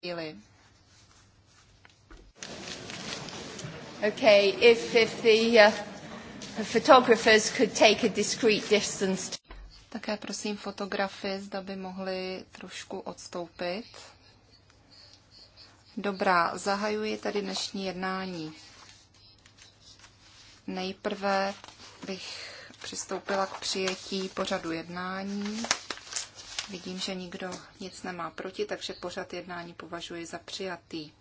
chvíli. Okay, if, if the uh, photographers could take a discreet distance. Také prosím fotografy, zda by mohli trošku odstoupit. Dobrá, zahajuji tady dnešní jednání. Nejprve bych přistoupila k přijetí pořadu jednání. Vidím, že nikdo nic nemá proti, takže pořad jednání považuji za přijatý.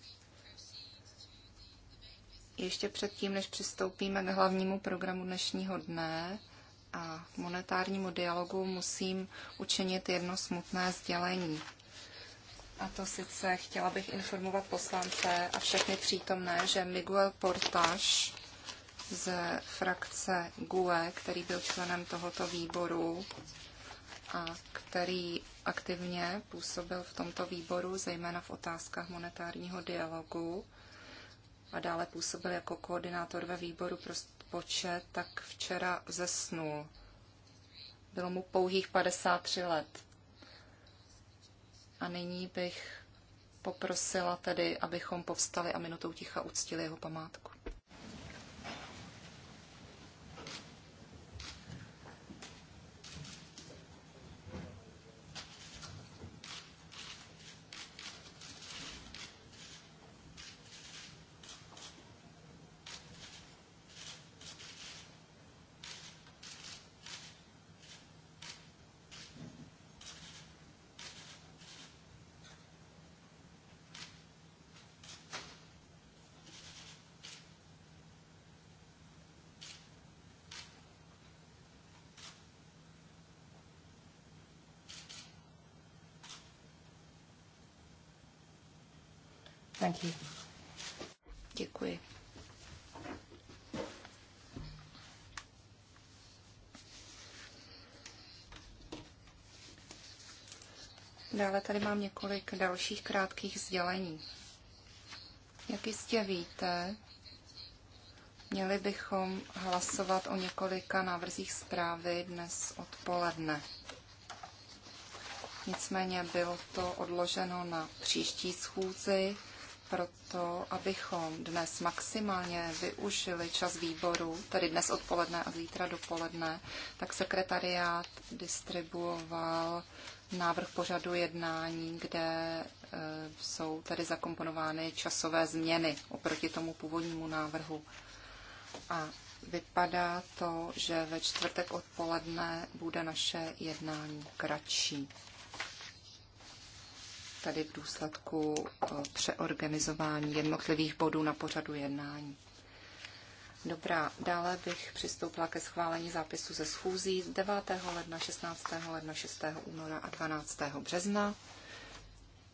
Ještě předtím, než přistoupíme k hlavnímu programu dnešního dne a monetárnímu dialogu, musím učinit jedno smutné sdělení. A to sice chtěla bych informovat poslance a všechny přítomné, že Miguel Portaš z frakce GUE, který byl členem tohoto výboru, a který aktivně působil v tomto výboru, zejména v otázkách monetárního dialogu a dále působil jako koordinátor ve výboru pro počet, tak včera zesnul. Bylo mu pouhých 53 let. A nyní bych poprosila tedy, abychom povstali a minutou ticha uctili jeho památku. Thank you. Děkuji. Dále tady mám několik dalších krátkých sdělení. Jak jistě víte, měli bychom hlasovat o několika návrzích zprávy dnes odpoledne. Nicméně bylo to odloženo na příští schůzi proto, abychom dnes maximálně využili čas výboru, tedy dnes odpoledne a zítra dopoledne, tak sekretariát distribuoval návrh pořadu jednání, kde eh, jsou tedy zakomponovány časové změny oproti tomu původnímu návrhu. A vypadá to, že ve čtvrtek odpoledne bude naše jednání kratší tady v důsledku eh, přeorganizování jednotlivých bodů na pořadu jednání. Dobrá, dále bych přistoupila ke schválení zápisu ze schůzí 9. ledna, 16. ledna, 6. února a 12. března.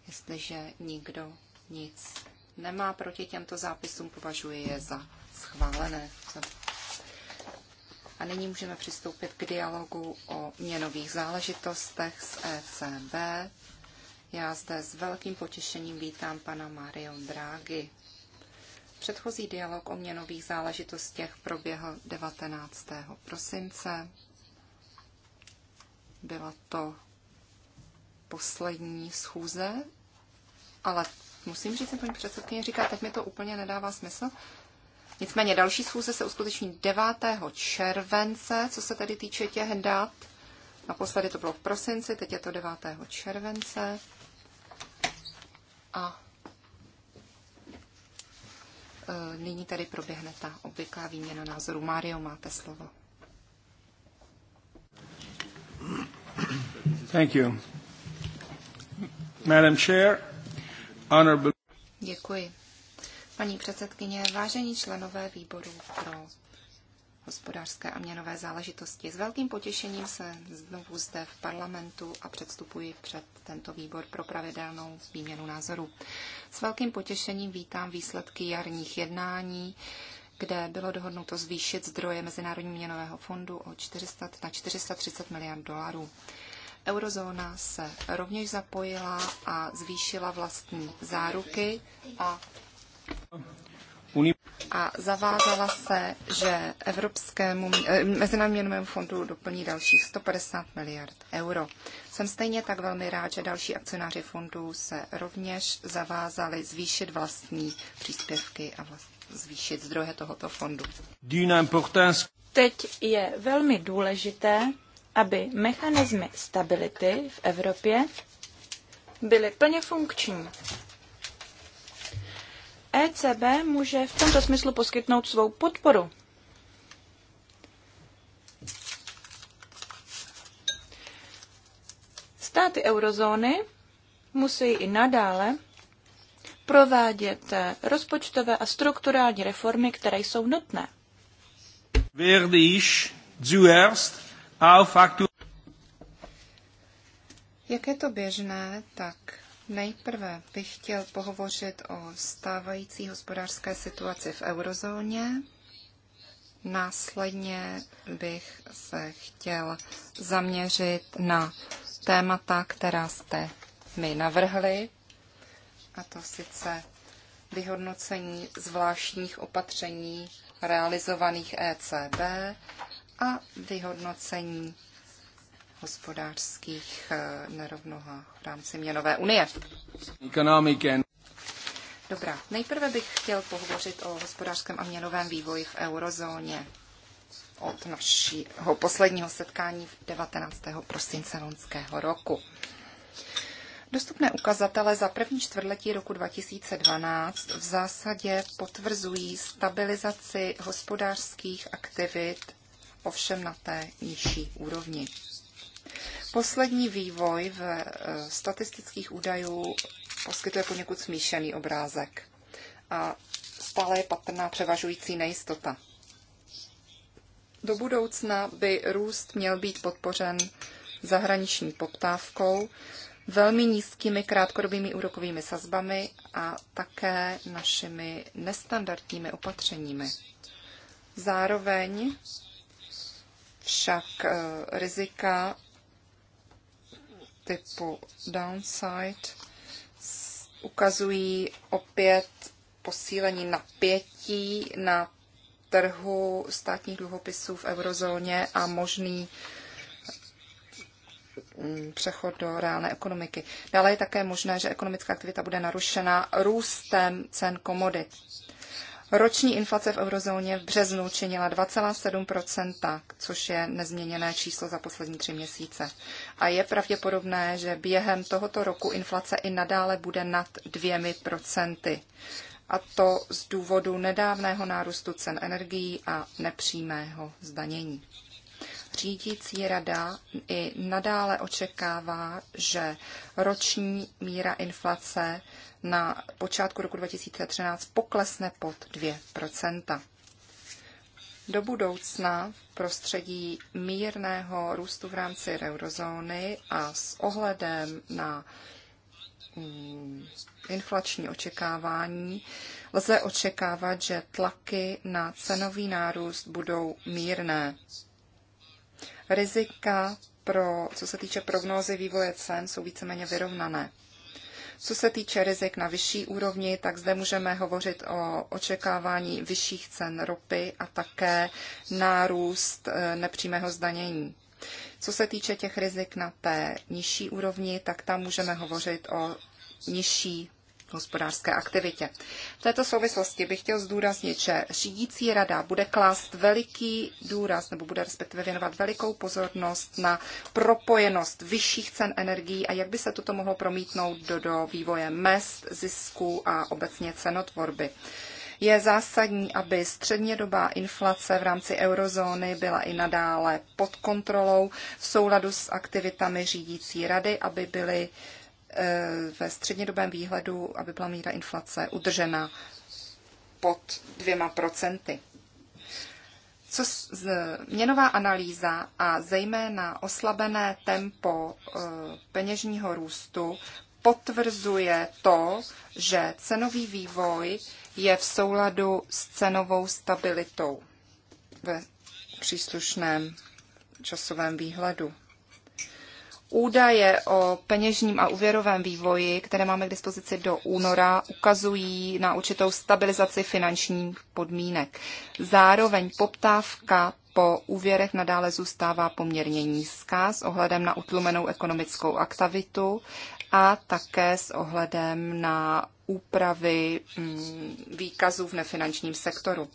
Jestliže nikdo nic nemá proti těmto zápisům, považuji je za schválené. A nyní můžeme přistoupit k dialogu o měnových záležitostech s ECB já zde s velkým potěšením vítám pana Mario Draghi. Předchozí dialog o měnových záležitostech proběhl 19. prosince. Byla to poslední schůze, ale musím říct, paní předsedkyně říká, teď mi to úplně nedává smysl. Nicméně další schůze se uskuteční 9. července, co se tedy týče těch dat. Naposledy to bylo v prosinci, teď je to 9. července. A e, nyní tady proběhne ta obvyklá výměna názoru. Mario, máte slovo. Thank you. Madam Chair, honorable... Děkuji. Paní předsedkyně, vážení členové výboru pro hospodářské a měnové záležitosti. S velkým potěšením se znovu zde v parlamentu a předstupuji před tento výbor pro pravidelnou výměnu názoru. S velkým potěšením vítám výsledky jarních jednání, kde bylo dohodnuto zvýšit zdroje mezinárodní měnového fondu o 400 na 430 miliard dolarů. Eurozóna se rovněž zapojila a zvýšila vlastní záruky a a zavázala se, že Evropskému eh, mezinárodnímu fondu doplní dalších 150 miliard euro. Jsem stejně tak velmi rád, že další akcionáři fondu se rovněž zavázali zvýšit vlastní příspěvky a zvýšit zdroje tohoto fondu. Teď je velmi důležité, aby mechanismy stability v Evropě byly plně funkční ECB může v tomto smyslu poskytnout svou podporu. Státy eurozóny musí i nadále provádět rozpočtové a strukturální reformy, které jsou nutné. Jak je Jaké to běžné, tak Nejprve bych chtěl pohovořit o stávající hospodářské situaci v eurozóně. Následně bych se chtěl zaměřit na témata, která jste mi navrhli, a to sice vyhodnocení zvláštních opatření realizovaných ECB a vyhodnocení hospodářských eh, nerovnohách v rámci měnové unie. Dobrá, nejprve bych chtěl pohovořit o hospodářském a měnovém vývoji v eurozóně od našeho posledního setkání 19. prosince loňského roku. Dostupné ukazatele za první čtvrtletí roku 2012 v zásadě potvrzují stabilizaci hospodářských aktivit, ovšem na té nižší úrovni. Poslední vývoj v eh, statistických údajů poskytuje poněkud smíšený obrázek a stále je patrná převažující nejistota. Do budoucna by růst měl být podpořen zahraniční poptávkou, velmi nízkými krátkodobými úrokovými sazbami a také našimi nestandardními opatřeními. Zároveň však eh, rizika typu downside ukazují opět posílení napětí na trhu státních dluhopisů v eurozóně a možný mm, přechod do reálné ekonomiky. Dále je také možné, že ekonomická aktivita bude narušena růstem cen komodit. Roční inflace v eurozóně v březnu činila 2,7%, což je nezměněné číslo za poslední tři měsíce. A je pravděpodobné, že během tohoto roku inflace i nadále bude nad dvěmi procenty. A to z důvodu nedávného nárůstu cen energií a nepřímého zdanění. Řídící rada i nadále očekává, že roční míra inflace na počátku roku 2013 poklesne pod 2 Do budoucna v prostředí mírného růstu v rámci eurozóny a s ohledem na mm, inflační očekávání, lze očekávat, že tlaky na cenový nárůst budou mírné rizika pro, co se týče prognózy vývoje cen, jsou víceméně vyrovnané. Co se týče rizik na vyšší úrovni, tak zde můžeme hovořit o očekávání vyšších cen ropy a také nárůst e, nepřímého zdanění. Co se týče těch rizik na té nižší úrovni, tak tam můžeme hovořit o nižší hospodářské aktivitě. V této souvislosti bych chtěl zdůraznit, že řídící rada bude klást veliký důraz nebo bude respektive věnovat velikou pozornost na propojenost vyšších cen energií a jak by se toto mohlo promítnout do, do vývoje mest, zisků a obecně cenotvorby. Je zásadní, aby střednědobá inflace v rámci eurozóny byla i nadále pod kontrolou v souladu s aktivitami řídící rady, aby byly Eh, ve střednědobém výhledu, aby byla míra inflace udržena pod dvěma procenty. Co z, měnová analýza a zejména oslabené tempo eh, peněžního růstu potvrzuje to, že cenový vývoj je v souladu s cenovou stabilitou ve příslušném časovém výhledu. Údaje o peněžním a úvěrovém vývoji, které máme k dispozici do února, ukazují na určitou stabilizaci finančních podmínek. Zároveň poptávka po úvěrech nadále zůstává poměrně nízká s ohledem na utlumenou ekonomickou aktivitu a také s ohledem na úpravy mm, výkazů v nefinančním sektoru.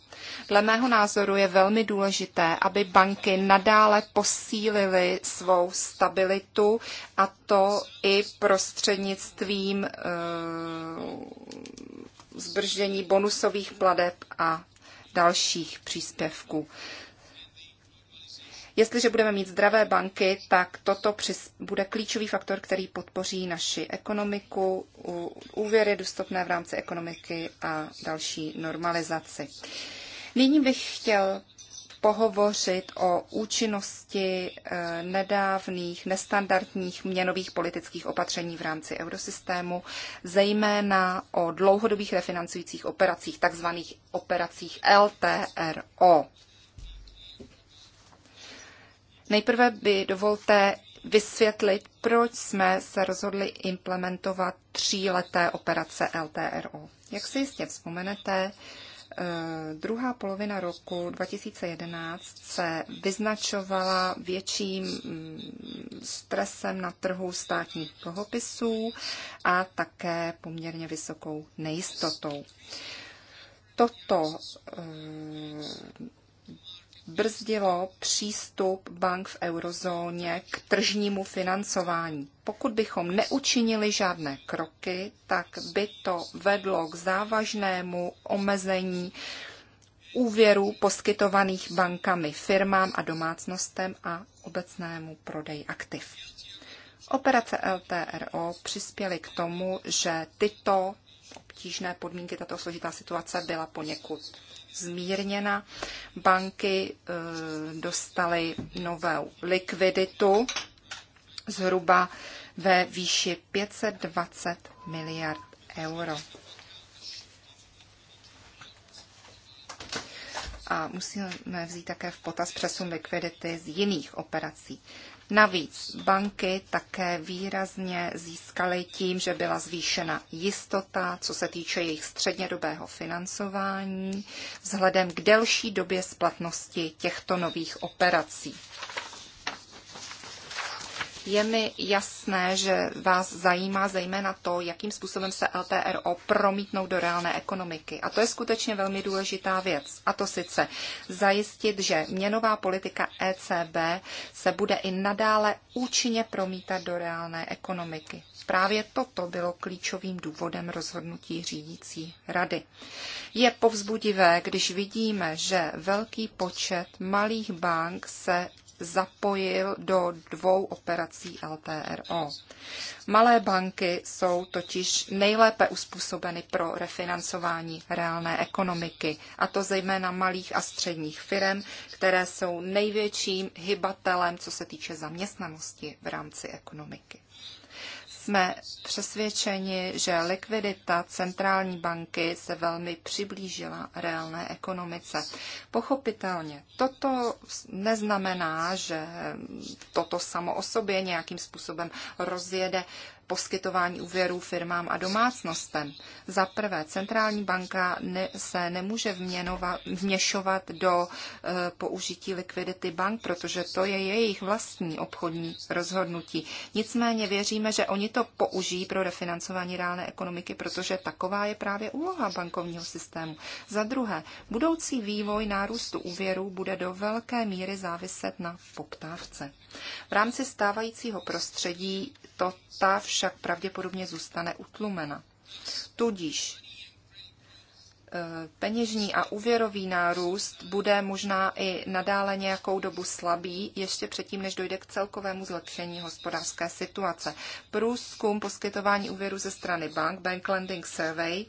Dle mého názoru je velmi důležité, aby banky nadále posílily svou stabilitu a to i prostřednictvím eh, zbržení bonusových pladeb a dalších příspěvků. Jestliže budeme mít zdravé banky, tak toto přis, bude klíčový faktor, který podpoří naši ekonomiku, úvěry dostupné v rámci ekonomiky a další normalizaci. Nyní bych chtěl pohovořit o účinnosti e, nedávných nestandardních měnových politických opatření v rámci eurosystému, zejména o dlouhodobých refinancujících operacích, takzvaných operacích LTRO. Nejprve by dovolte vysvětlit, proč jsme se rozhodli implementovat tříleté operace LTRO. Jak si jistě vzpomenete, eh, druhá polovina roku 2011 se vyznačovala větším mm, stresem na trhu státních dluhopisů a také poměrně vysokou nejistotou. Toto eh, brzdilo přístup bank v eurozóně k tržnímu financování. Pokud bychom neučinili žádné kroky, tak by to vedlo k závažnému omezení úvěrů poskytovaných bankami firmám a domácnostem a obecnému prodeji aktiv. Operace LTRO přispěly k tomu, že tyto obtížné podmínky, tato složitá situace byla poněkud zmírněna. Banky eh, dostaly novou likviditu zhruba ve výši 520 miliard euro. a musíme vzít také v potaz přesun likvidity z jiných operací. Navíc banky také výrazně získaly tím, že byla zvýšena jistota, co se týče jejich střednědobého financování, vzhledem k delší době splatnosti těchto nových operací. Je mi jasné, že vás zajímá zejména to, jakým způsobem se LTRO promítnou do reálné ekonomiky. A to je skutečně velmi důležitá věc. A to sice zajistit, že měnová politika ECB se bude i nadále účinně promítat do reálné ekonomiky. Právě toto bylo klíčovým důvodem rozhodnutí řídící rady. Je povzbudivé, když vidíme, že velký počet malých bank se zapojil do dvou operací LTRO. Malé banky jsou totiž nejlépe uspůsobeny pro refinancování reálné ekonomiky, a to zejména malých a středních firm, které jsou největším hybatelem, co se týče zaměstnanosti v rámci ekonomiky. Jsme přesvědčeni, že likvidita centrální banky se velmi přiblížila reálné ekonomice. Pochopitelně, toto neznamená, že toto samo o sobě nějakým způsobem rozjede poskytování úvěrů firmám a domácnostem. Za prvé, centrální banka ne, se nemůže vměnova, vměšovat do e, použití likvidity bank, protože to je jejich vlastní obchodní rozhodnutí. Nicméně věříme, že oni to použijí pro refinancování reálné ekonomiky, protože taková je právě úloha bankovního systému. Za druhé, budoucí vývoj nárůstu úvěrů bude do velké míry záviset na poptávce. V rámci stávajícího prostředí to ta vš- však pravděpodobně zůstane utlumena. Tudíž eh, peněžní a úvěrový nárůst bude možná i nadále nějakou dobu slabý, ještě předtím, než dojde k celkovému zlepšení hospodářské situace. Průzkum poskytování úvěru ze strany bank, Bank Lending Survey,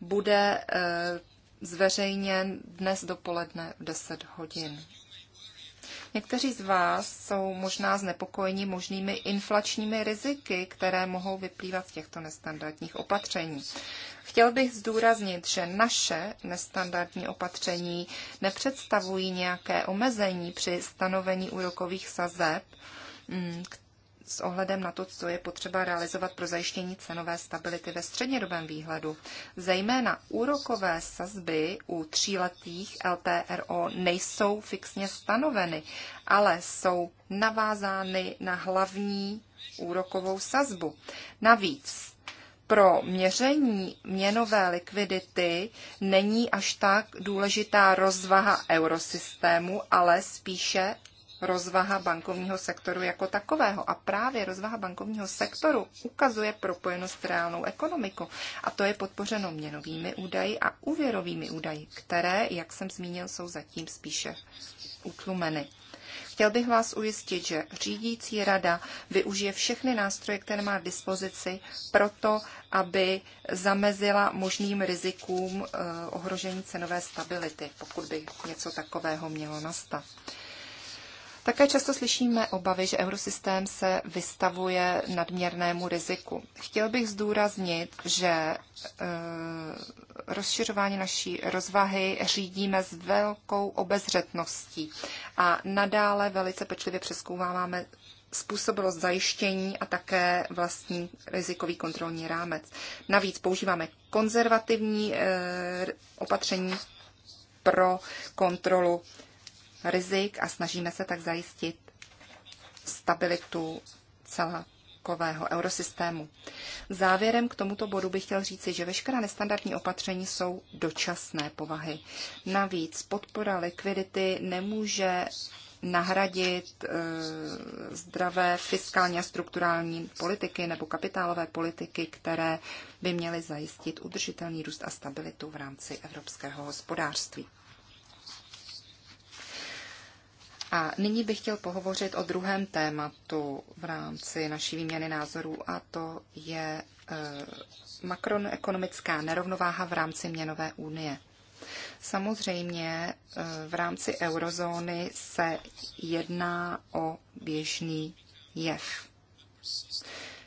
bude eh, zveřejněn dnes dopoledne v 10 hodin. Někteří z vás jsou možná znepokojeni možnými inflačními riziky, které mohou vyplývat z těchto nestandardních opatření. Chtěl bych zdůraznit, že naše nestandardní opatření nepředstavují nějaké omezení při stanovení úrokových sazeb, mm, s ohledem na to, co je potřeba realizovat pro zajištění cenové stability ve střednědobém výhledu. Zejména úrokové sazby u tříletých LTRO nejsou fixně stanoveny, ale jsou navázány na hlavní úrokovou sazbu. Navíc pro měření měnové likvidity není až tak důležitá rozvaha eurosystému, ale spíše rozvaha bankovního sektoru jako takového. A právě rozvaha bankovního sektoru ukazuje propojenost s reálnou ekonomikou. A to je podpořeno měnovými údaji a úvěrovými údaji, které, jak jsem zmínil, jsou zatím spíše utlumeny. Chtěl bych vás ujistit, že řídící rada využije všechny nástroje, které má k dispozici, proto, aby zamezila možným rizikům eh, ohrožení cenové stability, pokud by něco takového mělo nastat. Také často slyšíme obavy, že eurosystém se vystavuje nadměrnému riziku. Chtěl bych zdůraznit, že eh, rozšiřování naší rozvahy řídíme s velkou obezřetností a nadále velice pečlivě přeskoumáváme způsobilost zajištění a také vlastní rizikový kontrolní rámec. Navíc používáme konzervativní eh, opatření pro kontrolu rizik a snažíme se tak zajistit stabilitu celkového eurosystému. Závěrem k tomuto bodu bych chtěl říci, že veškerá nestandardní opatření jsou dočasné povahy. Navíc podpora likvidity nemůže nahradit e, zdravé fiskální a strukturální politiky nebo kapitálové politiky, které by měly zajistit udržitelný růst a stabilitu v rámci evropského hospodářství. A nyní bych chtěl pohovořit o druhém tématu v rámci naší výměny názorů, a to je eh, makroekonomická nerovnováha v rámci měnové unie. Samozřejmě eh, v rámci eurozóny se jedná o běžný jev.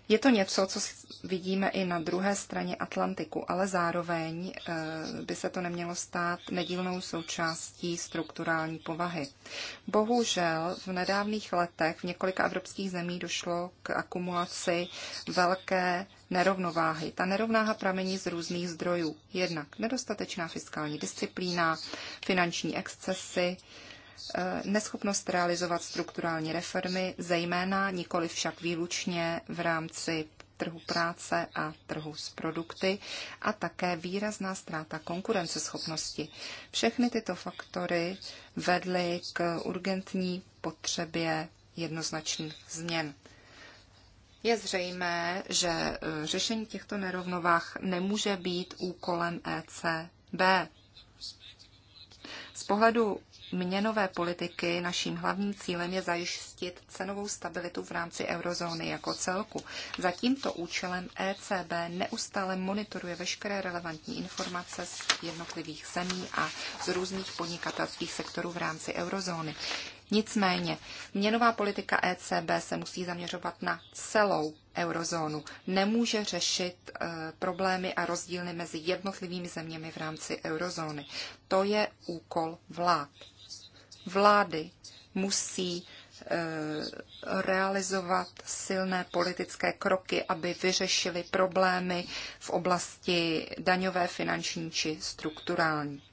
Je to něco, co vidíme i na druhé straně Atlantiku, ale zároveň eh, by se to nemělo stát nedílnou součástí strukturální povahy. Bohužel v nedávných letech v několika evropských zemí došlo k akumulaci velké nerovnováhy. Ta nerovnáha pramení z různých zdrojů. Jednak nedostatečná fiskální disciplína, finanční excesy, eh, neschopnost realizovat strukturální reformy, zejména nikoli však výlučně v rámci trhu práce a trhu s produkty a také výrazná ztráta konkurenceschopnosti. Všechny tyto faktory vedly k urgentní potřebě jednoznačných změn. Je zřejmé, že e, řešení těchto nerovnovách nemůže být úkolem ECB. Z pohledu měnové politiky naším hlavním cílem je zajistit cenovou stabilitu v rámci eurozóny jako celku. Za tímto účelem ECB neustále monitoruje veškeré relevantní informace z jednotlivých zemí a z různých podnikatelských sektorů v rámci eurozóny. Nicméně, měnová politika ECB se musí zaměřovat na celou eurozónu. Nemůže řešit e, problémy a rozdíly mezi jednotlivými zeměmi v rámci eurozóny. To je úkol vlád. Vlády musí eh, realizovat silné politické kroky, aby vyřešili problémy v oblasti daňové, finanční či strukturální.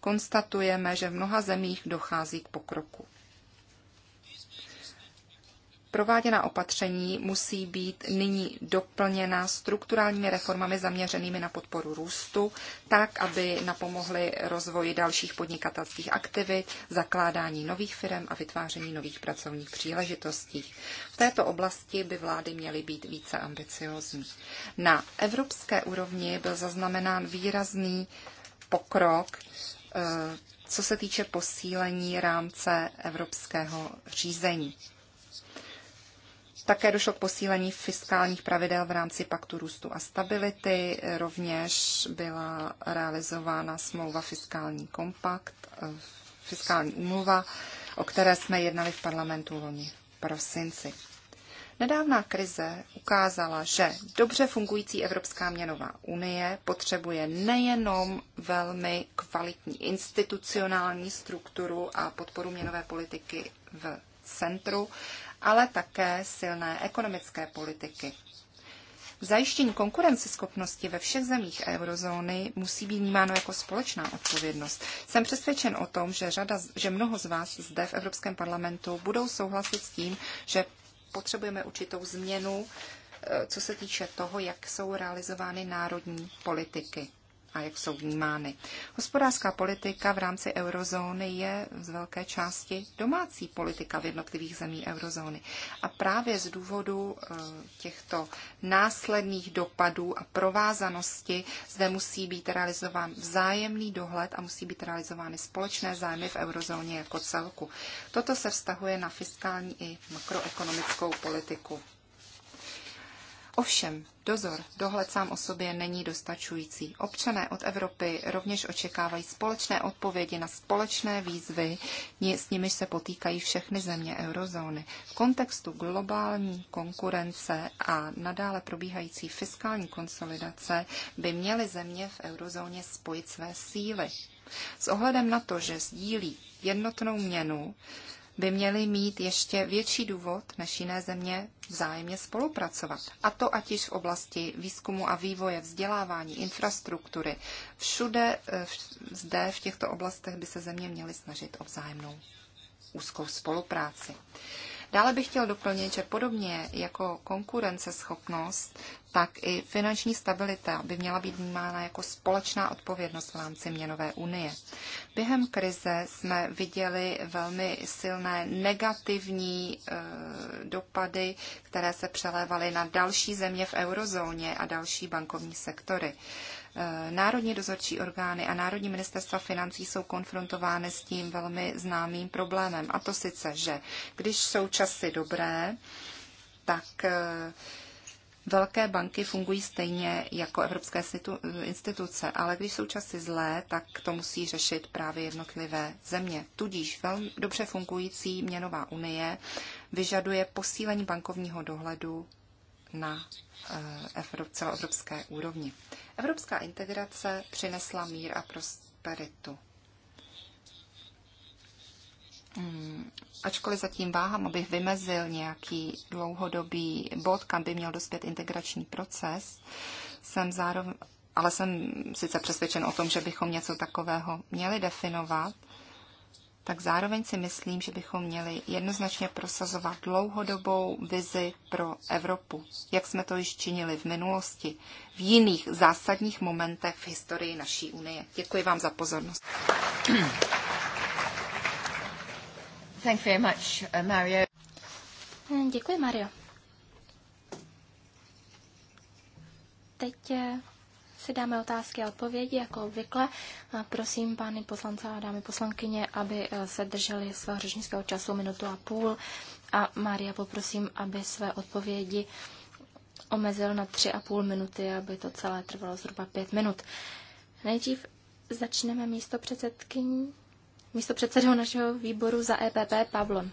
Konstatujeme, že v mnoha zemích dochází k pokroku prováděná opatření musí být nyní doplněna strukturálními reformami zaměřenými na podporu růstu, tak, aby napomohly rozvoji dalších podnikatelských aktivit, zakládání nových firm a vytváření nových pracovních příležitostí. V této oblasti by vlády měly být více ambiciozní. Na evropské úrovni byl zaznamenán výrazný pokrok eh, co se týče posílení rámce evropského řízení. Také došlo k posílení fiskálních pravidel v rámci paktu růstu a stability. Rovněž byla realizována smlouva fiskální kompakt, eh, fiskální úmluva, o které jsme jednali v parlamentu loni v prosinci. Nedávná krize ukázala, že dobře fungující Evropská měnová unie potřebuje nejenom velmi kvalitní institucionální strukturu a podporu měnové politiky v centru, ale také silné ekonomické politiky. Zajištění konkurenceschopnosti ve všech zemích eurozóny musí být vnímáno jako společná odpovědnost. Jsem přesvědčen o tom, že, řada, že mnoho z vás zde v Evropském parlamentu budou souhlasit s tím, že potřebujeme určitou změnu, eh, co se týče toho, jak jsou realizovány národní politiky a jak jsou vnímány. Hospodářská politika v rámci eurozóny je z velké části domácí politika v jednotlivých zemí eurozóny. A právě z důvodu eh, těchto následných dopadů a provázanosti zde musí být realizován vzájemný dohled a musí být realizovány společné zájmy v eurozóně jako celku. Toto se vztahuje na fiskální i makroekonomickou politiku. Ovšem, dozor, dohled sám o sobě není dostačující. Občané od Evropy rovněž očekávají společné odpovědi na společné výzvy, s nimiž se potýkají všechny země eurozóny. V kontextu globální konkurence a nadále probíhající fiskální konsolidace by měly země v eurozóně spojit své síly. S ohledem na to, že sdílí jednotnou měnu, by měly mít ještě větší důvod než jiné země vzájemně spolupracovat. A to ať již v oblasti výzkumu a vývoje, vzdělávání, infrastruktury. Všude e, zde v těchto oblastech by se země měly snažit o vzájemnou úzkou spolupráci. Dále bych chtěl doplnit, že podobně jako konkurenceschopnost, tak i finanční stabilita by měla být vnímána jako společná odpovědnost v rámci měnové unie. Během krize jsme viděli velmi silné negativní e, dopady, které se přelévaly na další země v eurozóně a další bankovní sektory. Eh, národní dozorčí orgány a Národní ministerstva financí jsou konfrontovány s tím velmi známým problémem. A to sice, že když jsou časy dobré, tak e, velké banky fungují stejně jako evropské instituce, ale když jsou časy zlé, tak to musí řešit právě jednotlivé země. Tudíž velmi dobře fungující měnová unie vyžaduje posílení bankovního dohledu na eh, celoevropské úrovni. Evropská integrace přinesla mír a prosperitu. Mm, ačkoliv zatím váhám, abych vymezil nějaký dlouhodobý bod, kam by měl dospět integrační proces, jsem zároveň, ale jsem sice přesvědčen o tom, že bychom něco takového měli definovat, tak zároveň si myslím, že bychom měli jednoznačně prosazovat dlouhodobou vizi pro Evropu, jak jsme to již činili v minulosti, v jiných zásadních momentech v historii naší unie. Děkuji vám za pozornost. Thank you very much, uh, Mario. Eh, děkuji, Mario. Teď eh, si dáme otázky a odpovědi, jako obvykle. prosím pány poslance a dámy poslankyně, aby eh, se drželi svého řečnického času minutu a půl. A Maria poprosím, aby své odpovědi omezil na tři a půl minuty, aby to celé trvalo zhruba pět minut. Nejdřív začneme místo předsedkyní místo předsedou našeho výboru za EPP Pavlem.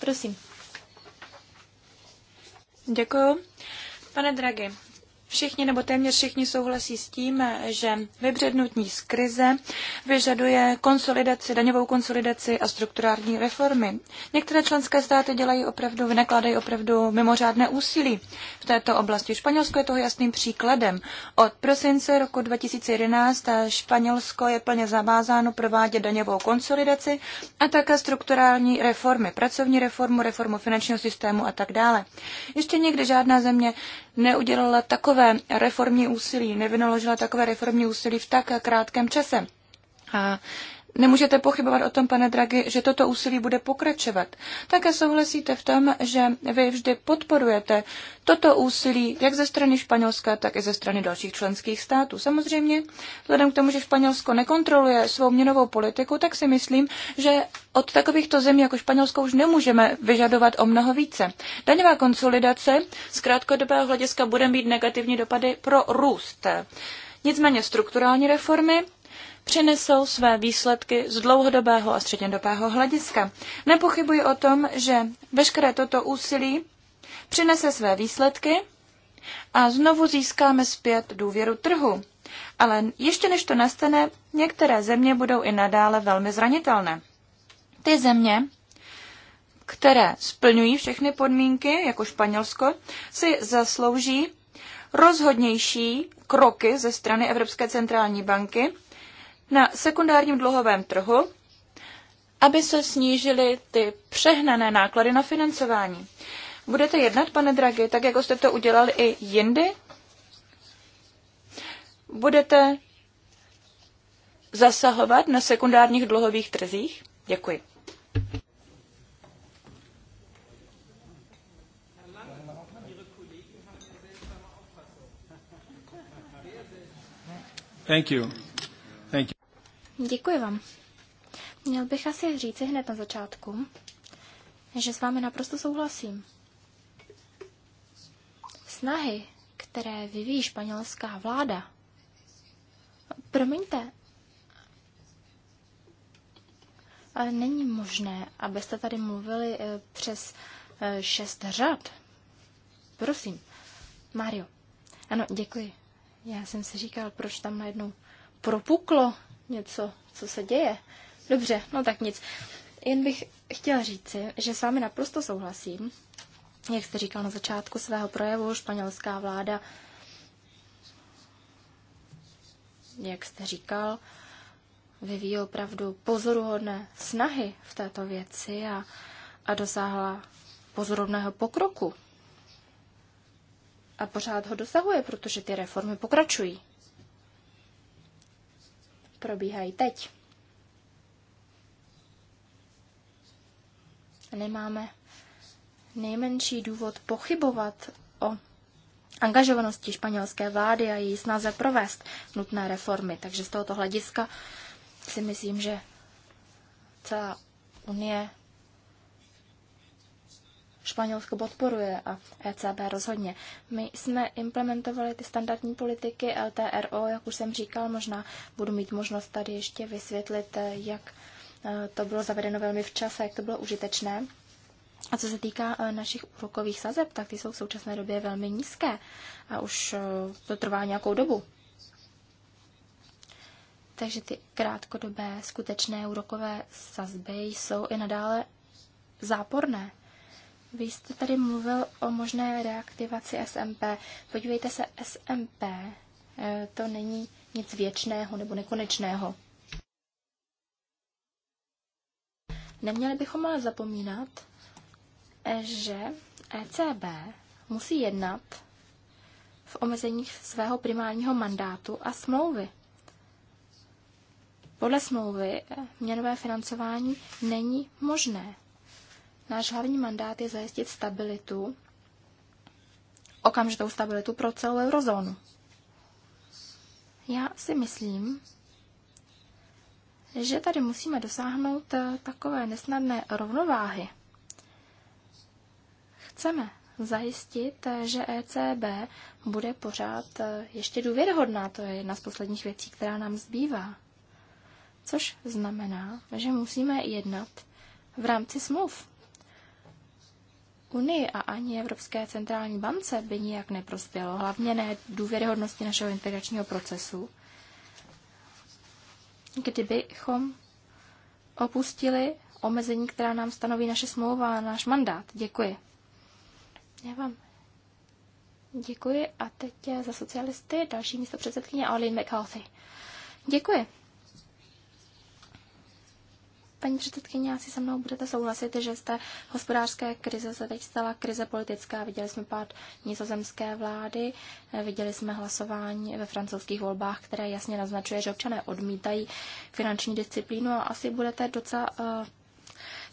Prosím. Děkuji. Pane Dragi, všichni nebo téměř všichni souhlasí s tím, že vybřednutí z krize vyžaduje konsolidaci, daňovou konsolidaci a strukturální reformy. Některé členské státy dělají opravdu, vynakládají opravdu mimořádné úsilí v této oblasti. Španělsko je toho jasným příkladem. Od prosince roku 2011 Španělsko je plně zavázáno provádět daňovou konsolidaci a také strukturální reformy, pracovní reformu, reformu finančního systému a tak dále. Ještě nikdy žádná země neudělala takové reformní úsilí, nevynaložila takové reformní úsilí v tak krátkém čase. A Nemůžete pochybovat o tom, pane Draghi, že toto úsilí bude pokračovat. Také souhlasíte v tom, že vy vždy podporujete toto úsilí jak ze strany Španělska, tak i ze strany dalších členských států. Samozřejmě, vzhledem k tomu, že Španělsko nekontroluje svou měnovou politiku, tak si myslím, že od takovýchto zemí jako Španělsko už nemůžeme vyžadovat o mnoho více. Daňová konsolidace z krátkodobého hlediska bude mít negativní dopady pro růst. Nicméně strukturální reformy přinesou své výsledky z dlouhodobého a střednědobého hlediska. Nepochybuji o tom, že veškeré toto úsilí přinese své výsledky a znovu získáme zpět důvěru trhu. Ale ještě než to nastane, některé země budou i nadále velmi zranitelné. Ty země, které splňují všechny podmínky, jako Španělsko, si zaslouží rozhodnější kroky ze strany Evropské centrální banky, na sekundárním dluhovém trhu, aby se snížily ty přehnané náklady na financování. Budete jednat, pane Draghi, tak jako jste to udělali i jindy? Budete zasahovat na sekundárních dluhových trzích? Děkuji. Thank you. Děkuji vám. Měl bych asi říci hned na začátku, že s vámi naprosto souhlasím. Snahy, které vyvíjí španělská vláda, promiňte, ale není možné, abyste tady mluvili eh, přes eh, šest řad. Prosím, Mario. Ano, děkuji. Já jsem si říkal, proč tam najednou propuklo něco, co se děje. Dobře, no tak nic. Jen bych chtěla říci, že s vámi naprosto souhlasím. Jak jste říkal na začátku svého projevu, španělská vláda, jak jste říkal, vyvíjí opravdu pozoruhodné snahy v této věci a, a dosáhla pozorovného pokroku. A pořád ho dosahuje, protože ty reformy pokračují probíhají teď. Nemáme nejmenší důvod pochybovat o angažovanosti španělské vlády a její snaze provést nutné reformy. Takže z tohoto hlediska si myslím, že celá Unie Španělsko podporuje a ECB rozhodně. My jsme implementovali ty standardní politiky LTRO, jak už jsem říkal, možná budu mít možnost tady ještě vysvětlit, eh, jak eh, to bylo zavedeno velmi včas a jak to bylo užitečné. A co se týká eh, našich úrokových sazeb, tak ty jsou v současné době velmi nízké a už to trvá nějakou dobu. Takže ty krátkodobé skutečné úrokové sazby jsou i nadále záporné. Vy jste tady mluvil o možné reaktivaci SMP. Podívejte se, SMP eh, to není nic věčného nebo nekonečného. Neměli bychom ale zapomínat, že ECB musí jednat v omezeních svého primárního mandátu a smlouvy. Podle smlouvy měnové financování není možné. Náš hlavní mandát je zajistit stabilitu, okamžitou stabilitu pro celou eurozónu. Já si myslím, že tady musíme dosáhnout eh, takové nesnadné rovnováhy. Chceme zajistit, eh, že ECB bude pořád eh, ještě důvěryhodná. To je jedna z posledních věcí, která nám zbývá. Což znamená, že musíme jednat v rámci smluv unii a ani Evropské centrální bance by nijak neprospělo, hlavně ne důvěryhodnosti našeho integračního procesu, kdybychom opustili omezení, která nám stanoví naše smlouva a náš mandát. Děkuji. Já vám děkuji a teď za socialisty další místo předsedkyně Aline McCarthy. Děkuji. Paní předsedkyně, asi se mnou budete souhlasit, že z té hospodářské krize se teď stala krize politická. Viděli jsme pád nizozemské vlády, viděli jsme hlasování ve francouzských volbách, které jasně naznačuje, že občané odmítají finanční disciplínu a asi budete docela eh,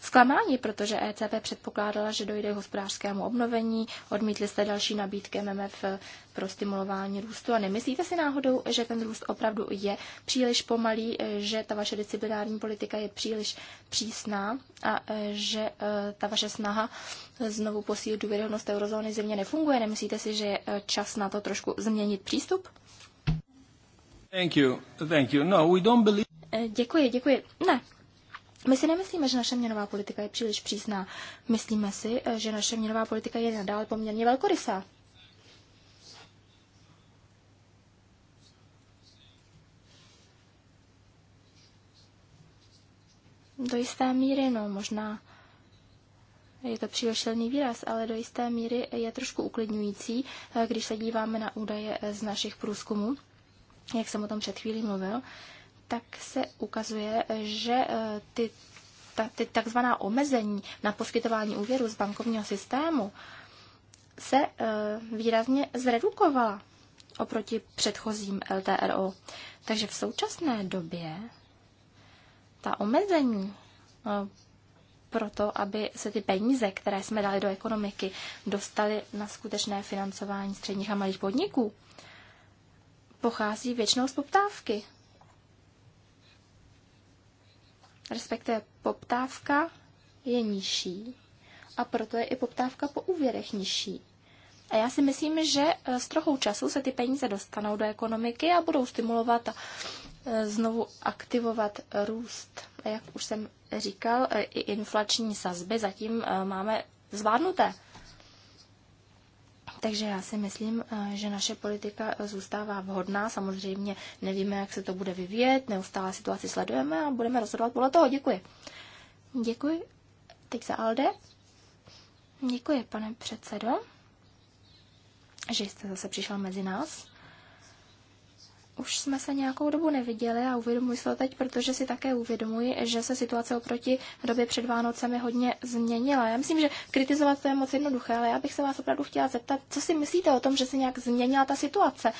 zklamání, protože ECB předpokládala, že dojde k hospodářskému obnovení, odmítli jste další nabídky MMF pro stimulování růstu a nemyslíte si náhodou, že ten růst opravdu je příliš pomalý, že ta vaše disciplinární politika je příliš přísná a e, že e, ta vaše snaha znovu posílit důvěryhodnost eurozóny země nefunguje? Nemyslíte si, že je e, čas na to trošku změnit přístup? Thank you. Thank you. No, we don't believe... Děkuji, děkuji. Ne, my si nemyslíme, že naše měnová politika je příliš přísná. Myslíme si, eh, že naše měnová politika je nadále poměrně velkorysá. Do jisté míry, no možná je to příliš silný výraz, ale do jisté míry je trošku uklidňující, eh, když se díváme na údaje eh, z našich průzkumů, jak jsem o tom před chvílí mluvil, tak se ukazuje, že eh, ty, ta, ty takzvaná omezení na poskytování úvěru z bankovního systému se eh, výrazně zredukovala oproti předchozím LTRO. Takže v současné době ta omezení eh, pro to, aby se ty peníze, které jsme dali do ekonomiky, dostaly na skutečné financování středních a malých podniků, pochází většinou z poptávky. respektive poptávka je nižší a proto je i poptávka po úvěrech nižší. A já si myslím, že eh, s trochou času se ty peníze dostanou do ekonomiky a budou stimulovat a eh, znovu aktivovat růst. A jak už jsem říkal, eh, i inflační sazby zatím máme zvládnuté. Takže já si myslím, eh, že naše politika eh, zůstává vhodná. Samozřejmě nevíme, jak se to bude vyvíjet, neustále situaci sledujeme a budeme rozhodovat podle toho. Děkuji. Děkuji. Teď za Alde. Děkuji, pane předsedo, že jste zase přišel mezi nás. Už jsme se nějakou dobu neviděli a uvědomuji se to teď, protože si také uvědomuji, že se situace oproti době před Vánocemi hodně změnila. Já myslím, že kritizovat to je moc jednoduché, ale já bych se vás opravdu chtěla zeptat, co si myslíte o tom, že se nějak změnila ta situace?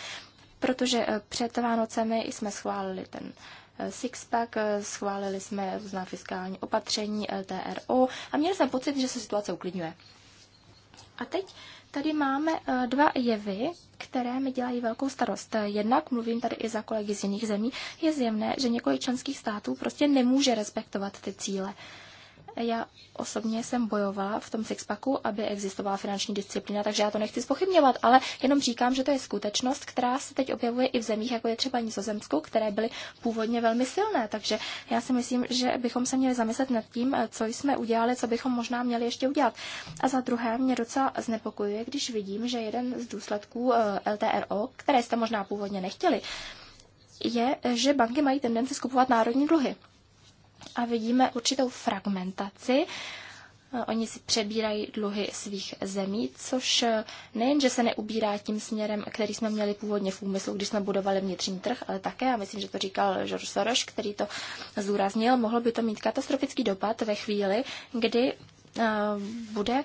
Protože eh, před Vánocemi jsme schválili ten eh, Sixpack, eh, schválili jsme různá fiskální opatření, LTRO a měl jsem pocit, že se situace uklidňuje. A teď Tady máme eh, dva jevy, které mi dělají velkou starost. Jednak, mluvím tady i za kolegy z jiných zemí, je zjemné, že několik členských států prostě nemůže respektovat ty cíle. Já osobně jsem bojovala v tom sixpacku, aby existovala finanční disciplína, takže já to nechci spochybňovat, ale jenom říkám, že to je skutečnost, která se teď objevuje i v zemích, jako je třeba Nizozemsku, které byly původně velmi silné. Takže já si myslím, že bychom se měli zamyslet nad tím, co jsme udělali, co bychom možná měli ještě udělat. A za druhé mě docela znepokojuje, když vidím, že jeden z důsledků eh, LTRO, které jste možná původně nechtěli, je, že banky mají tendenci skupovat národní dluhy a vidíme určitou fragmentaci. Oni si přebírají dluhy svých zemí, což nejenže se neubírá tím směrem, který jsme měli původně v úmyslu, když jsme budovali vnitřní trh, ale také, a myslím, že to říkal George Soros, který to zúraznil, mohlo by to mít katastrofický dopad ve chvíli, kdy eh, bude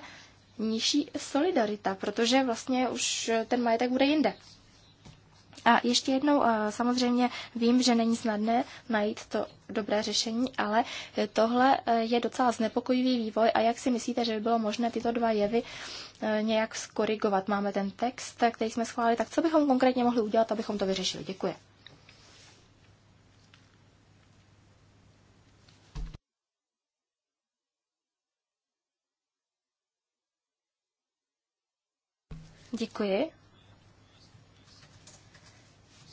nižší solidarita, protože vlastně už ten majetek bude jinde. A ještě jednou, eh, samozřejmě vím, že není snadné najít to dobré řešení, ale tohle eh, je docela znepokojivý vývoj a jak si myslíte, že by bylo možné tyto dva jevy eh, nějak skorigovat? Máme ten text, který jsme schválili, tak co bychom konkrétně mohli udělat, abychom to vyřešili? Děkuji. Děkuji.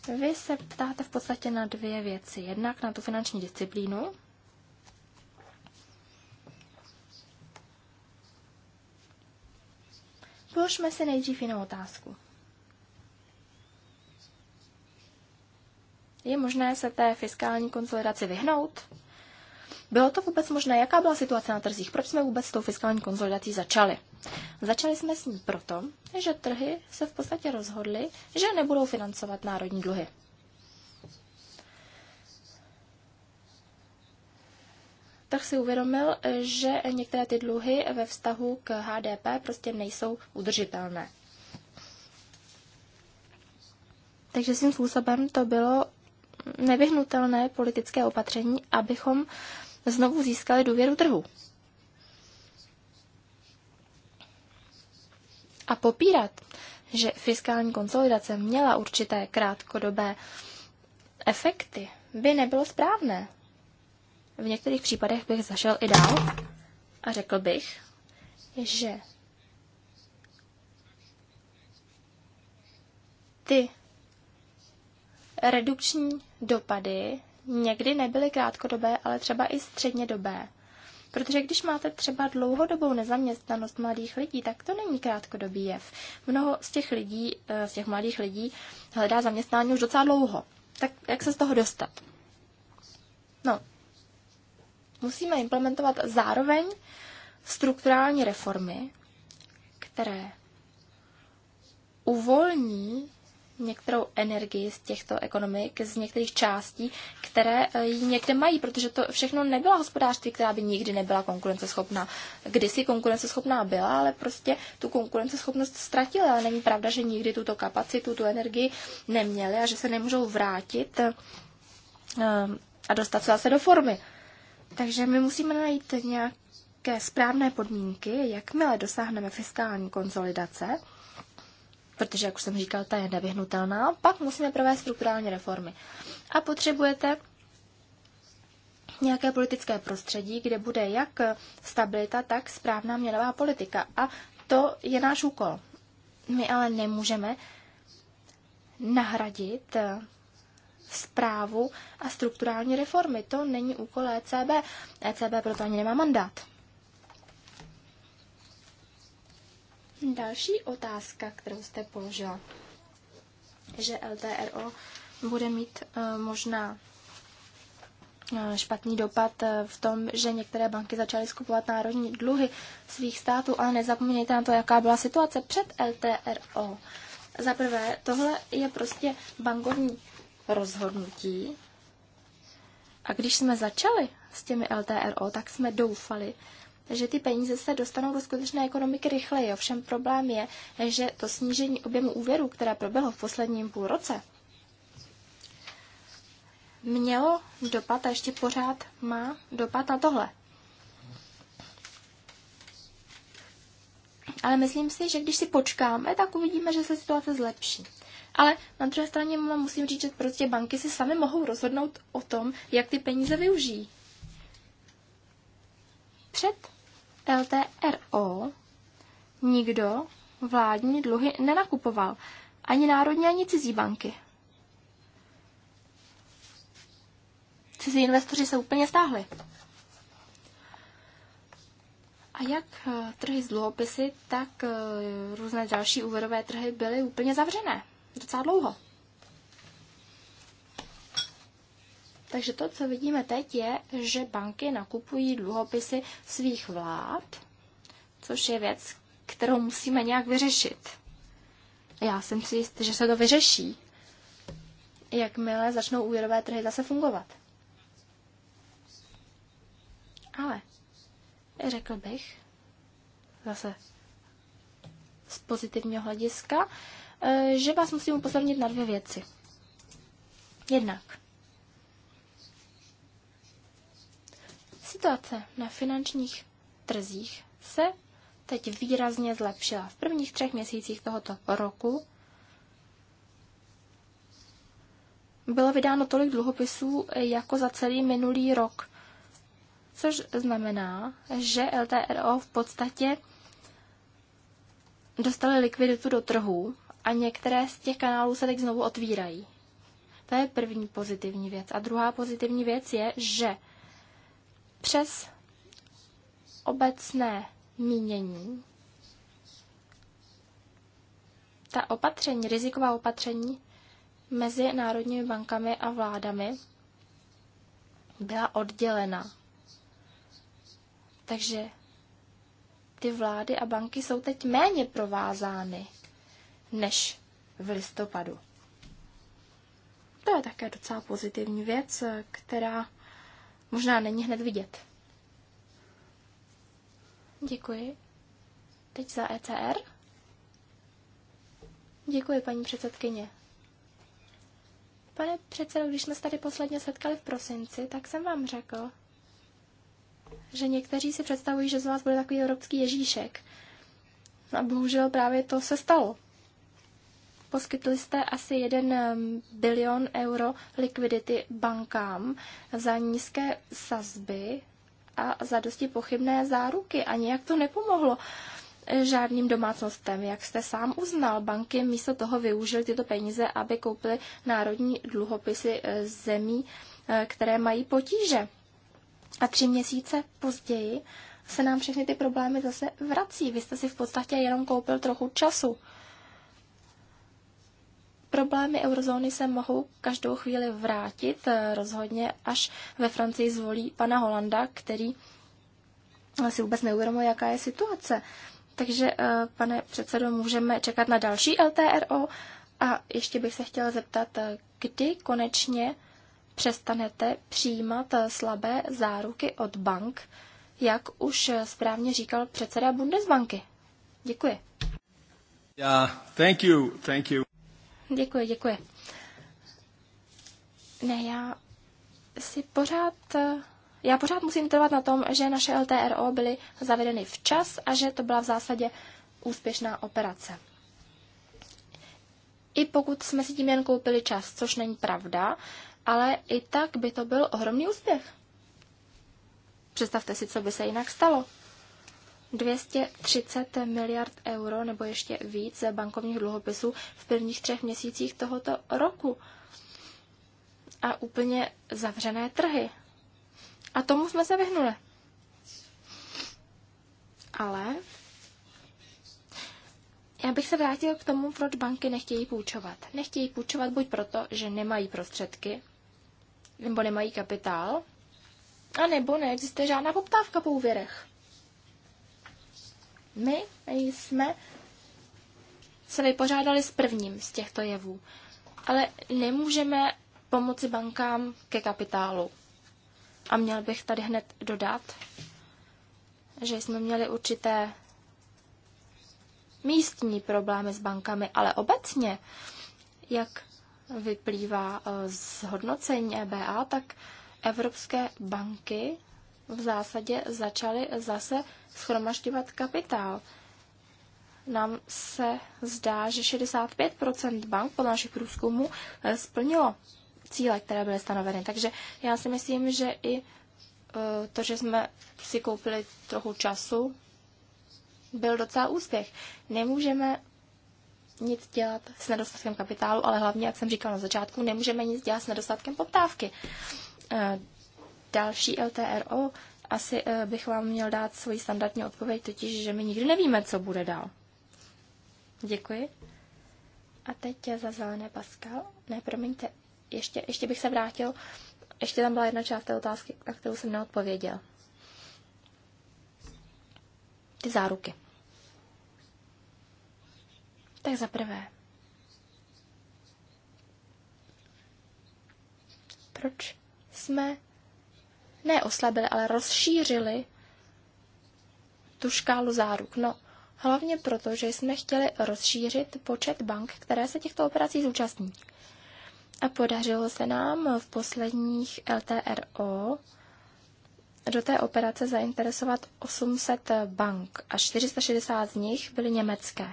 Vy se ptáte v podstatě na dvě věci. Jednak na tu finanční disciplínu, Položme si nejdřív jinou otázku. Je možné se té fiskální konsolidaci vyhnout? Bylo to vůbec možné? Jaká byla situace na trzích? Proč jsme vůbec s tou fiskální konzolidací začali? Začali jsme s ní proto, že trhy se v podstatě rozhodly, že nebudou financovat národní dluhy. Tak si uvědomil, že některé ty dluhy ve vztahu k HDP prostě nejsou udržitelné. Takže svým způsobem to bylo nevyhnutelné politické opatření, abychom znovu získali důvěru trhu. A popírat, že fiskální konsolidace měla určité krátkodobé efekty, by nebylo správné. V některých případech bych zašel i dál a řekl bych, že ty redukční dopady někdy nebyly krátkodobé, ale třeba i střednědobé. Protože když máte třeba dlouhodobou nezaměstnanost mladých lidí, tak to není krátkodobý jev. Mnoho z těch lidí, eh, z těch mladých lidí hledá zaměstnání už docela dlouho. Tak jak se z toho dostat? No, musíme implementovat zároveň strukturální reformy, které uvolní některou energii z těchto ekonomik, z některých částí, které eh, ji někde mají, protože to všechno nebyla hospodářství, která by nikdy nebyla konkurenceschopná. Kdysi konkurenceschopná byla, ale prostě tu konkurenceschopnost ztratila. Ale není pravda, že nikdy tuto kapacitu, tu energii neměli a že se nemůžou vrátit eh, a dostat se zase do formy. Takže my musíme najít nějaké správné podmínky, jakmile dosáhneme fiskální konsolidace, protože, jak už jsem říkal, ta je nevyhnutelná. Pak musíme provést strukturální reformy. A potřebujete nějaké politické prostředí, kde bude jak stabilita, tak správná měnová politika. A to je náš úkol. My ale nemůžeme nahradit zprávu eh, a strukturální reformy. To není úkol ECB. ECB proto ani nemá mandát. Další otázka, kterou jste položila, že LTRO bude mít eh, možná eh, špatný dopad eh, v tom, že některé banky začaly skupovat národní dluhy svých států, ale nezapomeňte na to, jaká byla situace před LTRO. Za prvé, tohle je prostě bankovní rozhodnutí. A když jsme začali s těmi LTRO, tak jsme doufali, že ty peníze se dostanou do skutečné ekonomiky rychleji. Ovšem problém je, že to snížení objemu úvěru, které proběhlo v posledním půl roce, mělo dopad a ještě pořád má dopad na tohle. Ale myslím si, že když si počkáme, tak uvidíme, že se situace zlepší. Ale na druhé straně musím říct, že prostě banky si sami mohou rozhodnout o tom, jak ty peníze využijí. Před LTRO nikdo vládní dluhy nenakupoval. Ani národní, ani cizí banky. Cizí investoři se úplně stáhli. A jak eh, trhy s dluhopisy, tak eh, různé další úvěrové trhy byly úplně zavřené. Docela dlouho. Takže to, co vidíme teď, je, že banky nakupují dluhopisy svých vlád, což je věc, kterou musíme nějak vyřešit. Já jsem si jist, že se to vyřeší, jakmile začnou úvěrové trhy zase fungovat. Ale řekl bych, zase z pozitivního hlediska, eh, že vás musím upozornit na dvě věci. Jednak, Situace na finančních trzích se teď výrazně zlepšila. V prvních třech měsících tohoto roku bylo vydáno tolik dluhopisů jako za celý minulý rok. Což znamená, že LTRO v podstatě dostali likviditu do trhu a některé z těch kanálů se tak znovu otvírají. To je první pozitivní věc. A druhá pozitivní věc je, že přes obecné mínění ta opatření, riziková opatření mezi národními bankami a vládami byla oddělena. Takže ty vlády a banky jsou teď méně provázány než v listopadu. To je také docela pozitivní věc, která Možná není hned vidět. Děkuji. Teď za ECR. Děkuji, paní předsedkyně. Pane předsedo, když jsme se tady posledně setkali v prosinci, tak jsem vám řekl, že někteří si představují, že z vás bude takový evropský Ježíšek. A bohužel právě to se stalo. Poskytli jste asi 1 bilion euro likvidity bankám za nízké sazby a za dosti pochybné záruky a nějak to nepomohlo eh, žádným domácnostem. Jak jste sám uznal, banky místo toho využily tyto peníze, aby koupily národní dluhopisy eh, zemí, eh, které mají potíže. A tři měsíce později se nám všechny ty problémy zase vrací. Vy jste si v podstatě jenom koupil trochu času. Problémy eurozóny se mohou každou chvíli vrátit eh, rozhodně, až ve Francii zvolí pana Holanda, který si vůbec neuvědomuje, jaká je situace. Takže, eh, pane předsedo, můžeme čekat na další LTRO a ještě bych se chtěla zeptat, eh, kdy konečně přestanete přijímat slabé záruky od bank, jak už správně říkal předseda Bundesbanky. Děkuji. Yeah, thank you, thank you. Děkuji, děkuji. Ne, já si pořád, já pořád musím trvat na tom, že naše LTRO byly zavedeny včas a že to byla v zásadě úspěšná operace. I pokud jsme si tím jen koupili čas, což není pravda, ale i tak by to byl ohromný úspěch. Představte si, co by se jinak stalo. 230 miliard euro nebo ještě víc bankovních dluhopisů v prvních třech měsících tohoto roku. A úplně zavřené trhy. A tomu jsme se vyhnuli. Ale já bych se vrátil k tomu, proč banky nechtějí půjčovat. Nechtějí půjčovat buď proto, že nemají prostředky, nebo nemají kapitál, a nebo neexistuje žádná poptávka po úvěrech. My jsme se vypořádali s prvním z těchto jevů, ale nemůžeme pomoci bankám ke kapitálu. A měl bych tady hned dodat, že jsme měli určité místní problémy s bankami, ale obecně, jak vyplývá eh, z hodnocení EBA, tak evropské banky v zásadě začaly zase schromažďovat kapitál. Nám se zdá, že 65 bank podle našich průzkumů eh, splnilo cíle, které byly stanoveny. Takže já si myslím, že i eh, to, že jsme si koupili trochu času, byl docela úspěch. Nemůžeme nic dělat s nedostatkem kapitálu, ale hlavně, jak jsem říkal na začátku, nemůžeme nic dělat s nedostatkem poptávky. Eh, další LTRO asi eh, bych vám měl dát svoji standardní odpověď, totiž, že my nikdy nevíme, co bude dál. Děkuji. A teď za zelené Pascal. Ne, promiňte, ještě, ještě bych se vrátil. Ještě tam byla jedna část té otázky, na kterou jsem neodpověděl. Ty záruky. Tak za prvé. Proč jsme ne oslabili, ale rozšířili tu škálu záruk. No, hlavně proto, že jsme chtěli rozšířit počet bank, které se těchto operací zúčastní. A podařilo se nám v posledních LTRO do té operace zainteresovat 800 bank a 460 z nich byly německé.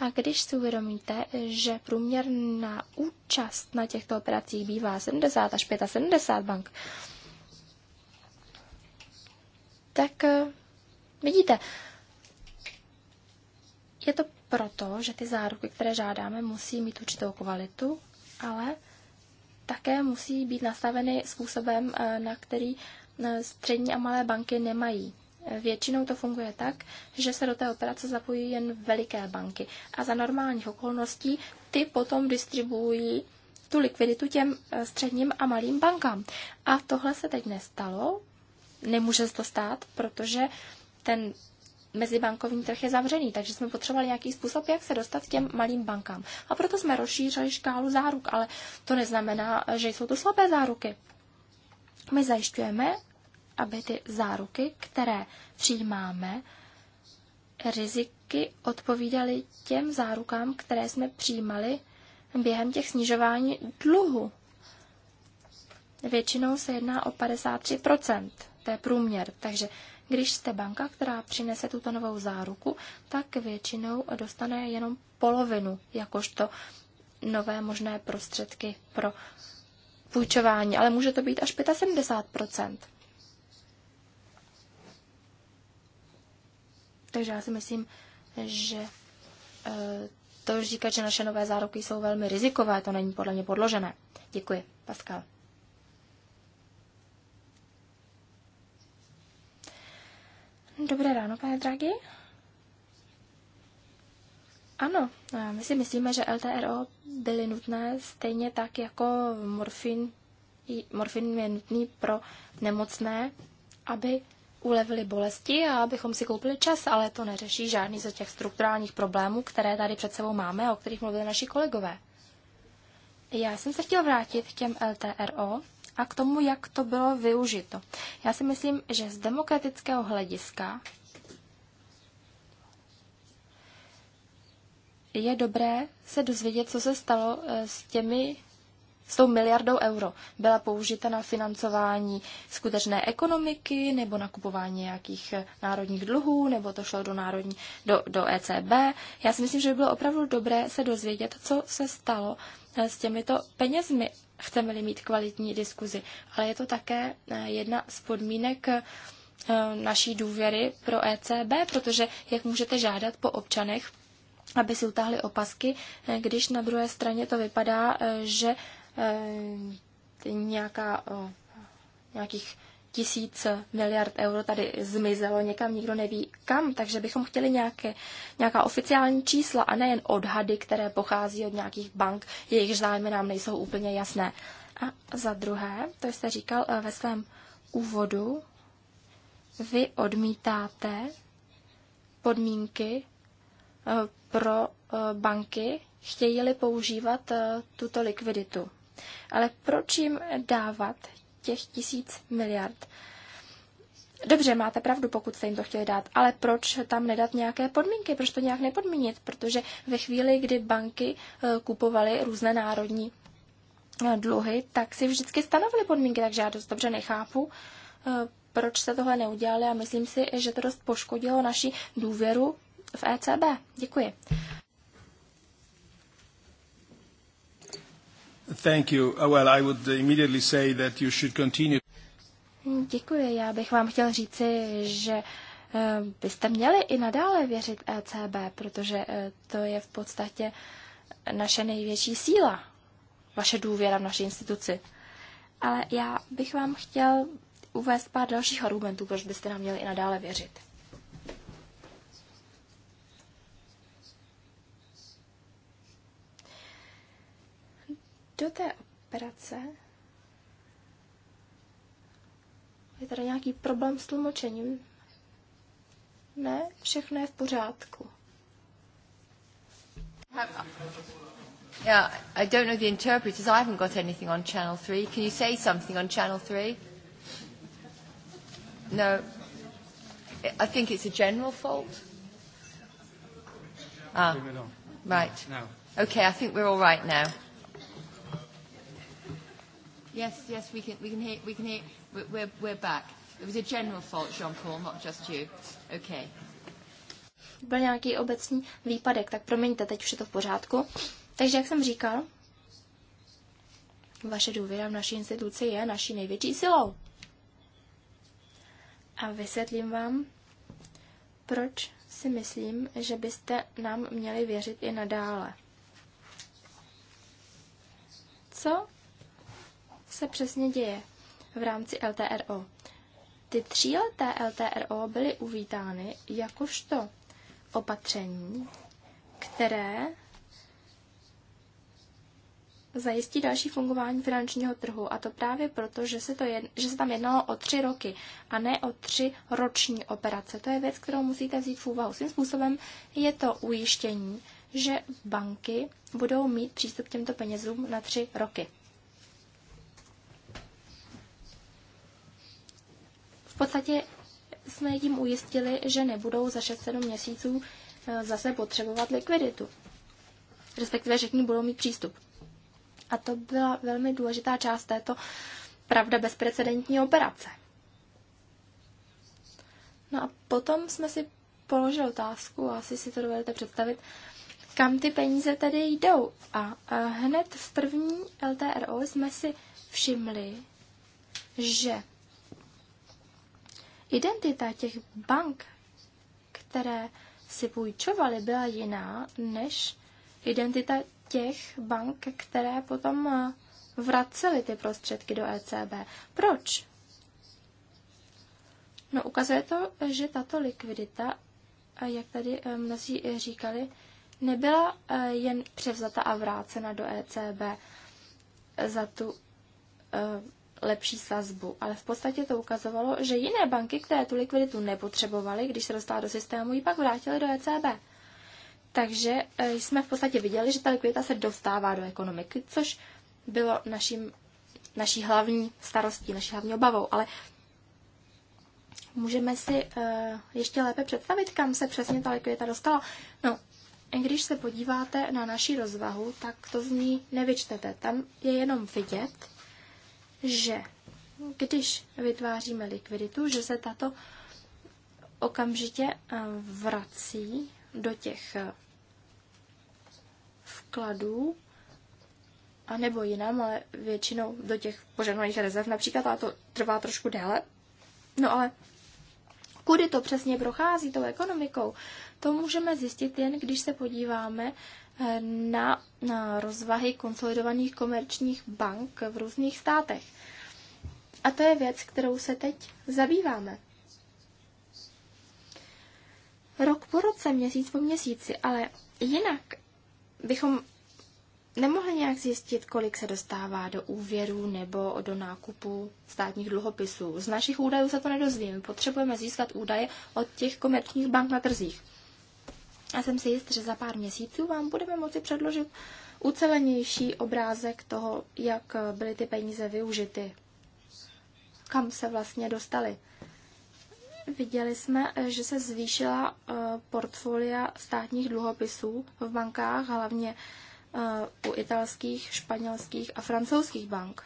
A když si uvědomíte, že průměrná účast na těchto operacích bývá 70 až 75 bank, tak eh, vidíte, je to proto, že ty záruky, které žádáme, musí mít určitou kvalitu, ale také musí být nastaveny způsobem, eh, na který eh, střední a malé banky nemají. Většinou to funguje tak, že se do té operace zapojí jen veliké banky a za normálních okolností ty potom distribuují tu likviditu těm eh, středním a malým bankám. A tohle se teď nestalo, nemůže se to stát, protože ten mezibankovní trh je zavřený, takže jsme potřebovali nějaký způsob, jak se dostat k těm malým bankám. A proto jsme rozšířili škálu záruk, ale to neznamená, eh, že jsou to slabé záruky. My zajišťujeme, aby ty záruky, které přijímáme, riziky odpovídaly těm zárukám, které jsme přijímali během těch snižování dluhu. Většinou se jedná o 53%, to je průměr. Takže když jste banka, která přinese tuto novou záruku, tak většinou dostane jenom polovinu, jakožto nové možné prostředky pro půjčování, ale může to být až 75%. Takže já si myslím, že eh, to říkat, že naše nové záruky jsou velmi rizikové, to není podle mě podložené. Děkuji, Pascal. Dobré ráno, pane Draghi. Ano, my si myslíme, že LTRO byly nutné stejně tak jako morfin. Morfin je nutný pro nemocné, aby ulevili bolesti a abychom si koupili čas, ale to neřeší žádný ze těch strukturálních problémů, které tady před sebou máme a o kterých mluvili naši kolegové. Já jsem se chtěl vrátit k těm LTRO a k tomu, jak to bylo využito. Já si myslím, že z demokratického hlediska je dobré se dozvědět, co se stalo eh, s těmi s tou miliardou euro byla použita na financování skutečné ekonomiky nebo na kupování nějakých eh, národních dluhů, nebo to šlo do, národní, do, do ECB. Já si myslím, že by bylo opravdu dobré se dozvědět, co se stalo eh, s těmito penězmi. Chceme-li mít kvalitní diskuzi, ale je to také eh, jedna z podmínek naší důvěry pro ECB, protože jak můžete žádat po občanech, aby si utáhli opasky, když na druhé straně to vypadá, že Eh, nějaká, eh, nějakých tisíc miliard euro tady zmizelo, někam nikdo neví kam, takže bychom chtěli nějaké, nějaká oficiální čísla a nejen odhady, které pochází od nějakých bank, jejichž zájmy nám nejsou úplně jasné. A za druhé, to jste říkal eh, ve svém úvodu, vy odmítáte podmínky pro banky, chtějí-li používat tuto likviditu. Ale proč jim dávat těch tisíc miliard? Dobře, máte pravdu, pokud jste jim to chtěli dát, ale proč tam nedat nějaké podmínky? Proč to nějak nepodmínit? Protože ve chvíli, kdy banky eh, kupovaly různé národní eh, dluhy, tak si vždycky stanovily podmínky, takže já dost dobře nechápu, eh, proč se tohle neudělali a myslím si, že to dost poškodilo naši důvěru v ECB. Děkuji. Thank you. Uh, well, I would immediately say that you should continue. Děkuji. Já bych vám chtěl říci, že eh, byste měli i nadále věřit ECB, protože eh, to je v podstatě naše největší síla, vaše důvěra v naší instituci. Ale já bych vám chtěl uvést pár dalších argumentů, proč byste nám měli i nadále věřit. do té operace je tady nějaký problém s tlumočením. Ne, všechno je v pořádku. Yeah, I don't know the interpreters. I haven't got anything on Channel 3. Can you say something on Channel 3? No. I think it's a general fault. Ah, right. No. Okay, I think we're all right now. Yes, yes, we can, we can hear, we can hear, we're, we're back. It was a general fault, Jean-Paul, not just you. Okay. Byl nějaký obecný výpadek, tak promiňte, teď už je to v pořádku. Takže, jak jsem říkal, vaše důvěra v naší instituci je naší největší silou. A vysvětlím vám, proč si myslím, že byste nám měli věřit i nadále. Co se přesně děje v rámci LTRO. Ty tříleté LTRO byly uvítány jakožto opatření, které zajistí další fungování finančního trhu. A to právě proto, že se, to jedn, že se tam jednalo o tři roky a ne o tři roční operace. To je věc, kterou musíte vzít v úvahu. Svým způsobem je to ujištění, že banky budou mít přístup k těmto penězům na tři roky. V podstatě jsme jim ujistili, že nebudou za 6-7 měsíců e, zase potřebovat likviditu. Respektive, že k ní budou mít přístup. A to byla velmi důležitá část této pravda bezprecedentní operace. No a potom jsme si položili otázku, a asi si to dovedete představit, kam ty peníze tedy jdou. A hned v první LTRO jsme si všimli, že Identita těch bank, které si půjčovaly, byla jiná než identita těch bank, které potom eh, vracely ty prostředky do ECB. Proč? No, ukazuje to, že tato likvidita, jak tady eh, mnozí říkali, nebyla eh, jen převzata a vrácena do ECB za tu lepší sazbu, ale v podstatě to ukazovalo, že jiné banky, které tu likviditu nepotřebovaly, když se dostala do systému, ji pak vrátily do ECB. Takže eh, jsme v podstatě viděli, že ta likvidita se dostává do ekonomiky, což bylo naším, naší hlavní starostí, naší hlavní obavou. Ale můžeme si eh, ještě lépe představit, kam se přesně ta likvidita dostala. No, když se podíváte na naši rozvahu, tak to z ní nevyčtete. Tam je jenom vidět, že když vytváříme likviditu, že se tato okamžitě eh, vrací do těch eh, vkladů, a nebo jinam, ale většinou do těch požadovaných rezerv například, a to trvá trošku déle. No ale kudy to přesně prochází tou ekonomikou, to můžeme zjistit jen, když se podíváme na, na rozvahy konsolidovaných komerčních bank v různých státech. A to je věc, kterou se teď zabýváme. Rok po roce, měsíc po měsíci, ale jinak bychom nemohli nějak zjistit, kolik se dostává do úvěru nebo do nákupu státních dluhopisů. Z našich údajů se to nedozvíme. Potřebujeme získat údaje od těch komerčních bank na trzích. Já jsem si jist, že za pár měsíců vám budeme moci předložit ucelenější obrázek toho, jak byly ty peníze využity, kam se vlastně dostaly. Viděli jsme, že se zvýšila eh, portfolia státních dluhopisů v bankách, hlavně eh, u italských, španělských a francouzských bank.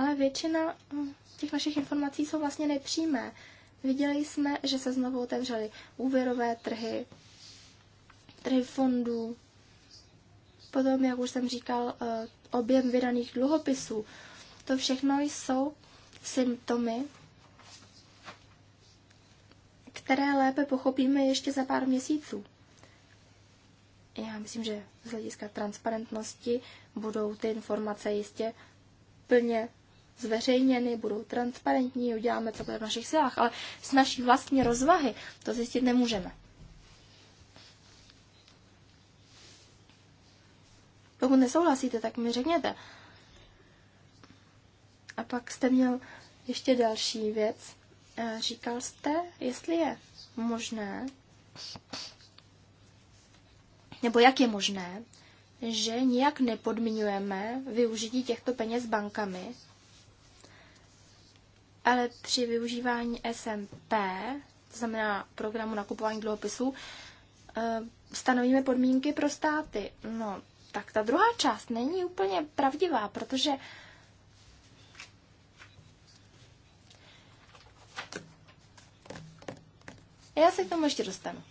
ale většina hm, těch našich informací jsou vlastně nepřímé. Viděli jsme, že se znovu otevřely úvěrové trhy, trhy fondů, potom, jak už jsem říkal, eh, objem vydaných dluhopisů. To všechno jsou symptomy, které lépe pochopíme ještě za pár měsíců. Já myslím, že z hlediska transparentnosti budou ty informace jistě plně zveřejněny, budou transparentní, uděláme, co bude v našich silách, ale s naší vlastní rozvahy to zjistit nemůžeme. Pokud nesouhlasíte, tak mi řekněte. A pak jste měl ještě další věc. Říkal jste, jestli je možné, nebo jak je možné, že nijak nepodmiňujeme využití těchto peněz bankami ale při využívání SMP, to znamená programu nakupování dluhopisů, eh, stanovíme podmínky pro státy. No, tak ta druhá část není úplně pravdivá, protože já se k tomu ještě dostanu.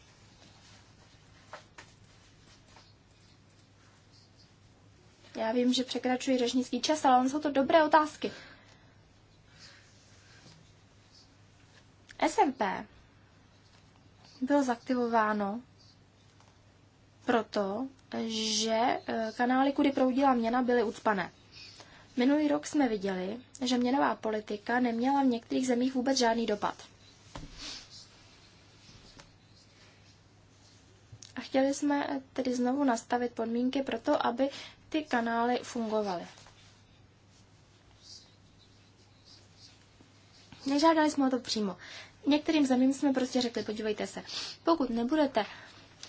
Já vím, že překračuji řečnický čas, ale on jsou to dobré otázky. SMP bylo zaktivováno proto, že e, kanály, kudy proudila měna, byly ucpané. Minulý rok jsme viděli, že měnová politika neměla v některých zemích vůbec žádný dopad. A chtěli jsme e, tedy znovu nastavit podmínky pro to, aby ty kanály fungovaly. Nežádali jsme o to přímo. Některým zemím jsme prostě řekli, podívejte se, pokud nebudete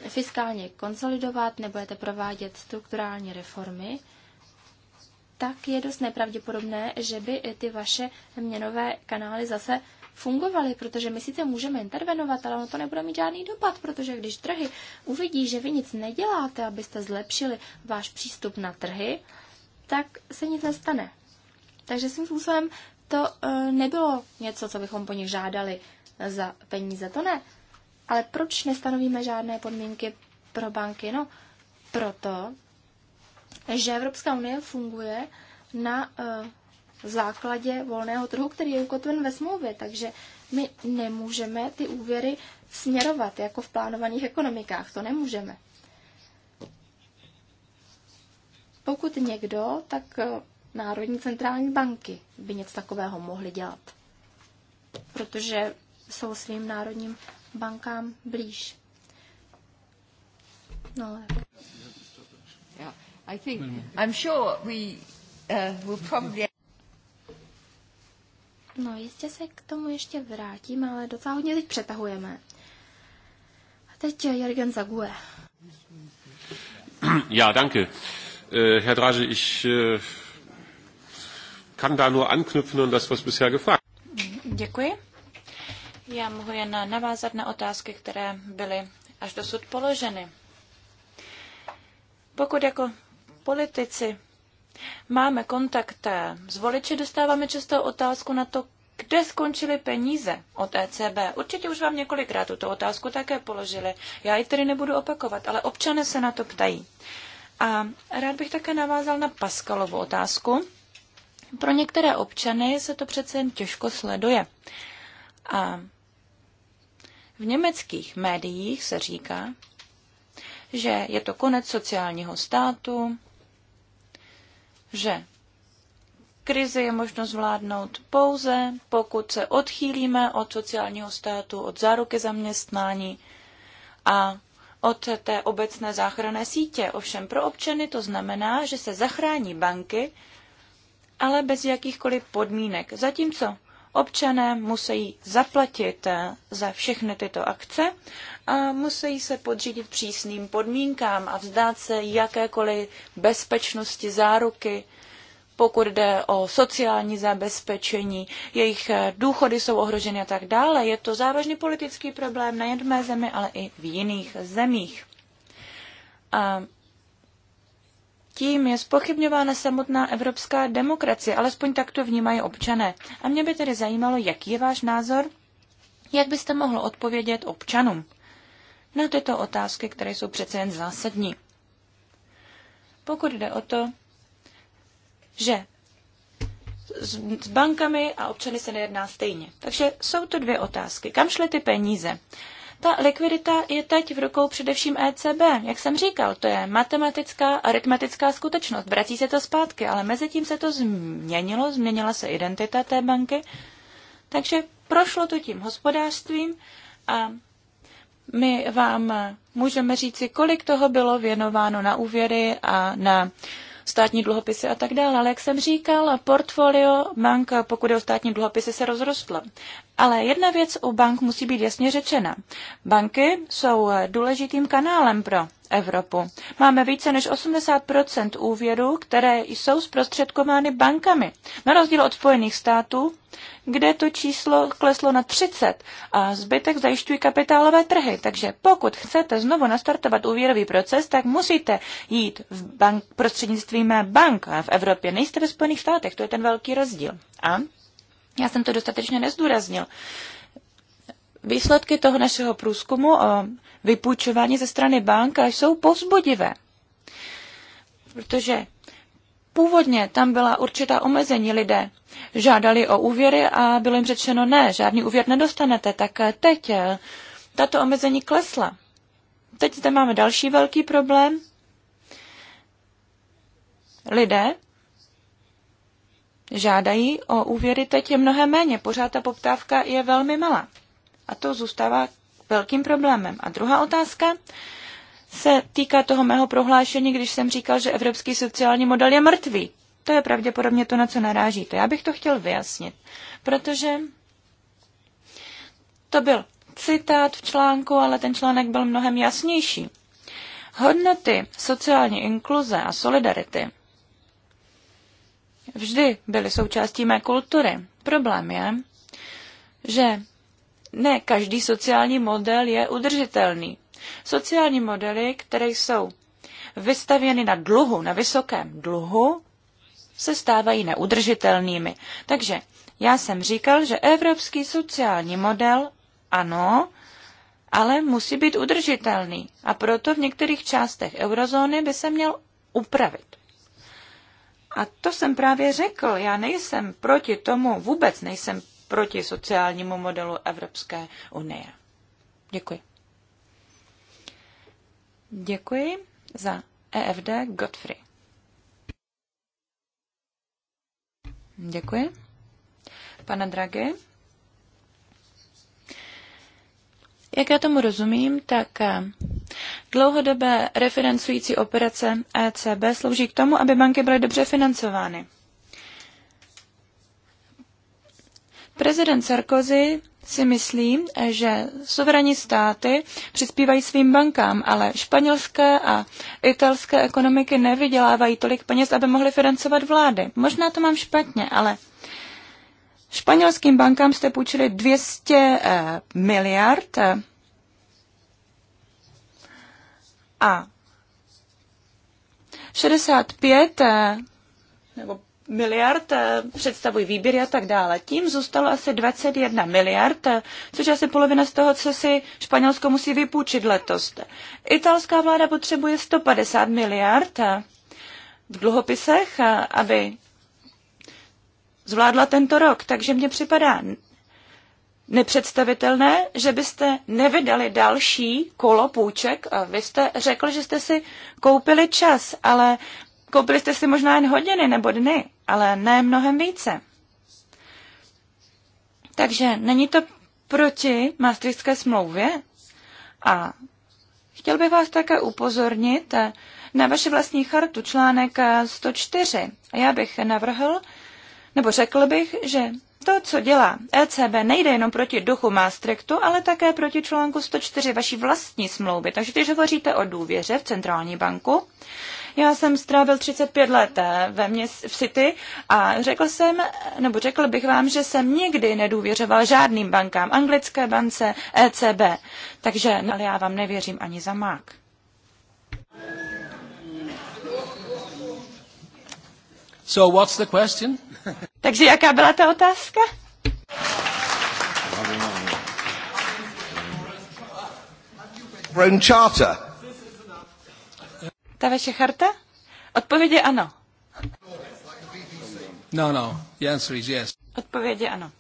fiskálně konsolidovat, nebudete provádět strukturální reformy, tak je dost nepravděpodobné, že by ty vaše měnové kanály zase fungovaly, protože my sice můžeme intervenovat, ale ono to nebude mít žádný dopad, protože když trhy uvidí, že vy nic neděláte, abyste zlepšili váš přístup na trhy, tak se nic nestane. Takže svým způsobem to eh, nebylo něco, co bychom po nich žádali za peníze, to ne. Ale proč nestanovíme žádné podmínky pro banky? No, proto, že Evropská unie funguje na uh, základě volného trhu, který je ukotven ve smlouvě, takže my nemůžeme ty úvěry směrovat jako v plánovaných ekonomikách. To nemůžeme. Pokud někdo, tak uh, Národní centrální banky by něco takového mohly dělat. Protože jsou svým národním bankám blíž. No. Yeah, I think, I'm sure we uh, will probably... No, jistě se k tomu ještě vrátím, ale docela hodně teď přetahujeme. A teď Jürgen Zague. Ja, danke. Uh, Herr Drage, ich uh, kann da nur anknüpfen an das, was bisher gefragt. Děkuji. Já mohu jen navázat na otázky, které byly až dosud položeny. Pokud jako politici máme kontakt s voliči, dostáváme často otázku na to, kde skončily peníze od ECB? Určitě už vám několikrát tuto otázku také položili. Já ji tedy nebudu opakovat, ale občané se na to ptají. A rád bych také navázal na Paskalovu otázku. Pro některé občany se to přece jen těžko sleduje. A v německých médiích se říká, že je to konec sociálního státu, že krizi je možno zvládnout pouze, pokud se odchýlíme od sociálního státu, od záruky zaměstnání a od té obecné záchranné sítě. Ovšem pro občany to znamená, že se zachrání banky, ale bez jakýchkoliv podmínek. Zatímco občané musí zaplatit eh, za všechny tyto akce a musí se podřídit přísným podmínkám a vzdát se jakékoliv bezpečnosti záruky, pokud jde o sociální zabezpečení, jejich eh, důchody jsou ohroženy a tak dále. Je to závažný politický problém nejen v mé zemi, ale i v jiných zemích. A tím je spochybňována samotná evropská demokracie, alespoň tak to vnímají občané. A mě by tedy zajímalo, jaký je váš názor, jak byste mohl odpovědět občanům na tyto otázky, které jsou přece jen zásadní. Pokud jde o to, že s bankami a občany se nejedná stejně. Takže jsou to dvě otázky. Kam šly ty peníze? Ta likvidita je teď v rukou především ECB. Jak jsem říkal, to je matematická, aritmetická skutečnost. Vrací se to zpátky, ale mezi tím se to změnilo, změnila se identita té banky. Takže prošlo to tím hospodářstvím a my vám můžeme říci, kolik toho bylo věnováno na úvěry a na uh, státní dluhopisy a tak dále. Ale jak jsem říkal, portfolio bank, pokud je o státní dluhopisy, se rozrostlo. Ale jedna věc u bank musí být jasně řečena. Banky jsou důležitým kanálem pro Evropu. Máme více než 80 úvěrů, které jsou zprostředkovány bankami, na rozdíl od Spojených států, kde to číslo kleslo na 30 a zbytek zajišťují kapitálové trhy. Takže pokud chcete znovu nastartovat úvěrový proces, tak musíte jít v bank, prostřednictvím bank a v Evropě. Nejste ve Spojených státech, to je ten velký rozdíl. A já jsem to dostatečně nezdůraznil. Výsledky toho našeho průzkumu o vypůjčování ze strany bank jsou pozbudivé. Protože původně tam byla určitá omezení lidé. Žádali o úvěry a bylo jim řečeno ne, žádný úvěr nedostanete, tak teď eh, tato omezení klesla. Teď zde máme další velký problém. Lidé žádají o úvěry teď je mnohem méně, pořád ta poptávka je velmi malá. A to zůstává velkým problémem. A druhá otázka se týká toho mého prohlášení, když jsem říkal, že evropský sociální model je mrtvý. To je pravděpodobně to, na co narážíte. Já bych to chtěl vyjasnit, protože to byl citát v článku, ale ten článek byl mnohem jasnější. Hodnoty sociální inkluze a solidarity vždy byly součástí mé kultury. Problém je, že ne každý sociální model je udržitelný. Sociální modely, které jsou vystavěny na dluhu, na vysokém dluhu, se stávají neudržitelnými. Takže já jsem říkal, že evropský sociální model ano, ale musí být udržitelný a proto v některých částech eurozóny by se měl upravit. A to jsem právě řekl. Já nejsem proti tomu, vůbec nejsem proti sociálnímu modelu Evropské unie. Děkuji. Děkuji za EFD Godfrey. Děkuji. Pane Draghi, jak já tomu rozumím, tak eh, dlouhodobé referencující operace ECB slouží k tomu, aby banky byly dobře financovány. Prezident Sarkozy si myslí, že suverénní státy přispívají svým bankám, ale španělské a italské ekonomiky nevydělávají tolik peněz, aby mohly financovat vlády. Možná to mám špatně, ale španělským bankám jste půjčili 200 eh, miliard eh, a 65 eh, nebo miliard eh, představují výběry a tak dále. Tím zůstalo asi 21 miliard, eh, což je asi polovina z toho, co si Španělsko musí vypůjčit letos. Italská vláda potřebuje 150 miliard eh, v dluhopisech, aby zvládla tento rok. Takže mně připadá nepředstavitelné, že byste nevydali další kolo půjček. Vy jste řekl, že jste si koupili čas, ale Koupili jste si možná jen hodiny nebo dny, ale ne mnohem více. Takže není to proti Maastrichtské smlouvě? A chtěl bych vás také upozornit eh, na vaši vlastní chartu článek 104. Eh, A Já bych navrhl, nebo řekl bych, že to, co dělá ECB, nejde jenom proti duchu Maastrichtu, ale také proti článku 104 vaší vlastní smlouvy. Takže když hovoříte o důvěře v centrální banku, já jsem strávil 35 let eh, ve měst, v City a řekl jsem, nebo řekl bych vám, že jsem nikdy nedůvěřoval žádným bankám, anglické bance, ECB. Takže, ale já vám nevěřím ani za mák. So what's the question? Takže jaká byla ta otázka? Rome Charter. Ta vaše charta? Odpověď je ano. No, no, the answer is yes. Odpověď je ano.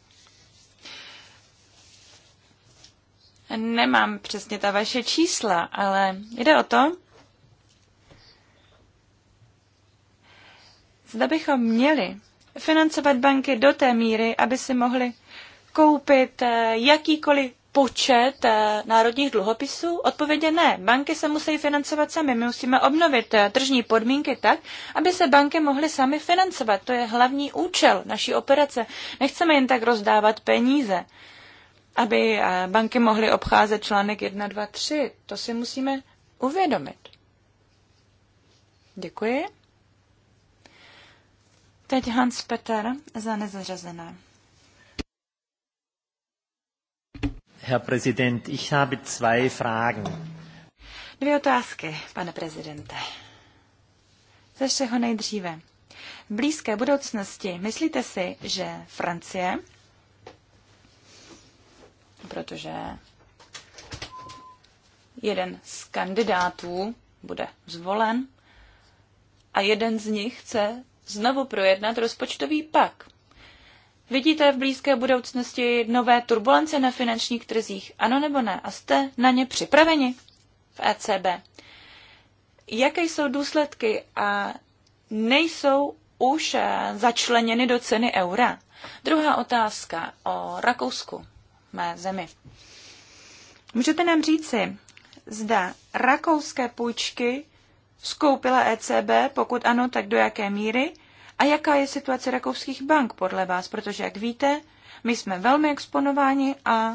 Nemám přesně ta vaše čísla, ale jde o to, zda bychom měli financovat banky do té míry, aby si mohli koupit eh, jakýkoliv počet eh, národních dluhopisů? Odpovědě ne. Banky se musí financovat sami. My musíme obnovit eh, tržní podmínky tak, aby se banky mohly sami financovat. To je hlavní účel naší operace. Nechceme jen tak rozdávat peníze, aby eh, banky mohly obcházet článek 1, 2, 3. To si musíme uvědomit. Děkuji. Teď Hans Peter za nezařazené. Herr Präsident. Ich habe zwei Fragen. Dvě otázky, pane prezidente. Ze všeho nejdříve. V blízké budoucnosti myslíte si, že Francie, protože jeden z kandidátů bude zvolen a jeden z nich chce znovu projednat rozpočtový pak. Vidíte v blízké budoucnosti nové turbulence na finančních trzích? Ano nebo ne? A jste na ně připraveni v ECB? Jaké jsou důsledky a nejsou už eh, začleněny do ceny eura? Druhá otázka o Rakousku, mé zemi. Můžete nám říci, zda rakouské půjčky skoupila ECB, pokud ano, tak do jaké míry? A jaká je situace rakouských bank podle vás? Protože, jak víte, my jsme velmi exponováni a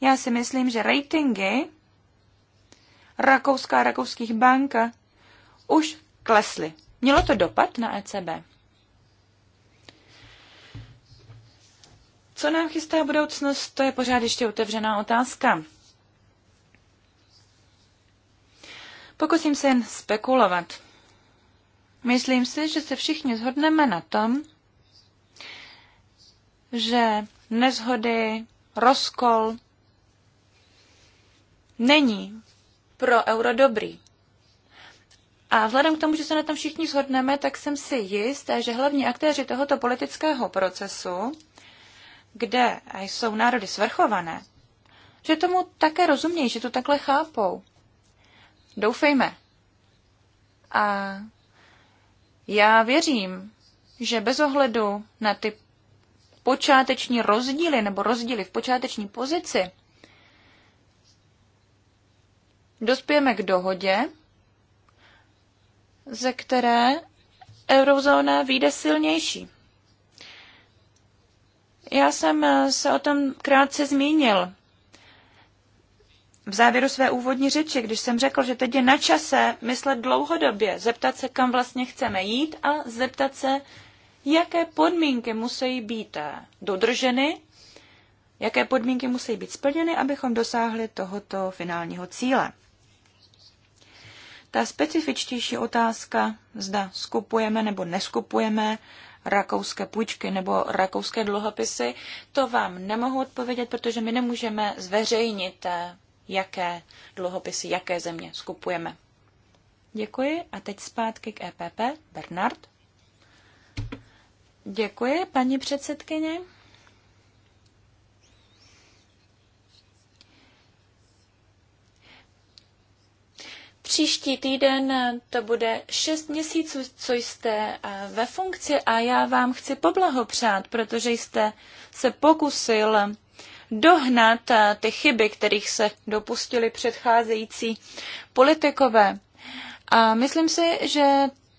já si myslím, že ratingy rakouská a rakouských bank už klesly. Mělo to dopad na ECB? Co nám chystá budoucnost, to je pořád ještě otevřená otázka. Pokusím se jen spekulovat. Myslím si, že se všichni zhodneme na tom, že nezhody, rozkol není pro euro dobrý. A vzhledem k tomu, že se na tom všichni shodneme, tak jsem si jist, že hlavní aktéři tohoto politického procesu, kde jsou národy svrchované, že tomu také rozumějí, že to takhle chápou. Doufejme. A já věřím, že bez ohledu na ty počáteční rozdíly nebo rozdíly v počáteční pozici, dospějeme k dohodě, ze které eurozóna vyjde silnější. Já jsem se o tom krátce zmínil v závěru své úvodní řeči, když jsem řekl, že teď je na čase myslet dlouhodobě, zeptat se, kam vlastně chceme jít a zeptat se, jaké podmínky musí být eh, dodrženy, jaké podmínky musí být splněny, abychom dosáhli tohoto finálního cíle. Ta specifičtější otázka, zda skupujeme nebo neskupujeme rakouské půjčky nebo rakouské dluhopisy, to vám nemohu odpovědět, protože my nemůžeme zveřejnit eh, jaké dluhopisy, jaké země skupujeme. Děkuji a teď zpátky k EPP. Bernard. Děkuji, paní předsedkyně. Příští týden to bude šest měsíců, co jste eh, ve funkci a já vám chci poblahopřát, protože jste se pokusil dohnat eh, ty chyby, kterých se dopustili předcházející politikové. A myslím si, že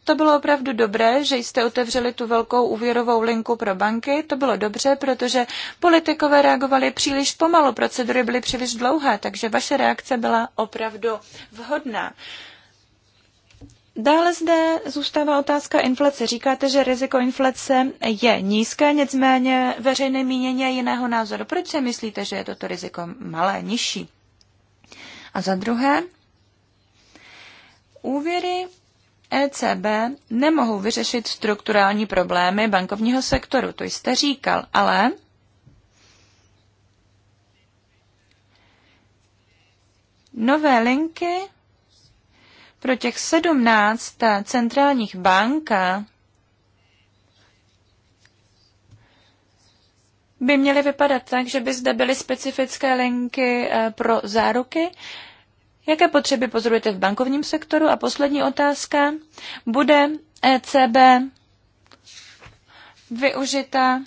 to bylo opravdu dobré, že jste otevřeli tu velkou úvěrovou linku pro banky. To bylo dobře, protože politikové reagovali příliš pomalu, procedury byly příliš dlouhé, takže vaše reakce byla opravdu vhodná. Dále zde zůstává otázka inflace. Říkáte, že riziko inflace je nízké, nicméně veřejné mínění je jiného názoru. Proč si myslíte, že je toto riziko malé, nižší? A za druhé, úvěry ECB nemohou vyřešit strukturální problémy bankovního sektoru, to jste říkal, ale nové linky pro těch 17 centrálních bank eh, by měly vypadat tak, že by zde byly specifické linky eh, pro záruky. Jaké potřeby pozorujete v bankovním sektoru? A poslední otázka. Bude ECB využita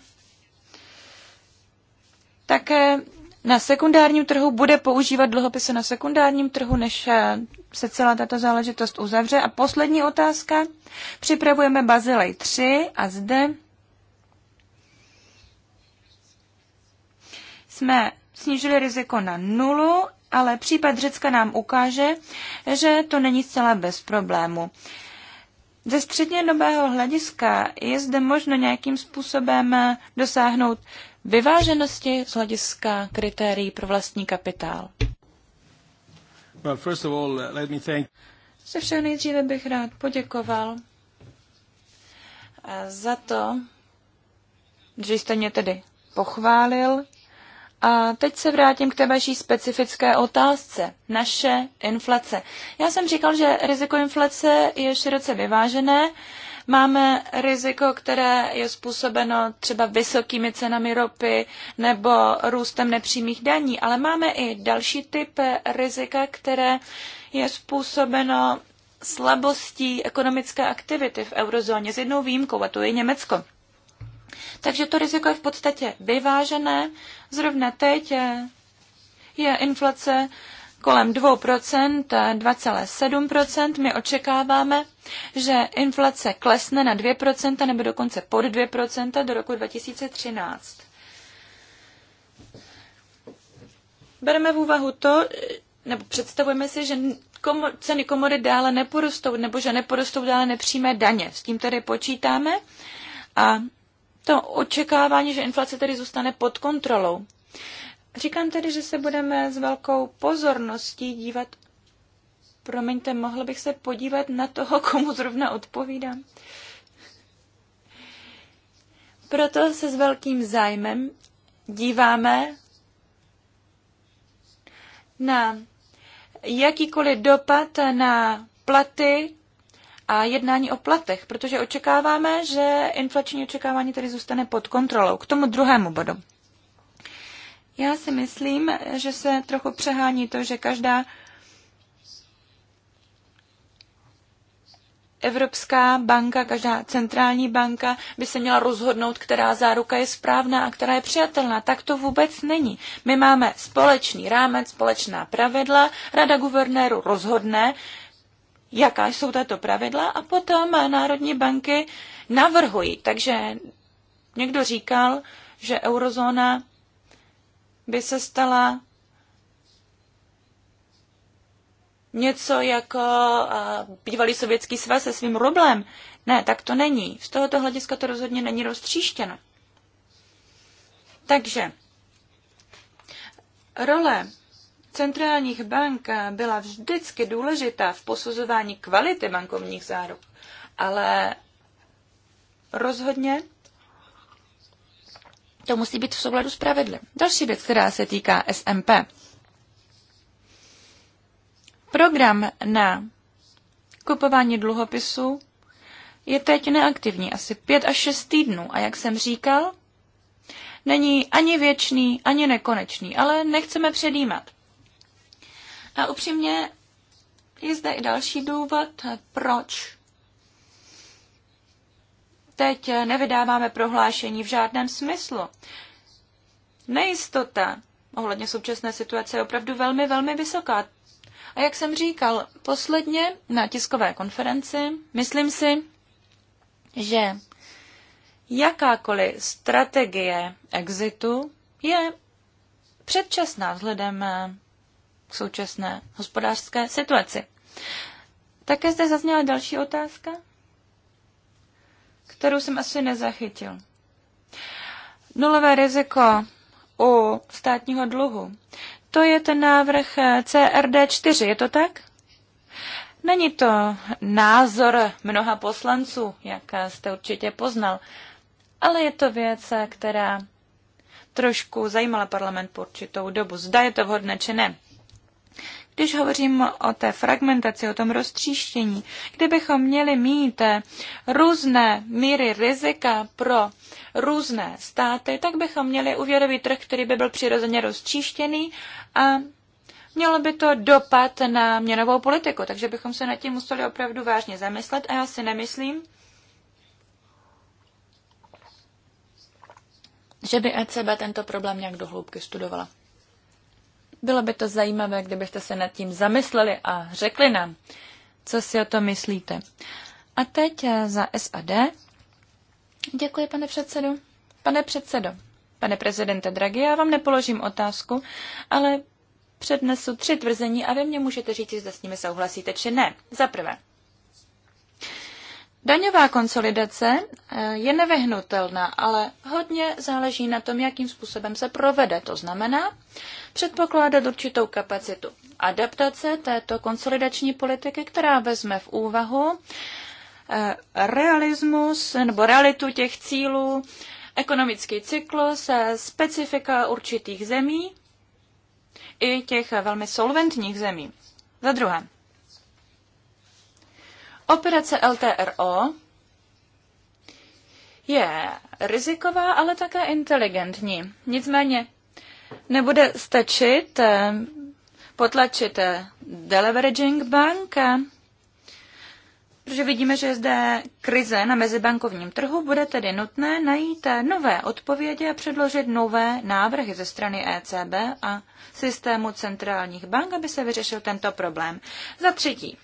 také na sekundárním trhu, bude používat dluhopisy na sekundárním trhu, než eh, se celá tato záležitost uzavře. A poslední otázka. Připravujeme Bazilej 3 a zde jsme snížili riziko na nulu, ale případ Řecka nám ukáže, že to není zcela bez problému. Ze střednědobého hlediska je zde možno nějakým způsobem eh, dosáhnout vyváženosti z hlediska kritérií pro vlastní kapitál? Well, first of all, uh, let me thank... Se všeho nejdříve bych rád poděkoval uh, za to, že jste mě tedy pochválil. A teď se vrátím k té vaší specifické otázce. Naše inflace. Já jsem říkal, že riziko inflace je široce vyvážené Máme riziko, které je způsobeno třeba vysokými cenami ropy nebo růstem nepřímých daní, ale máme i další typ rizika, které je způsobeno slabostí ekonomické aktivity v eurozóně s jednou výjimkou, a to je Německo. Takže to riziko je v podstatě vyvážené. Zrovna teď je inflace kolem 2%, 2,7%. My očekáváme, že inflace klesne na 2% nebo dokonce pod 2% do roku 2013. Bereme v úvahu to, nebo představujeme si, že komo, ceny komory dále neporostou, nebo že neporostou dále nepřímé daně. S tím tedy počítáme a to očekávání, že inflace tedy zůstane pod kontrolou. Říkám tedy, že se budeme s velkou pozorností dívat. Promiňte, mohl bych se podívat na toho, komu zrovna odpovídám. Proto se s velkým zájmem díváme na jakýkoliv dopad na platy a jednání o platech, protože očekáváme, že inflační očekávání tedy zůstane pod kontrolou. K tomu druhému bodu. Já si myslím, že se trochu přehání to, že každá Evropská banka, každá centrální banka by se měla rozhodnout, která záruka je správná a která je přijatelná. Tak to vůbec není. My máme společný rámec, společná pravidla, rada guvernéru rozhodne, jaká jsou tato pravidla a potom národní banky navrhují. Takže někdo říkal, že eurozóna by se stala něco jako bývalý sovětský svaz se svým rublem. Ne, tak to není. Z tohoto hlediska to rozhodně není roztříštěno. Takže role centrálních bank byla vždycky důležitá v posuzování kvality bankovních záruk, ale rozhodně to musí být v souladu s pravidly. Další věc, která se týká SMP. Program na kupování dluhopisů je teď neaktivní asi 5 až 6 týdnů a jak jsem říkal, není ani věčný, ani nekonečný, ale nechceme předjímat. A upřímně je zde i další důvod, proč teď nevydáváme prohlášení v žádném smyslu. Nejistota ohledně současné situace je opravdu velmi, velmi vysoká. A jak jsem říkal posledně na tiskové konferenci, myslím si, že jakákoliv strategie exitu je předčasná vzhledem k současné hospodářské situaci. Také zde zazněla další otázka kterou jsem asi nezachytil. Nulové riziko u státního dluhu. To je ten návrh CRD4, je to tak? Není to názor mnoha poslanců, jak jste určitě poznal, ale je to věc, která trošku zajímala parlament po určitou dobu. Zda je to vhodné či ne. Když hovořím o té fragmentaci, o tom roztříštění, kdybychom měli mít různé míry rizika pro různé státy, tak bychom měli úvěrový trh, který by byl přirozeně roztříštěný a mělo by to dopad na měnovou politiku, takže bychom se nad tím museli opravdu vážně zamyslet a já si nemyslím, že by ECB tento problém nějak dohloubky studovala. Bylo by to zajímavé, kdybyste se nad tím zamysleli a řekli nám, co si o to myslíte. A teď eh, za SAD. Děkuji, pane předsedu. Pane předsedo, pane prezidente Draghi, já vám nepoložím otázku, ale přednesu tři tvrzení a vy mě můžete říct, zda s nimi souhlasíte či ne. Za prvé, Daňová konsolidace eh, je nevyhnutelná, ale hodně záleží na tom, jakým způsobem se provede. To znamená předpokládat určitou kapacitu adaptace této konsolidační politiky, která vezme v úvahu eh, realismus nebo realitu těch cílů, ekonomický cyklus, eh, specifika určitých zemí i těch velmi solventních zemí. Za druhé, Operace LTRO je riziková, ale také inteligentní. Nicméně nebude stačit eh, potlačit eh, deleveraging bank, eh, protože vidíme, že je zde krize na mezibankovním trhu, bude tedy nutné najít nové odpovědi a předložit nové návrhy ze strany ECB a systému centrálních bank, aby se vyřešil tento problém. Za třetí,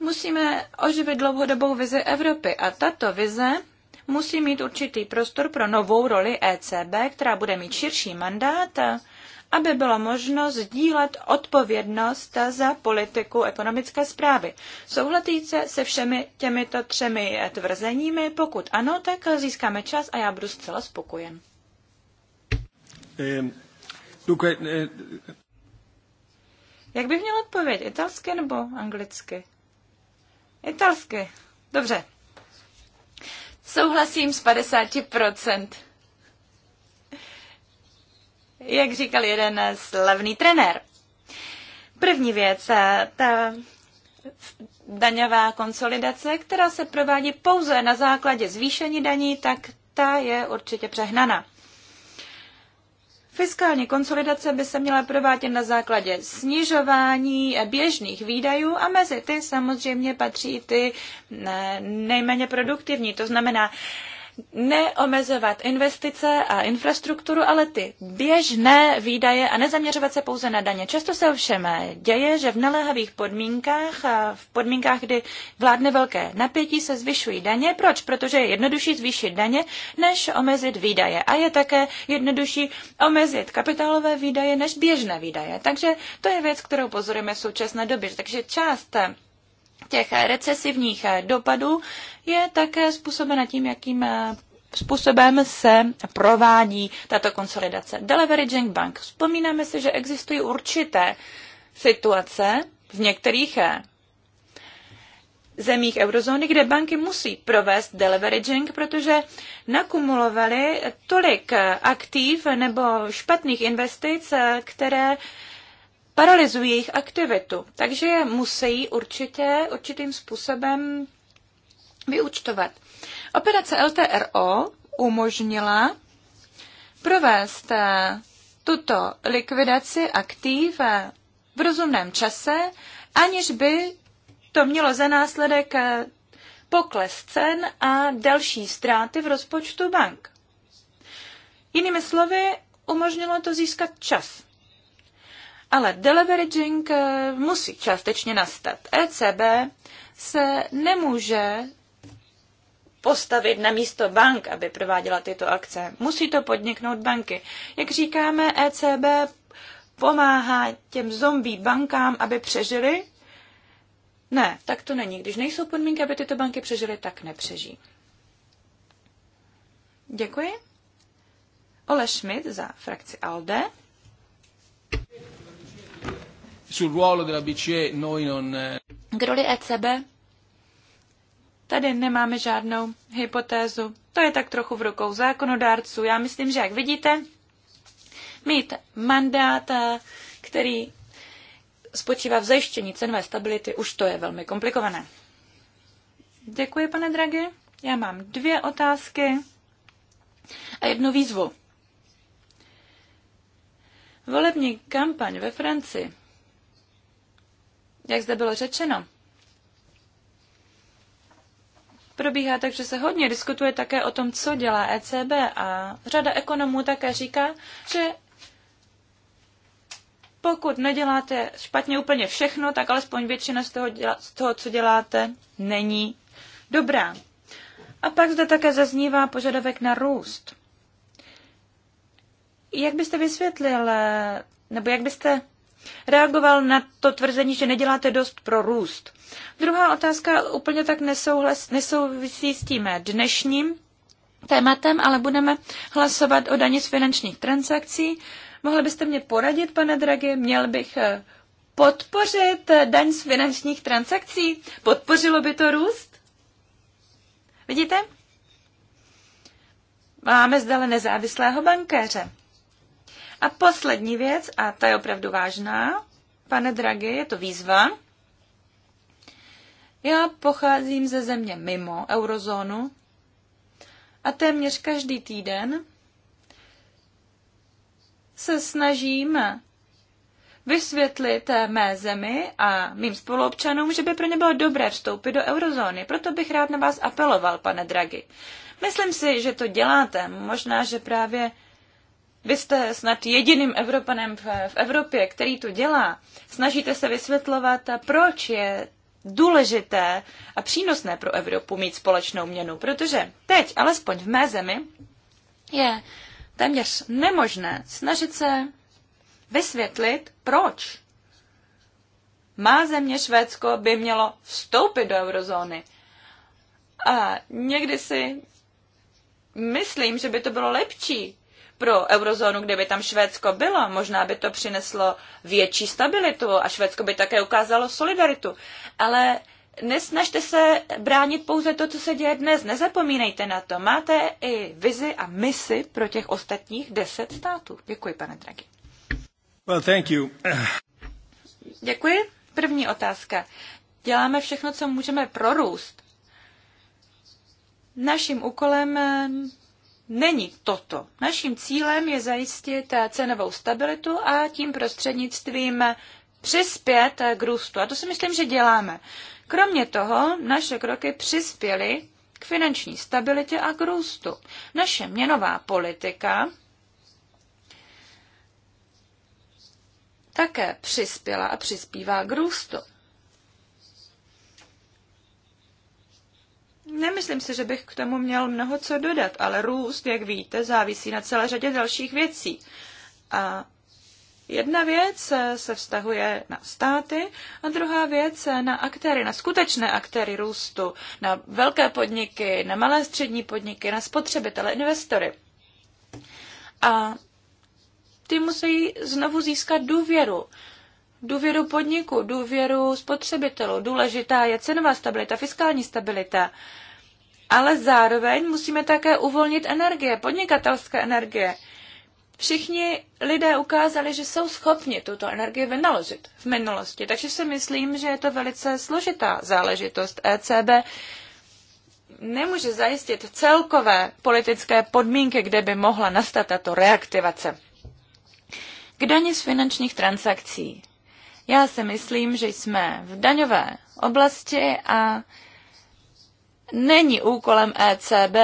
Musíme oživit dlouhodobou vizi Evropy a tato vize musí mít určitý prostor pro novou roli ECB, která bude mít širší mandát, aby bylo možno sdílet odpovědnost za politiku ekonomické zprávy. Souhlasíte se všemi těmito třemi tvrzeními? Pokud ano, tak získáme čas a já budu zcela spokojen. Ehm, eh, eh, Jak bych měl odpovědět? Italsky nebo anglicky? Italsky. Dobře. Souhlasím s 50%. Jak říkal jeden slavný trenér. První věc, eh, ta daňová konsolidace, která se provádí pouze na základě zvýšení daní, tak ta je určitě přehnaná. Fiskální konsolidace by se měla provádět na základě snižování běžných výdajů a mezi ty samozřejmě patří ty nejméně produktivní. To znamená, neomezovat investice a infrastrukturu, ale ty běžné výdaje a nezaměřovat se pouze na daně. Často se ovšem děje, že v naléhavých podmínkách, a v podmínkách, kdy vládne velké napětí, se zvyšují daně. Proč? Protože je jednodušší zvýšit daně, než omezit výdaje. A je také jednodušší omezit kapitálové výdaje než běžné výdaje. Takže to je věc, kterou pozorujeme v současné době. Takže část těch recesivních dopadů je také způsobena tím, jakým eh, způsobem se provádí tato konsolidace. Deleveraging Bank. Vzpomínáme si, že existují určité situace v některých eh, zemích eurozóny, kde banky musí provést deleveraging, protože nakumulovaly tolik aktiv nebo špatných investic, eh, které paralyzují jejich aktivitu. Takže je musí určitě určitým způsobem vyúčtovat. Operace LTRO umožnila provést eh, tuto likvidaci aktiv eh, v rozumném čase, aniž by to mělo za následek eh, pokles cen a další ztráty v rozpočtu bank. Jinými slovy, umožnilo to získat čas. Ale deleveraging eh, musí částečně nastat. ECB se nemůže postavit na místo bank, aby prováděla tyto akce. Musí to podniknout banky. Jak říkáme, ECB pomáhá těm zombie bankám, aby přežili? Ne, tak to není. Když nejsou podmínky, aby tyto banky přežily, tak nepřežijí. Děkuji. Ole Schmidt za frakci ALDE sul ruolo della BCE noi non... Eh. K roli ECB? Tady nemáme žádnou hypotézu. To je tak trochu v rukou zákonodárců. Já myslím, že jak vidíte, mít mandát, eh, který spočívá v zajištění cenové stability, už to je velmi komplikované. Děkuji, pane Dragi. Já mám dvě otázky a jednu výzvu. Volební kampaň ve Francii jak zde bylo řečeno, probíhá tak, že se hodně diskutuje také o tom, co dělá ECB a řada ekonomů také říká, že pokud neděláte špatně úplně všechno, tak alespoň většina z toho, děla, z toho co děláte, není dobrá. A pak zde také zaznívá požadavek na růst. Jak byste vysvětlil, nebo jak byste reagoval na to tvrzení, že neděláte dost pro růst. Druhá otázka úplně tak nesouhlas, nesouvisí s tím dnešním tématem, ale budeme hlasovat o daně z finančních transakcí. Mohli byste mě poradit, pane Dragi, měl bych eh, podpořit eh, daň z finančních transakcí? Podpořilo by to růst? Vidíte? Máme zdale nezávislého bankéře. A poslední věc, a ta je opravdu vážná, pane Dragi, je to výzva. Já pocházím ze země mimo eurozónu a téměř každý týden se snažím vysvětlit mé zemi a mým spoluobčanům, že by pro ně bylo dobré vstoupit do eurozóny. Proto bych rád na vás apeloval, pane Dragi. Myslím si, že to děláte. Možná, že právě vy jste snad jediným Evropanem v Evropě, který to dělá. Snažíte se vysvětlovat, proč je důležité a přínosné pro Evropu mít společnou měnu, protože teď, alespoň v mé zemi, je téměř nemožné snažit se vysvětlit, proč má země Švédsko by mělo vstoupit do eurozóny. A někdy si myslím, že by to bylo lepší, pro eurozónu, kdyby tam Švédsko bylo. Možná by to přineslo větší stabilitu a Švédsko by také ukázalo solidaritu. Ale nesnažte se bránit pouze to, co se děje dnes. Nezapomínejte na to. Máte i vizi a misi pro těch ostatních deset států. Děkuji, pane Draghi. Well, thank you. Děkuji. První otázka. Děláme všechno, co můžeme pro růst. Naším úkolem není toto. Naším cílem je zajistit cenovou stabilitu a tím prostřednictvím přispět k růstu. A to si myslím, že děláme. Kromě toho naše kroky přispěly k finanční stabilitě a k růstu. Naše měnová politika také přispěla a přispívá k růstu. Nemyslím si, že bych k tomu měl mnoho co dodat, ale růst, jak víte, závisí na celé řadě dalších věcí. A jedna věc se vztahuje na státy a druhá věc na aktéry, na skutečné aktéry růstu, na velké podniky, na malé střední podniky, na spotřebitele, investory. A ty musí znovu získat důvěru důvěru podniku, důvěru spotřebitelů. Důležitá je cenová stabilita, fiskální stabilita. Ale zároveň musíme také uvolnit energie, podnikatelské energie. Všichni lidé ukázali, že jsou schopni tuto energii vynaložit v minulosti, takže si myslím, že je to velice složitá záležitost. ECB nemůže zajistit celkové politické podmínky, kde by mohla nastat tato reaktivace. K daně z finančních transakcí. Já si myslím, že jsme v daňové oblasti a není úkolem ECB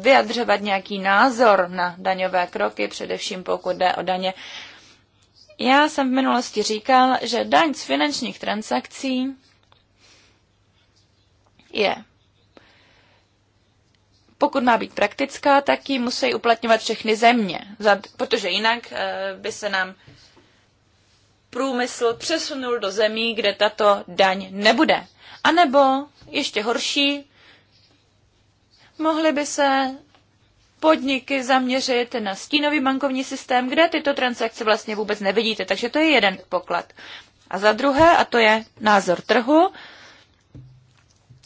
vyjadřovat nějaký názor na daňové kroky, především pokud jde o daně. Já jsem v minulosti říkal, že daň z finančních transakcí je pokud má být praktická, tak ji musí uplatňovat všechny země, protože jinak eh, by se nám průmysl přesunul do zemí, kde tato daň nebude. A nebo, ještě horší, mohly by se podniky zaměřit na stínový bankovní systém, kde tyto transakce vlastně vůbec nevidíte. Takže to je jeden poklad. A za druhé, a to je názor trhu,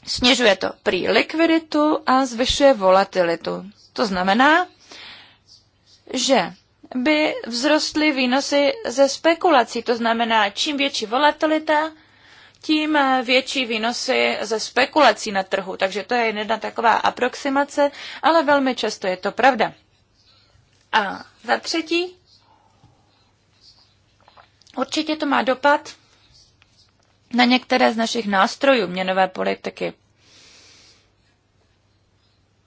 snižuje to prý likviditu a zvyšuje volatilitu. To znamená, že by vzrostly výnosy ze spekulací. To znamená, čím větší volatilita, tím eh, větší výnosy ze spekulací na trhu. Takže to je jedna taková aproximace, ale velmi často je to pravda. A za třetí, určitě to má dopad na některé z našich nástrojů měnové politiky.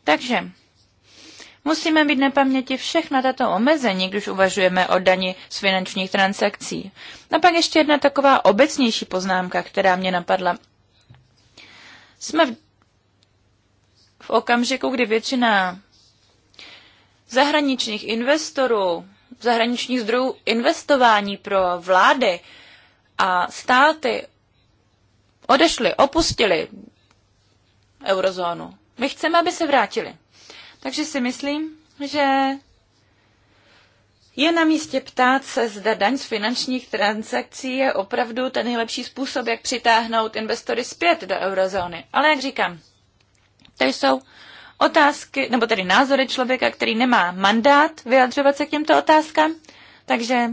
Takže Musíme mít na paměti všechna tato omezení, když uvažujeme o dani z finančních transakcí. A pak ještě jedna taková obecnější poznámka, která mě napadla. Jsme v, v okamžiku, kdy většina zahraničních investorů, zahraničních zdrojů investování pro vlády a státy odešly, opustili eurozónu. My chceme, aby se vrátili. Takže si myslím, že je na místě ptát se, zda daň z finančních transakcí je opravdu ten nejlepší způsob, jak přitáhnout investory zpět do eurozóny. Ale jak říkám, to jsou otázky, nebo tedy názory člověka, který nemá mandát vyjadřovat se k těmto otázkám, takže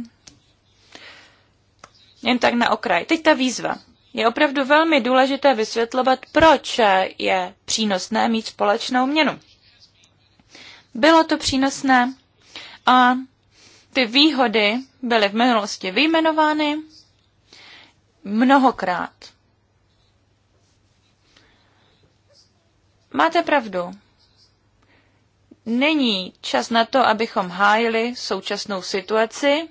jen tak na okraj. Teď ta výzva. Je opravdu velmi důležité vysvětlovat, proč je přínosné mít společnou měnu. Bylo to přínosné a ty výhody byly v minulosti vyjmenovány mnohokrát. Máte pravdu. Není čas na to, abychom hájili současnou situaci.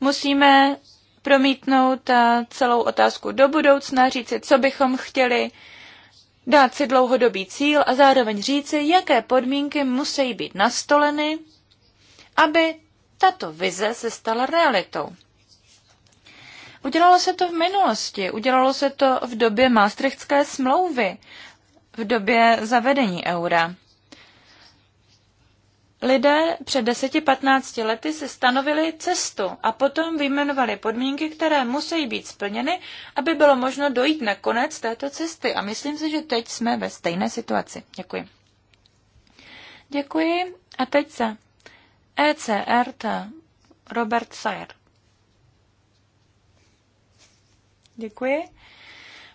Musíme promítnout eh, celou otázku do budoucna, říci, co bychom chtěli dát si dlouhodobý cíl a zároveň říci, jaké podmínky musí být nastoleny, aby tato vize se stala realitou. Udělalo se to v minulosti, udělalo se to v době Maastrichtské smlouvy, v době zavedení eura lidé před 10-15 lety si stanovili cestu a potom vyjmenovali podmínky, které musí být splněny, aby bylo možno dojít na konec této cesty. A myslím si, že teď jsme ve stejné situaci. Děkuji. Děkuji. A teď se ECRT. Robert Sayer. Děkuji.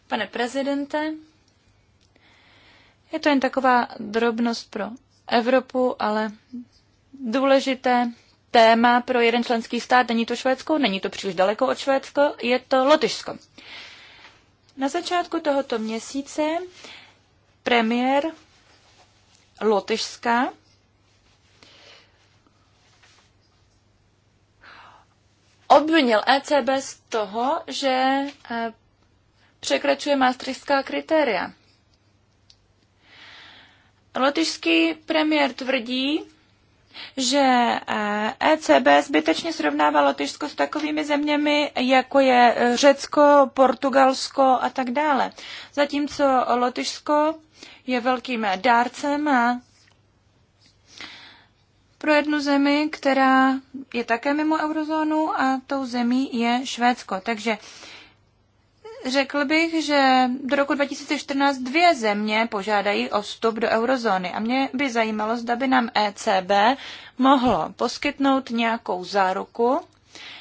Pane prezidente, je to jen taková drobnost pro Evropu, ale důležité téma pro jeden členský stát. Není to Švédsko, není to příliš daleko od Švédsko, je to Lotyšsko. Na začátku tohoto měsíce premiér Lotyšska obvinil ECB z toho, že eh, překračuje maastrichtská kritéria. Lotyšský premiér tvrdí, že ECB eh, e zbytečně srovnává Lotyšsko s takovými zeměmi, jako je eh, Řecko, Portugalsko a tak dále. Zatímco Lotyšsko je velkým dárcem a pro jednu zemi, která je také mimo eurozónu a tou zemí je Švédsko. Takže Řekl bych, že do roku 2014 dvě země požádají o vstup do eurozóny a mě by zajímalo, zda by nám ECB mohlo poskytnout nějakou záruku,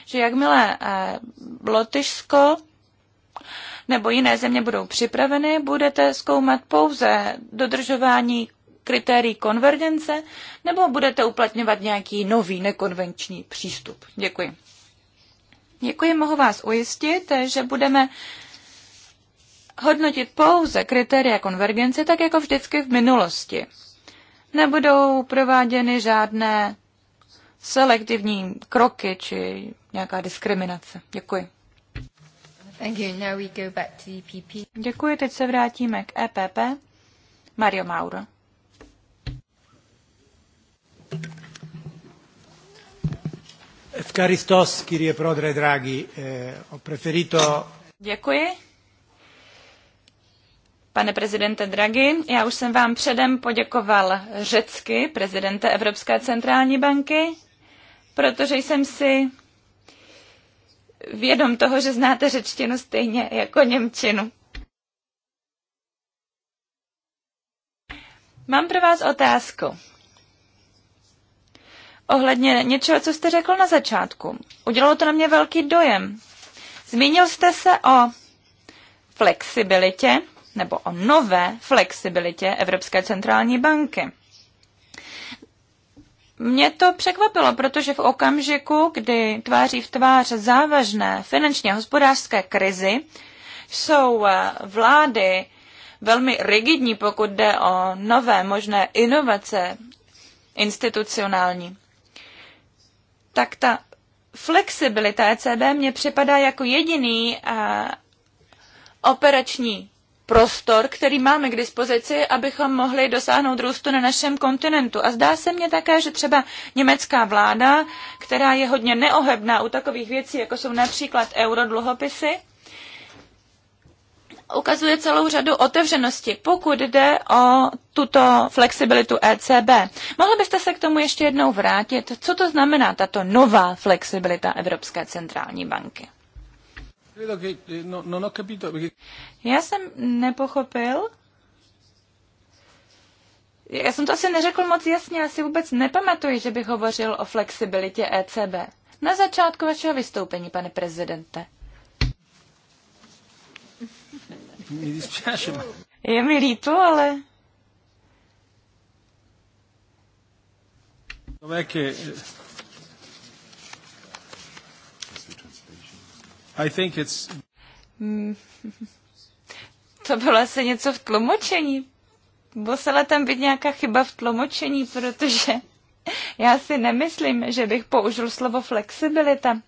že jakmile eh, Lotyšsko nebo jiné země budou připraveny, budete zkoumat pouze dodržování kritérií konvergence nebo budete uplatňovat nějaký nový nekonvenční přístup. Děkuji. Děkuji, mohu vás ujistit, že budeme hodnotit pouze kritéria konvergence, tak jako vždycky v minulosti. Nebudou prováděny žádné selektivní kroky či nějaká diskriminace. Děkuji. Thank you. Now we go back to EPP. E Děkuji, teď se vrátíme k EPP. Mario Mauro. Evkaristos, Kyrie Prodre Draghi, eh, preferito... Děkuji. Pane prezidente Draghi, já už jsem vám předem poděkoval řecky, prezidente Evropské centrální banky, protože jsem si vědom toho, že znáte řečtinu stejně jako němčinu. Mám pro vás otázku. Ohledně něčeho, co jste řekl na začátku. Udělalo to na mě velký dojem. Zmínil jste se o flexibilitě nebo o nové flexibilitě Evropské centrální banky. Mě to překvapilo, protože v okamžiku, kdy tváří v tvář závažné finančně hospodářské krizi, jsou eh, vlády velmi rigidní, pokud jde o nové možné inovace institucionální. Tak ta flexibilita ECB mě připadá jako jediný eh, operační prostor, který máme k dispozici, abychom mohli dosáhnout růstu na našem kontinentu. A zdá se mně také, že třeba německá vláda, která je hodně neohebná u takových věcí, jako jsou například eurodluhopisy, ukazuje celou řadu otevřenosti, pokud jde o tuto flexibilitu ECB. Mohl byste se k tomu ještě jednou vrátit? Co to znamená tato nová flexibilita Evropské centrální banky? Eh, no, já jsem nepochopil. Já jsem to asi neřekl moc jasně, asi vůbec nepamatuji, že bych hovořil o flexibilitě ECB. Na začátku vašeho vystoupení, pane prezidente. Je mi líto, ale... No, I think it's... Hmm. To bylo asi něco v tlumočení. Musela tam být nějaká chyba v tlumočení, protože já si nemyslím, že bych použil slovo flexibilita.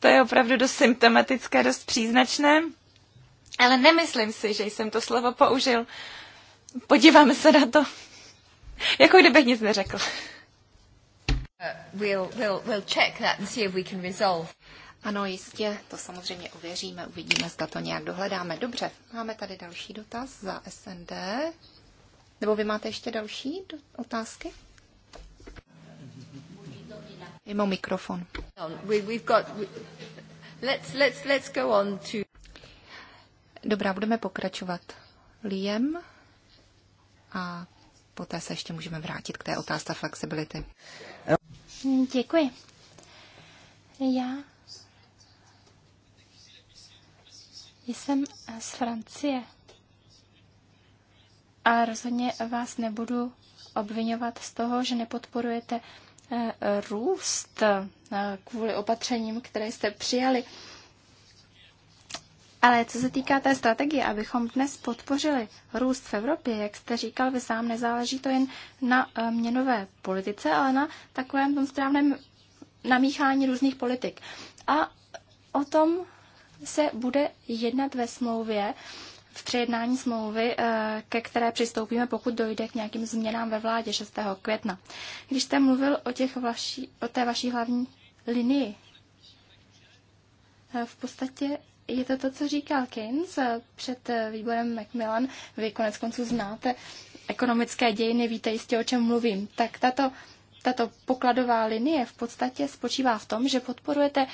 To je opravdu dost symptomatické, dost příznačné, ale nemyslím si, že jsem to slovo použil. Podíváme se na to, jako kdybych nic neřekl. Uh, we'll, we'll, we'll check that and see if we can resolve. Ano, jistě, to samozřejmě ověříme, uvidíme, zda to nějak dohledáme. Dobře, máme tady další dotaz za SND. Nebo vy máte ještě další otázky? Mimo mikrofon. We, we've got, let's, let's, let's go on to... Dobrá, budeme pokračovat. Liam a poté se ještě můžeme vrátit k té otázce flexibility. Eh, Děkuji. Já jsem z Francie a rozhodně vás nebudu obvinovat z toho, že nepodporujete eh, růst eh, kvůli opatřením, které jste přijali. Ale co se týká té strategie, abychom dnes podpořili růst v Evropě, jak jste říkal vy sám, nezáleží to jen na eh, měnové politice, ale na takovém tom správném namíchání různých politik. A o tom se bude jednat ve smlouvě, v přejednání smlouvy, eh, ke které přistoupíme, pokud dojde k nějakým změnám ve vládě 6. května. Když jste mluvil o, těch vaší, o té vaší hlavní linii, eh, v podstatě je to to, co říkal Keynes eh, před eh, výborem Macmillan. Vy konec konců znáte ekonomické dějiny, víte jistě, o čem mluvím. Tak tato, tato pokladová linie v podstatě spočívá v tom, že podporujete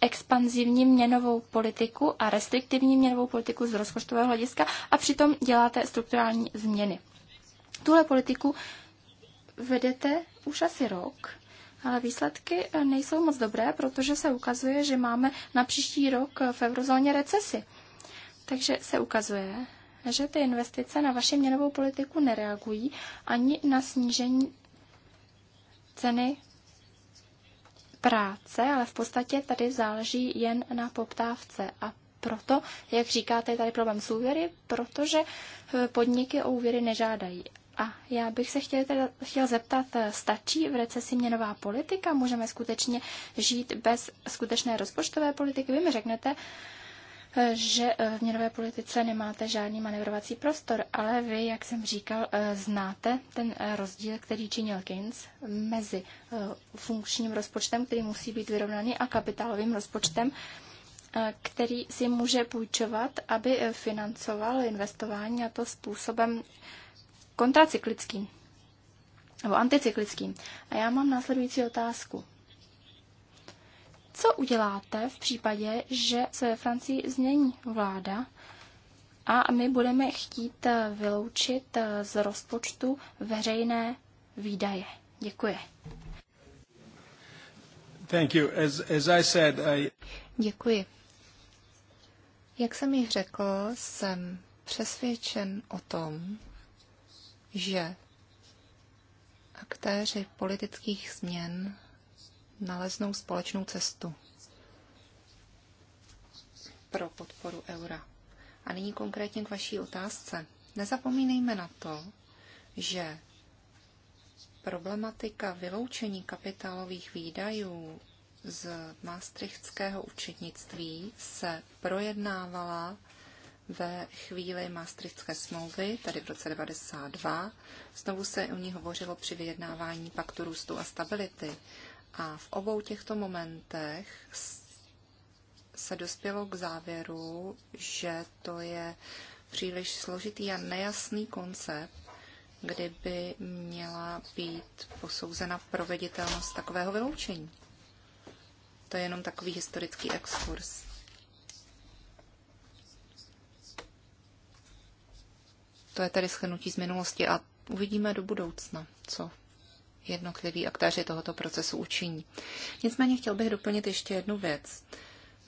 expanzivní měnovou politiku a restriktivní měnovou politiku z rozpočtového hlediska a přitom děláte strukturální změny. Tuhle politiku vedete už asi rok ale výsledky eh, nejsou moc dobré, protože se ukazuje, že máme na příští rok eh, v eurozóně recesi. Takže se ukazuje, že ty investice na vaši měnovou politiku nereagují ani na snížení ceny práce, ale v podstatě tady záleží jen na poptávce. A proto, jak říkáte, je tady problém s úvěry, protože eh, podniky o úvěry nežádají. A já bych se chtěl, teda, chtěl zeptat, eh, stačí v recesi měnová politika? Můžeme skutečně žít bez skutečné rozpočtové politiky? Vy mi řeknete, eh, že eh, v měnové politice nemáte žádný manevrovací prostor, ale vy, jak jsem říkal, znáte ten rozdíl, který činil Keynes mezi funkčním rozpočtem, který musí být vyrovnaný, a kapitálovým rozpočtem, který si může půjčovat, aby financoval investování a to způsobem, kontracyklický nebo anticyklický. A já mám následující otázku. Co uděláte v případě, že se ve Francii změní vláda a my budeme chtít vyloučit z rozpočtu veřejné výdaje? Děkuji. Thank you. As, as I said, I... Děkuji. Jak jsem již řekl, jsem přesvědčen o tom, že aktéři politických změn naleznou společnou cestu pro podporu eura. A nyní konkrétně k vaší otázce. Nezapomínejme na to, že problematika vyloučení kapitálových výdajů z maastrichtského účetnictví se projednávala ve chvíli Maastrichtské smlouvy, tady v roce 92. Znovu se u ní hovořilo při vyjednávání paktu růstu a stability. A v obou těchto momentech se dospělo k závěru, že to je příliš složitý a nejasný koncept, kdyby měla být posouzena proveditelnost takového vyloučení. To je jenom takový historický exkurs. To je tedy schrnutí z minulosti a uvidíme do budoucna, co jednotliví aktéři tohoto procesu učiní. Nicméně chtěl bych doplnit ještě jednu věc.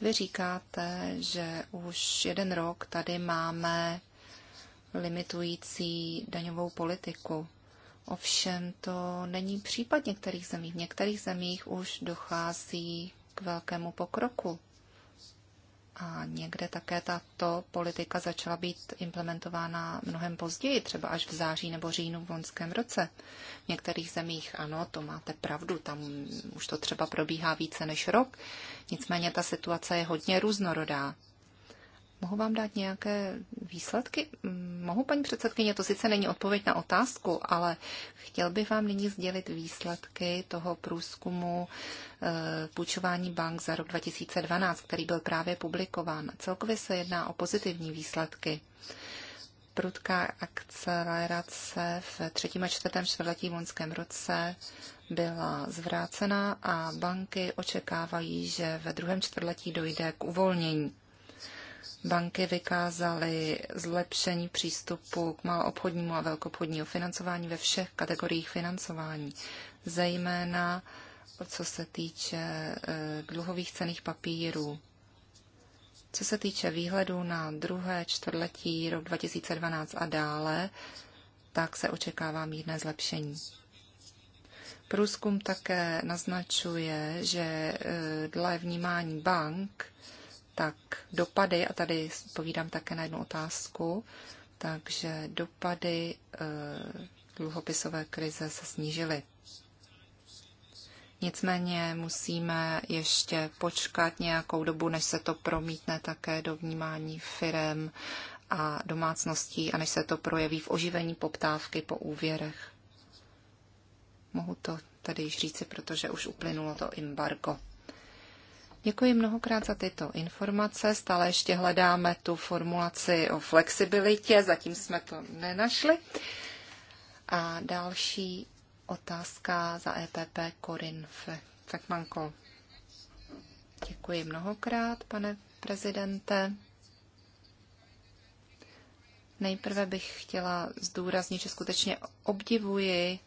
Vy říkáte, že už jeden rok tady máme limitující daňovou politiku. Ovšem to není případ některých zemí. V některých zemích už dochází k velkému pokroku. A někde také tato politika začala být implementována mnohem později, třeba až v září nebo říjnu v loňském roce. V některých zemích ano, to máte pravdu, tam už to třeba probíhá více než rok. Nicméně ta situace je hodně různorodá. Mohu vám dát nějaké výsledky? Mohu, paní předsedkyně, to sice není odpověď na otázku, ale chtěl bych vám nyní sdělit výsledky toho průzkumu eh, půjčování bank za rok 2012, který byl právě publikován. Celkově se jedná o pozitivní výsledky. Prudká akcelerace v třetím a čtvrtém čtvrtletí v loňském roce byla zvrácena a banky očekávají, že ve druhém čtvrtletí dojde k uvolnění banky vykázaly zlepšení přístupu k maloobchodnímu a velkoobchodnímu financování ve všech kategoriích financování, zejména co se týče e, dluhových cených papírů. Co se týče výhledu na druhé čtvrtletí rok 2012 a dále, tak se očekává mírné zlepšení. Průzkum také naznačuje, že e, dle vnímání bank tak dopady, a tady povídám také na jednu otázku, takže dopady e, dluhopisové krize se snížily. Nicméně musíme ještě počkat nějakou dobu, než se to promítne také do vnímání firem a domácností a než se to projeví v oživení poptávky po úvěrech. Mohu to tady již říci, protože už uplynulo to embargo. Děkuji mnohokrát za tyto informace. Stále ještě hledáme tu formulaci o flexibilitě, zatím jsme to nenašli. A další otázka za EPP Korin Fekmanko. Děkuji mnohokrát, pane prezidente. Nejprve bych chtěla zdůraznit, že skutečně obdivuji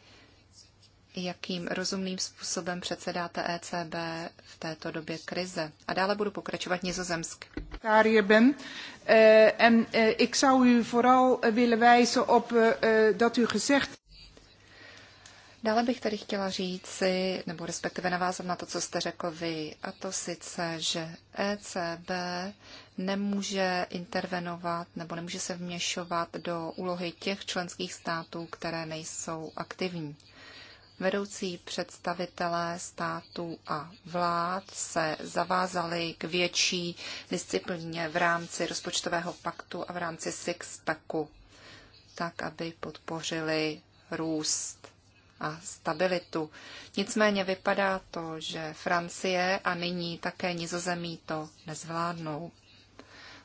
jakým rozumným způsobem předsedáte ECB v této době krize. A dále budu pokračovat nizozemsk. Daar ben. Uh, en uh, ik zou u vooral willen wijzen op uh, dat u gezegd Dále bych tady chtěla říci, nebo respektive navázat na to, co jste řekl vy, a to sice, že ECB nemůže intervenovat nebo nemůže se vměšovat do úlohy těch členských států, které nejsou aktivní. Vedoucí představitelé států a vlád se zavázali k větší disciplíně v rámci rozpočtového paktu a v rámci six-packu, tak aby podpořili růst a stabilitu. Nicméně vypadá to, že Francie a nyní také Nizozemí to nezvládnou.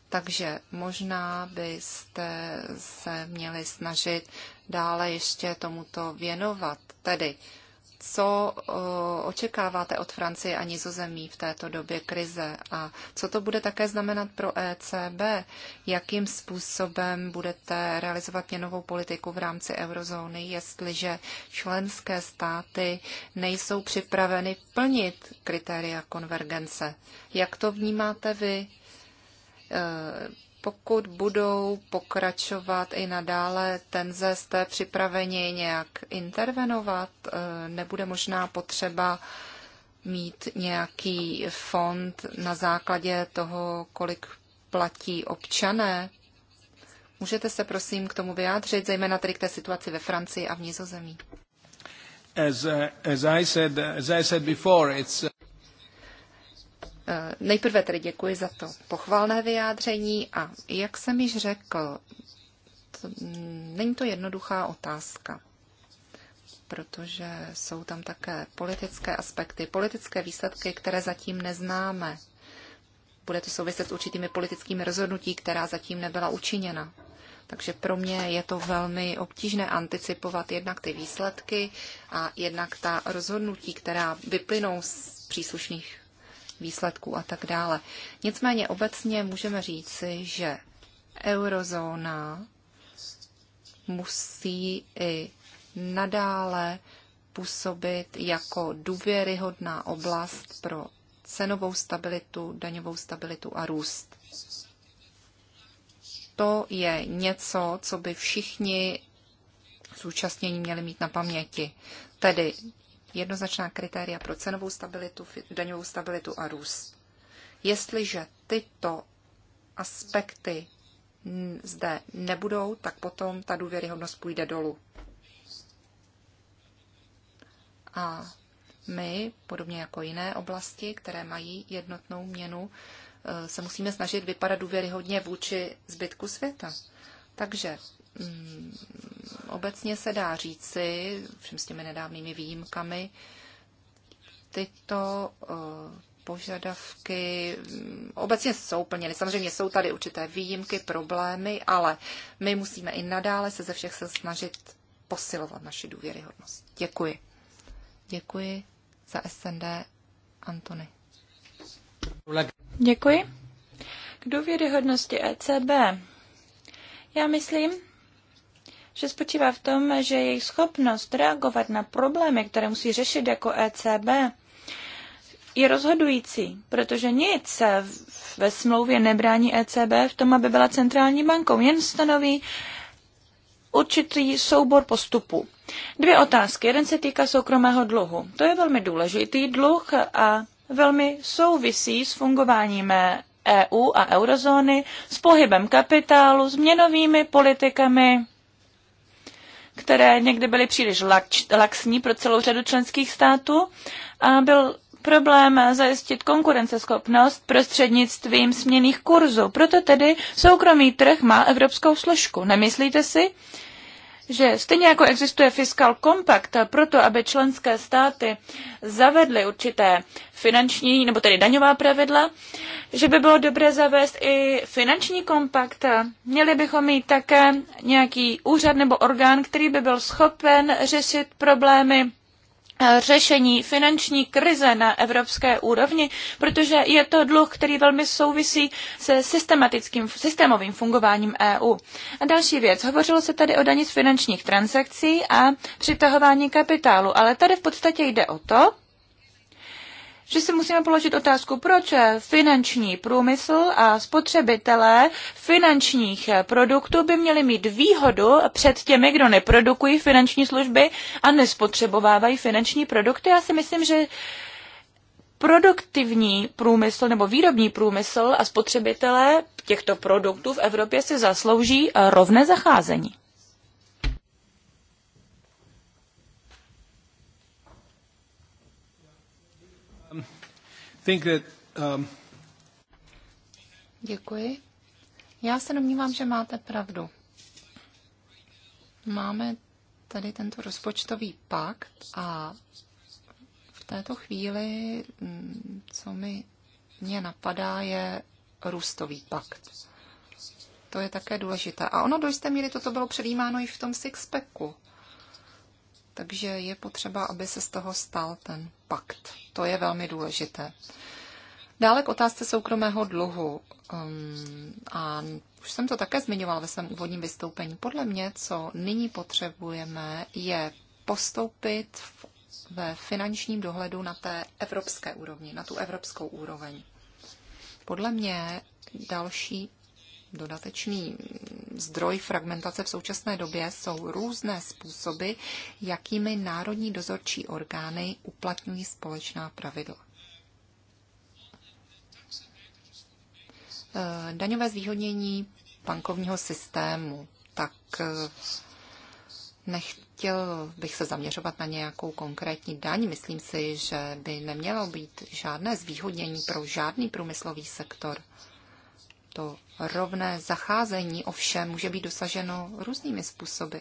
Takže možná byste se měli snažit dále ještě tomuto věnovat. Tedy, co očekáváte od Francie a Nizozemí v této době krize a co to bude také znamenat pro ECB? Jakým způsobem budete realizovat měnovou politiku v rámci eurozóny, jestliže členské státy nejsou připraveny plnit kritéria konvergence? Jak to vnímáte vy? E, pokud budou pokračovat i nadále tenze, jste připraveni nějak intervenovat? Eh, nebude možná potřeba mít nějaký fond na základě toho, kolik platí občané? Můžete se prosím k tomu vyjádřit, zejména tedy k té situaci ve Francii a v Nizozemí? As, uh, as I said, eh, as I said before, it's... Eh, nejprve tedy děkuji za to pochvalné vyjádření a jak jsem již řekl, to, mm, není to jednoduchá otázka, protože jsou tam také politické aspekty, politické výsledky, které zatím neznáme. Bude to souviset s určitými politickými rozhodnutí, která zatím nebyla učiněna. Takže pro mě je to velmi obtížné anticipovat jednak ty výsledky a jednak ta rozhodnutí, která vyplynou z příslušných výsledků a tak dále. Nicméně obecně můžeme říci, že eurozóna musí i nadále působit jako důvěryhodná oblast pro cenovou stabilitu, daňovou stabilitu a růst. To je něco, co by všichni zúčastnění měli mít na paměti. Tedy jednoznačná kritéria pro cenovou stabilitu, daňovou stabilitu a růst. Jestliže tyto aspekty zde nebudou, tak potom ta důvěryhodnost půjde dolů. A my, podobně jako jiné oblasti, které mají jednotnou měnu, eh, se musíme snažit vypadat důvěryhodně vůči zbytku světa. Takže Mm, obecně se dá říci, všem s těmi nedávnými výjimkami, tyto eh, požadavky mm, obecně jsou plněny. Samozřejmě jsou tady určité výjimky, problémy, ale my musíme i nadále se ze všech se snažit posilovat naši důvěryhodnost. Děkuji. Děkuji za SND Antony. Děkuji. K důvěryhodnosti ECB. Já myslím, že spočívá v tom, že jejich schopnost reagovat na problémy, které musí řešit jako ECB, je rozhodující, protože nic ve smlouvě nebrání ECB v tom, aby byla centrální bankou, jen stanoví určitý soubor postupů. Dvě otázky. Jeden se týká soukromého dluhu. To je velmi důležitý dluh a velmi souvisí s fungováním EU a eurozóny, s pohybem kapitálu, s měnovými politikami které někdy byly příliš laxní pro celou řadu členských států a byl problém zajistit konkurenceschopnost prostřednictvím směných kurzů. Proto tedy soukromý trh má evropskou složku. Nemyslíte si, že stejně jako existuje fiskal kompakt proto, aby členské státy zavedly určité finanční, nebo tedy daňová pravidla, že by bylo dobré zavést i finanční kompakt. Měli bychom mít také nějaký úřad nebo orgán, který by byl schopen řešit problémy Eh, řešení finanční krize na evropské úrovni, protože je to dluh, který velmi souvisí se systematickým, systémovým fungováním EU. A další věc, hovořilo se tady o daní z finančních transakcí a přitahování kapitálu, ale tady v podstatě jde o to, že si musíme položit otázku, proč finanční průmysl a spotřebitelé finančních produktů by měli mít výhodu před těmi, kdo neprodukují finanční služby a nespotřebovávají finanční produkty. Já si myslím, že produktivní průmysl nebo výrobní průmysl a spotřebitelé těchto produktů v Evropě si zaslouží rovné zacházení. Um, Děkuji. Já se domnívám, že máte pravdu. Máme tady tento rozpočtový pakt a v této chvíli, mm, co mi mě napadá, je růstový pakt. To je také důležité. A ono do jisté míry toto bylo předjímáno i v tom sixpacku. Takže je potřeba, aby se z toho stal ten pakt. To je velmi důležité. Dále k otázce soukromého dluhu. Um, a už jsem to také zmiňoval ve svém úvodním vystoupení. Podle mě, co nyní potřebujeme, je postoupit v, ve finančním dohledu na té evropské úrovni, na tu evropskou úroveň. Podle mě další dodatečný zdroj fragmentace v současné době jsou různé způsoby, jakými národní dozorčí orgány uplatňují společná pravidla. Eh, daňové zvýhodnění bankovního systému, tak eh, nechtěl bych se zaměřovat na nějakou konkrétní daň. Myslím si, že by nemělo být žádné zvýhodnění pro žádný průmyslový sektor. To rovné zacházení ovšem může být dosaženo různými způsoby,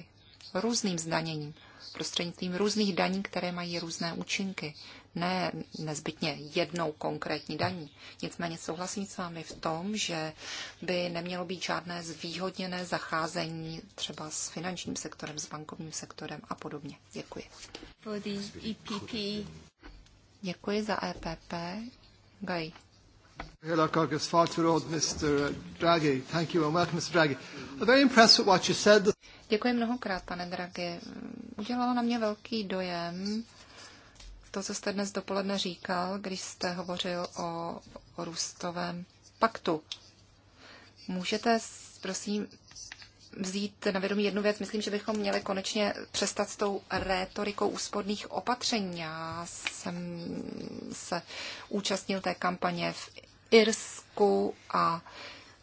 různým zdaněním, prostřednictvím různých daní, které mají různé účinky, ne nezbytně jednou konkrétní daní. Nicméně souhlasím s vámi v tom, že by nemělo být žádné zvýhodněné zacházení třeba s finančním sektorem, s bankovním sektorem a podobně. Děkuji. E Děkuji za EPP. Guy. Hello, Congress, Fartworod, Mr. Uh, Draghi. Thank you and welcome, Mr. Draghi. I'm very impressed with what you said. Děkuji mnohokrát, pane Draghi. Udělalo na mě velký dojem to, co jste dnes dopoledne říkal, když jste hovořil o, o růstovém paktu. Můžete, prosím, vzít na vědomí jednu věc. Myslím, že bychom měli konečně přestat s tou rétorikou úsporných opatření. Já jsem se účastnil té kampaně v Irsku a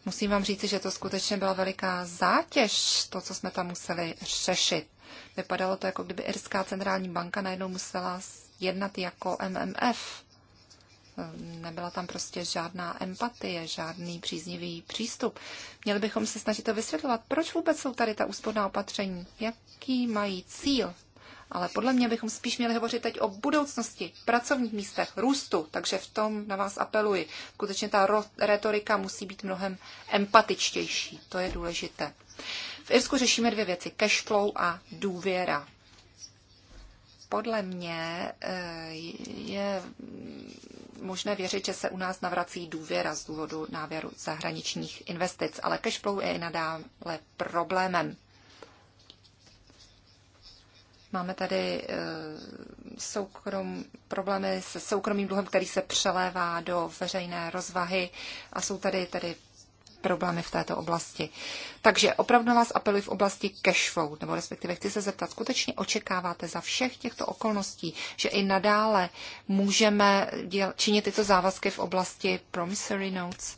musím vám říct, že to skutečně byla veliká zátěž, to, co jsme tam museli řešit. Vypadalo to, jako kdyby Irská centrální banka najednou musela jednat jako MMF. Nebyla tam prostě žádná empatie, žádný příznivý přístup. Měli bychom se snažit to vysvětlovat, proč vůbec jsou tady ta úsporná opatření, jaký mají cíl, ale podle mě bychom spíš měli hovořit teď o budoucnosti, pracovních místech, růstu, takže v tom na vás apeluji. Skutečně ta retorika musí být mnohem empatičtější, to je důležité. V Irsku řešíme dvě věci, cash flow a důvěra. Podle mě eh, je možné věřit, že se u nás navrací důvěra z důvodu návěru zahraničních investic, ale cash flow je i nadále problémem. Máme tady eh, soukrom, problémy se soukromým dluhem, který se přelévá do veřejné rozvahy a jsou tady tady problémy v této oblasti. Takže opravdu vás apeluji v oblasti cash flow, nebo respektive chci se zeptat, skutečně očekáváte za všech těchto okolností, že i nadále můžeme děl- činit tyto závazky v oblasti promissory notes?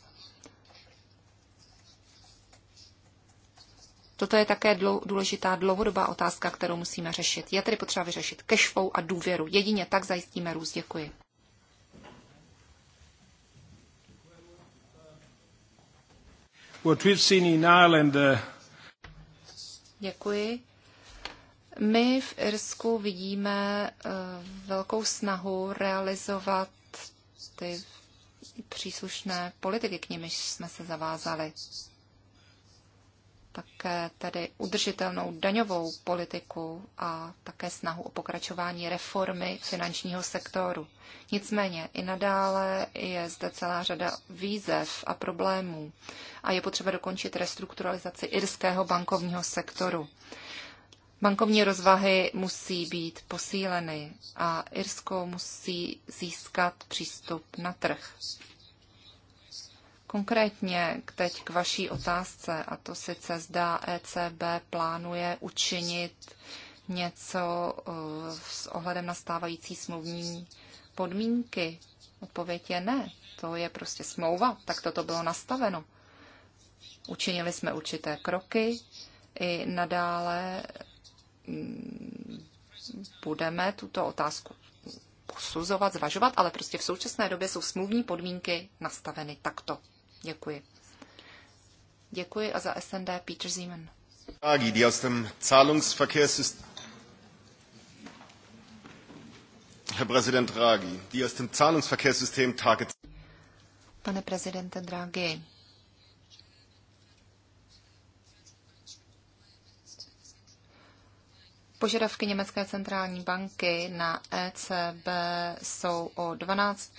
Toto je také důležitá dlouhodobá otázka, kterou musíme řešit. Je tedy potřeba vyřešit cashflow a důvěru. Jedině tak zajistíme růst. Děkuji. What we've seen in Ireland, uh, Děkuji. My v Irsku vidíme uh, velkou snahu realizovat ty příslušné politiky, k nimiž jsme se zavázali také tedy udržitelnou daňovou politiku a také snahu o pokračování reformy finančního sektoru. Nicméně i nadále je zde celá řada výzev a problémů a je potřeba dokončit restrukturalizaci irského bankovního sektoru. Bankovní rozvahy musí být posíleny a Irsko musí získat přístup na trh. Konkrétně teď k vaší otázce, a to sice zdá ECB plánuje učinit něco eh, s ohledem na stávající smluvní podmínky. Odpověď je ne. To je prostě smlouva, tak toto bylo nastaveno. Učinili jsme určité kroky, i nadále mm, budeme tuto otázku posuzovat, zvažovat, ale prostě v současné době jsou smluvní podmínky nastaveny takto. Děkuji. Děkuji a za SND Peter Zeman. Die aus dem Zahlungsverkehrssystem Herr Präsident Draghi, die aus dem Zahlungsverkehrssystem Target Pane prezidente Draghi, Požadavky Německé centrální banky na ECB jsou o 12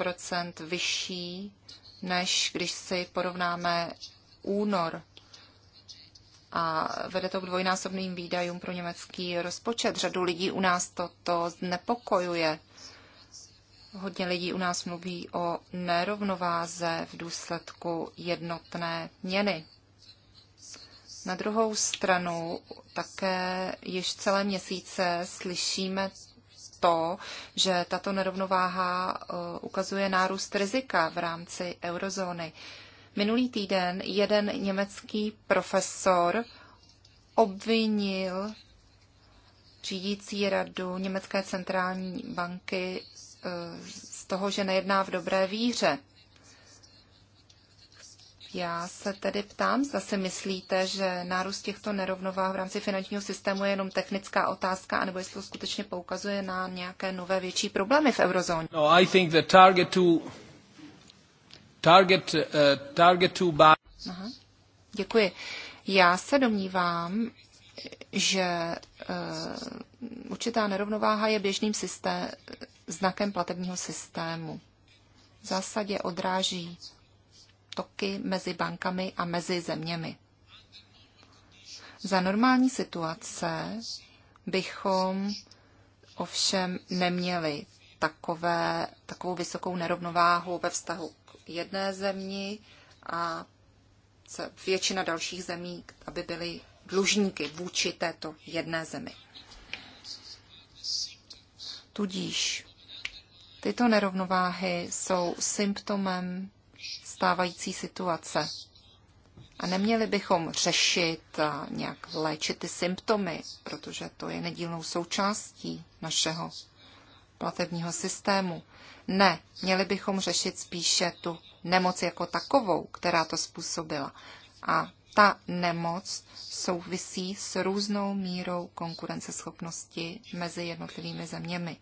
vyšší než když si porovnáme únor a vede to k dvojnásobným výdajům pro německý rozpočet. Řadu lidí u nás toto znepokojuje. Hodně lidí u nás mluví o nerovnováze v důsledku jednotné měny. Na druhou stranu také již celé měsíce slyšíme to, že tato nerovnováha eh, ukazuje nárůst rizika v rámci eurozóny. Minulý týden jeden německý profesor obvinil řídící radu Německé centrální banky eh, z toho, že nejedná v dobré víře. Já se tedy ptám, zda si myslíte, že nárůst těchto nerovnováh v rámci finančního systému je jenom technická otázka, anebo jestli to skutečně poukazuje na nějaké nové větší problémy v eurozóně. No, I think the target to, target, uh, target to buy... Aha, děkuji. Já se domnívám, že uh, určitá nerovnováha je běžným systém, znakem platebního systému. V zásadě odráží toky mezi bankami a mezi zeměmi. Za normální situace bychom ovšem neměli takové, takovou vysokou nerovnováhu ve vztahu k jedné zemi a většina dalších zemí, aby byly dlužníky vůči této jedné zemi. Tudíž tyto nerovnováhy jsou symptomem stávající situace. A neměli bychom řešit a nějak léčit ty symptomy, protože to je nedílnou součástí našeho platebního systému. Ne, měli bychom řešit spíše tu nemoc jako takovou, která to způsobila. A ta nemoc souvisí s různou mírou konkurenceschopnosti mezi jednotlivými zeměmi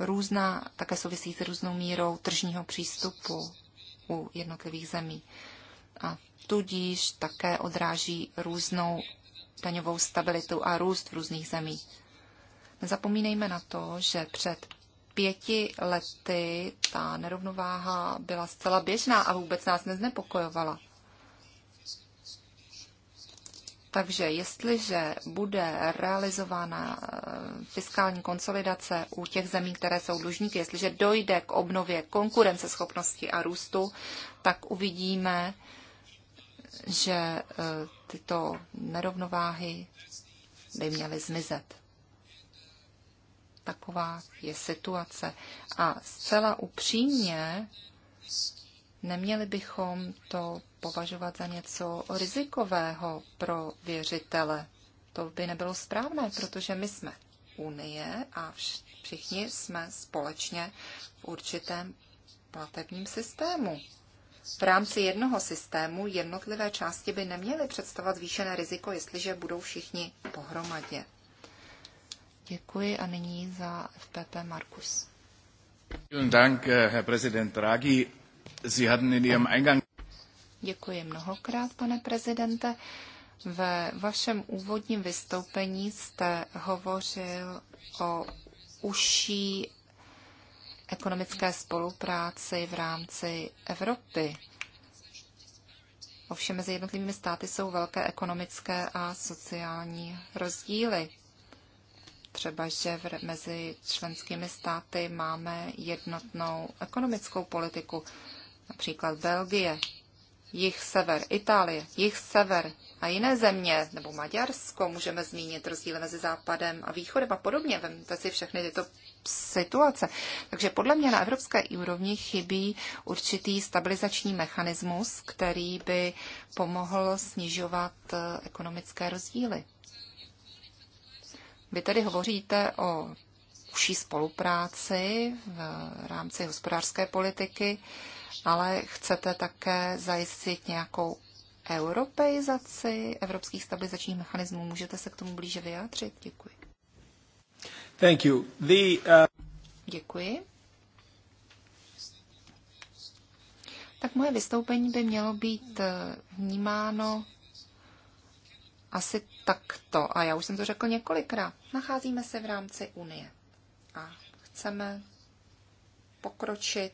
různá, také souvisí s různou mírou tržního přístupu u jednotlivých zemí. A tudíž také odráží různou daňovou stabilitu a růst v různých zemích. Nezapomínejme na to, že před pěti lety ta nerovnováha byla zcela běžná a vůbec nás neznepokojovala. Takže jestliže bude realizována eh, fiskální konsolidace u těch zemí, které jsou dlužníky, jestliže dojde k obnově konkurenceschopnosti a růstu, tak uvidíme, že eh, tyto nerovnováhy by měly zmizet. Taková je situace. A zcela upřímně Neměli bychom to považovat za něco rizikového pro věřitele. To by nebylo správné, protože my jsme Unie a všichni jsme společně v určitém platebním systému. V rámci jednoho systému jednotlivé části by neměly představovat zvýšené riziko, jestliže budou všichni pohromadě. Děkuji a nyní za FPP Markus. Děkuji, Dank, Herr Präsident Draghi. Sie hatten in Ihrem Eingang... Děkuji mnohokrát, pane prezidente. Ve vašem úvodním vystoupení jste hovořil o užší ekonomické spolupráci v rámci Evropy. Ovšem mezi jednotlivými státy jsou velké ekonomické a sociální rozdíly. Třeba, že v, mezi členskými státy máme jednotnou ekonomickou politiku, například Belgie, jich sever, Itálie, jich sever a jiné země, nebo Maďarsko, můžeme zmínit rozdíly mezi západem a východem a podobně. Vemte si všechny tyto situace. Takže podle mě na evropské úrovni chybí určitý stabilizační mechanismus, který by pomohl snižovat eh, ekonomické rozdíly. Vy tedy hovoříte o užší spolupráci v rámci hospodářské politiky ale chcete také zajistit nějakou europeizaci evropských stabilizačních mechanismů. Můžete se k tomu blíže vyjádřit? Děkuji. Thank you. The, uh... Děkuji. Tak moje vystoupení by mělo být eh, vnímáno asi takto. A já už jsem to řekl několikrát. Nacházíme se v rámci Unie a chceme pokročit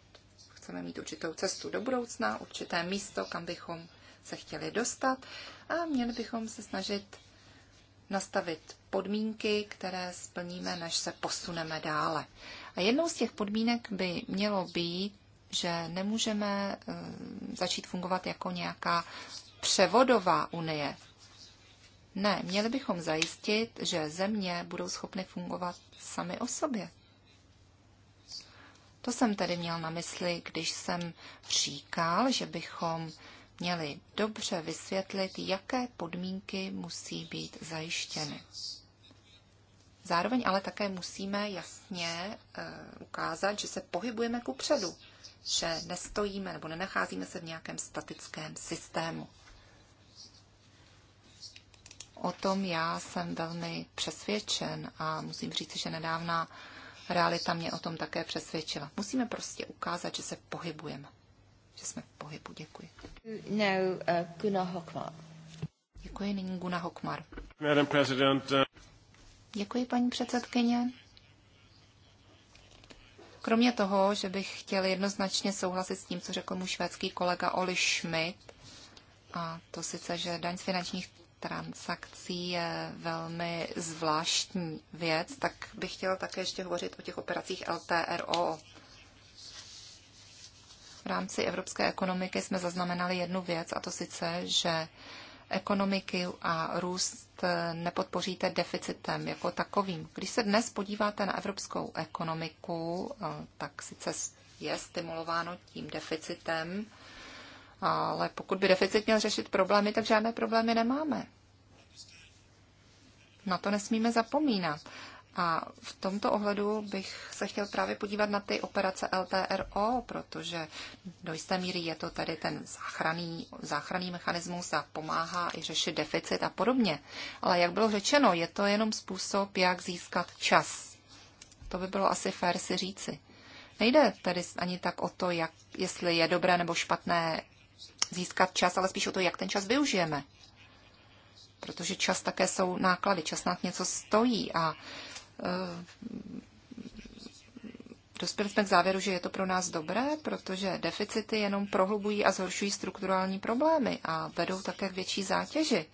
chceme mít určitou cestu do budoucna, určité místo, kam bychom se chtěli dostat a měli bychom se snažit nastavit podmínky, které splníme, než se posuneme dále. A jednou z těch podmínek by mělo být, že nemůžeme eh, začít fungovat jako nějaká převodová unie. Ne, měli bychom zajistit, že země budou schopny fungovat sami o sobě. To jsem tedy měl na mysli, když jsem říkal, že bychom měli dobře vysvětlit, jaké podmínky musí být zajištěny. Zároveň ale také musíme jasně eh, ukázat, že se pohybujeme ku předu, že nestojíme nebo nenacházíme se v nějakém statickém systému. O tom já jsem velmi přesvědčen a musím říct, že nedávná realita mě o tom také přesvědčila. Musíme prostě ukázat, že se pohybujeme. Že jsme v pohybu. Děkuji. Now, uh, eh, Děkuji, nyní Guna Hokmar. Madam President, uh... Děkuji, paní předsedkyně. Kromě toho, že bych chtěl jednoznačně souhlasit s tím, co řekl mu švédský kolega Oli Schmidt, a to sice, že daň z finančních transakcí je velmi zvláštní věc, tak bych chtěla také ještě hovořit o těch operacích LTRO. V rámci evropské ekonomiky jsme zaznamenali jednu věc, a to sice, že ekonomiky a růst nepodpoříte deficitem jako takovým. Když se dnes podíváte na evropskou ekonomiku, eh, tak sice je stimulováno tím deficitem, ale pokud by deficit měl řešit problémy, tak žádné problémy nemáme. Na to nesmíme zapomínat. A v tomto ohledu bych se chtěl právě podívat na ty operace LTRO, protože do jisté míry je to tady ten záchranný, záchranný mechanismus a pomáhá i řešit deficit a podobně. Ale jak bylo řečeno, je to jenom způsob, jak získat čas. To by bylo asi fér si říci. Nejde tedy ani tak o to, jak, jestli je dobré nebo špatné získat čas, ale spíš o to, jak ten čas využijeme. Protože čas také jsou náklady, čas nás něco stojí a e, dospěli jsme k závěru, že je to pro nás dobré, protože deficity jenom prohlubují a zhoršují strukturální problémy a vedou také k větší zátěži.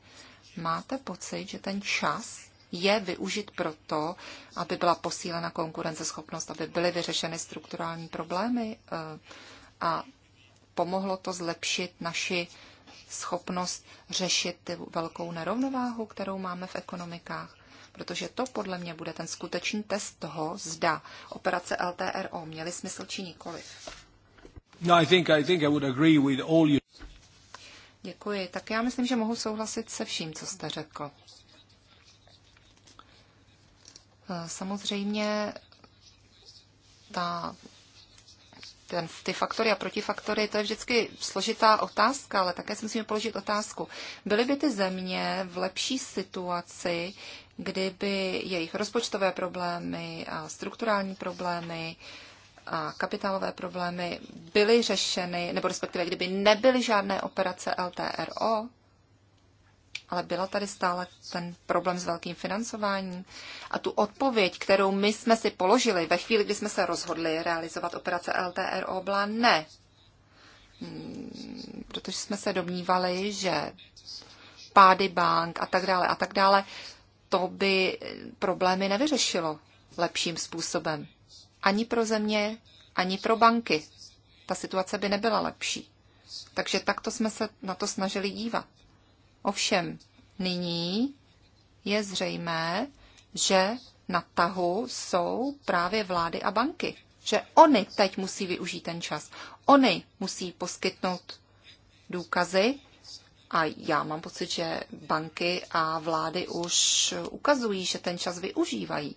Máte pocit, že ten čas je využit proto, aby byla posílena konkurenceschopnost, aby byly vyřešeny strukturální problémy eh, a pomohlo to zlepšit naši schopnost řešit ty velkou nerovnováhu, kterou máme v ekonomikách. Protože to podle mě bude ten skutečný test toho, zda operace LTRO měly smysl či nikoliv. No, I think, I think I would agree with all you... Děkuji. Tak já myslím, že mohu souhlasit se vším, co jste řekl. Eh, samozřejmě ta ten, ty faktory a protifaktory, to je vždycky složitá otázka, ale také si musíme položit otázku. Byly by ty země v lepší situaci, kdyby jejich rozpočtové problémy a strukturální problémy a kapitálové problémy byly řešeny, nebo respektive kdyby nebyly žádné operace LTRO, ale byla tady stále ten problém s velkým financováním. A tu odpověď, kterou my jsme si položili ve chvíli, kdy jsme se rozhodli realizovat operace LTRO, byla ne. Hmm, protože jsme se domnívali, že pády bank a tak dále a tak dále, to by problémy nevyřešilo lepším způsobem. Ani pro země, ani pro banky. Ta situace by nebyla lepší. Takže takto jsme se na to snažili dívat. Ovšem nyní je zřejmé, že na tahu jsou právě vlády a banky. Že oni teď musí využít ten čas. Oni musí poskytnout důkazy a já mám pocit, že banky a vlády už ukazují, že ten čas využívají.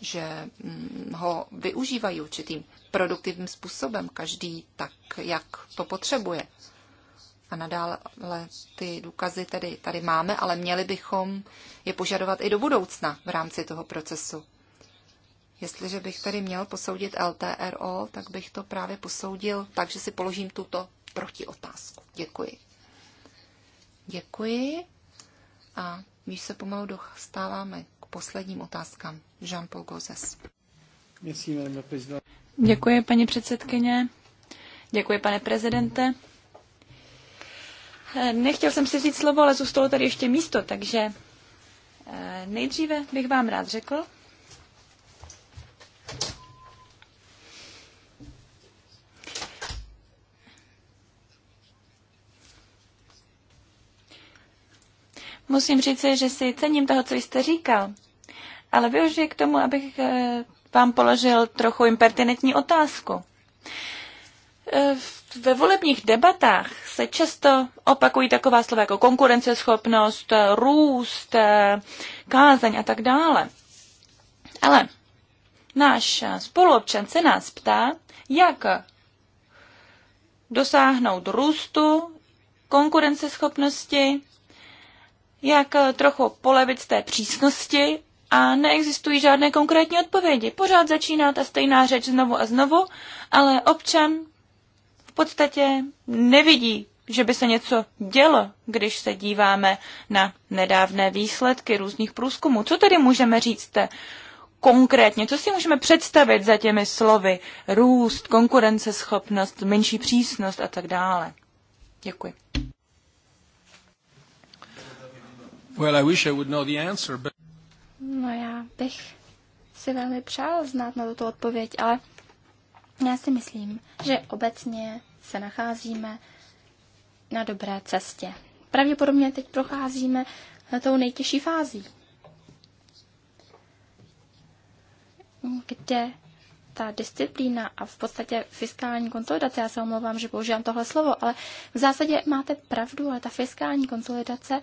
Že mm, ho využívají určitým produktivním způsobem, každý tak, jak to potřebuje a nadále ty důkazy tedy tady máme, ale měli bychom je požadovat i do budoucna v rámci toho procesu. Jestliže bych tady měl posoudit LTRO, tak bych to právě posoudil Takže si položím tuto protiotázku. Děkuji. Děkuji. A my se pomalu dostáváme k posledním otázkám. Jean-Paul Gozes. Děkuji, paní předsedkyně. Děkuji, pane prezidente. Nechtěl jsem si říct slovo, ale zůstalo tady ještě místo, takže eh, nejdříve bych vám rád řekl, Musím říct, že si cením toho, co jste říkal, ale využiji k tomu, abych eh, vám položil trochu impertinentní otázku. E, ve volebních debatách se často opakují taková slova jako konkurenceschopnost, e, růst, e, kázeň a tak dále. Ale náš spoluobčan se nás ptá, jak dosáhnout růstu, konkurenceschopnosti, jak trochu polevit z té přísnosti a neexistují žádné konkrétní odpovědi. Pořád začíná ta stejná řeč znovu a znovu, ale občan podstatě nevidí, že by se něco dělo, když se díváme na nedávné výsledky různých průzkumů. Co tedy můžeme říct konkrétně? Co si můžeme představit za těmi slovy růst, konkurenceschopnost, menší přísnost a tak dále? Děkuji. Well, I wish I would know the answer, but... No já bych si velmi přál znát na tuto odpověď, ale já si myslím, že obecně se nacházíme na dobré cestě. Pravděpodobně teď procházíme tou nejtěžší fází, kde ta disciplína a v podstatě fiskální konsolidace, já se omlouvám, že používám tohle slovo, ale v zásadě máte pravdu, ale ta fiskální konsolidace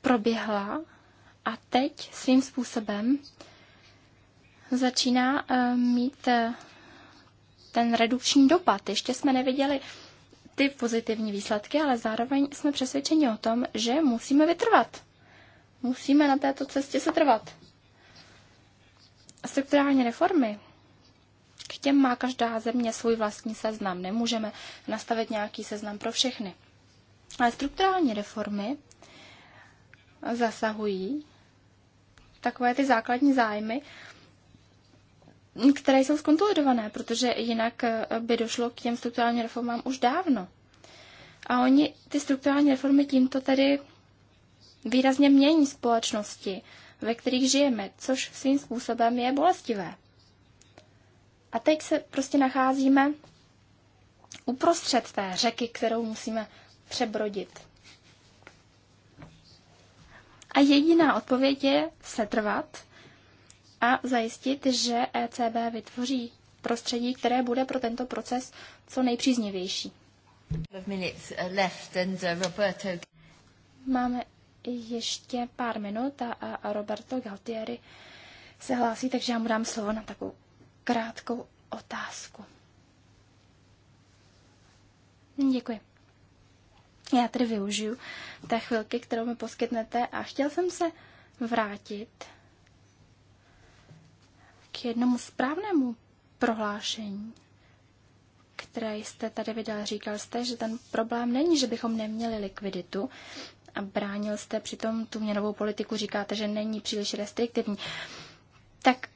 proběhla a teď svým způsobem začíná eh, mít eh, ten redukční dopad. Ještě jsme neviděli ty pozitivní výsledky, ale zároveň jsme přesvědčeni o tom, že musíme vytrvat. Musíme na této cestě se trvat. Strukturální reformy. K těm má každá země svůj vlastní seznam. Nemůžeme nastavit nějaký seznam pro všechny. Ale strukturální reformy zasahují takové ty základní zájmy které jsou skonsolidované, protože jinak eh, by došlo k těm strukturálním reformám už dávno. A oni ty strukturální reformy tímto tedy výrazně mění společnosti, ve kterých žijeme, což svým způsobem je bolestivé. A teď se prostě nacházíme uprostřed té řeky, kterou musíme přebrodit. A jediná odpověď je setrvat a zajistit, že ECB vytvoří prostředí, které bude pro tento proces co nejpříznivější. Uh, uh, Máme ještě pár minut a, Roberto Galtieri se hlásí, takže já mu dám slovo na takovou krátkou otázku. Děkuji. Já tedy využiju té chvilky, kterou mi poskytnete a chtěl jsem se vrátit k jednomu správnému prohlášení, které jste tady vydal. Říkal jste, že ten problém není, že bychom neměli likviditu a bránil jste přitom tu měnovou politiku, říkáte, že není příliš restriktivní. Tak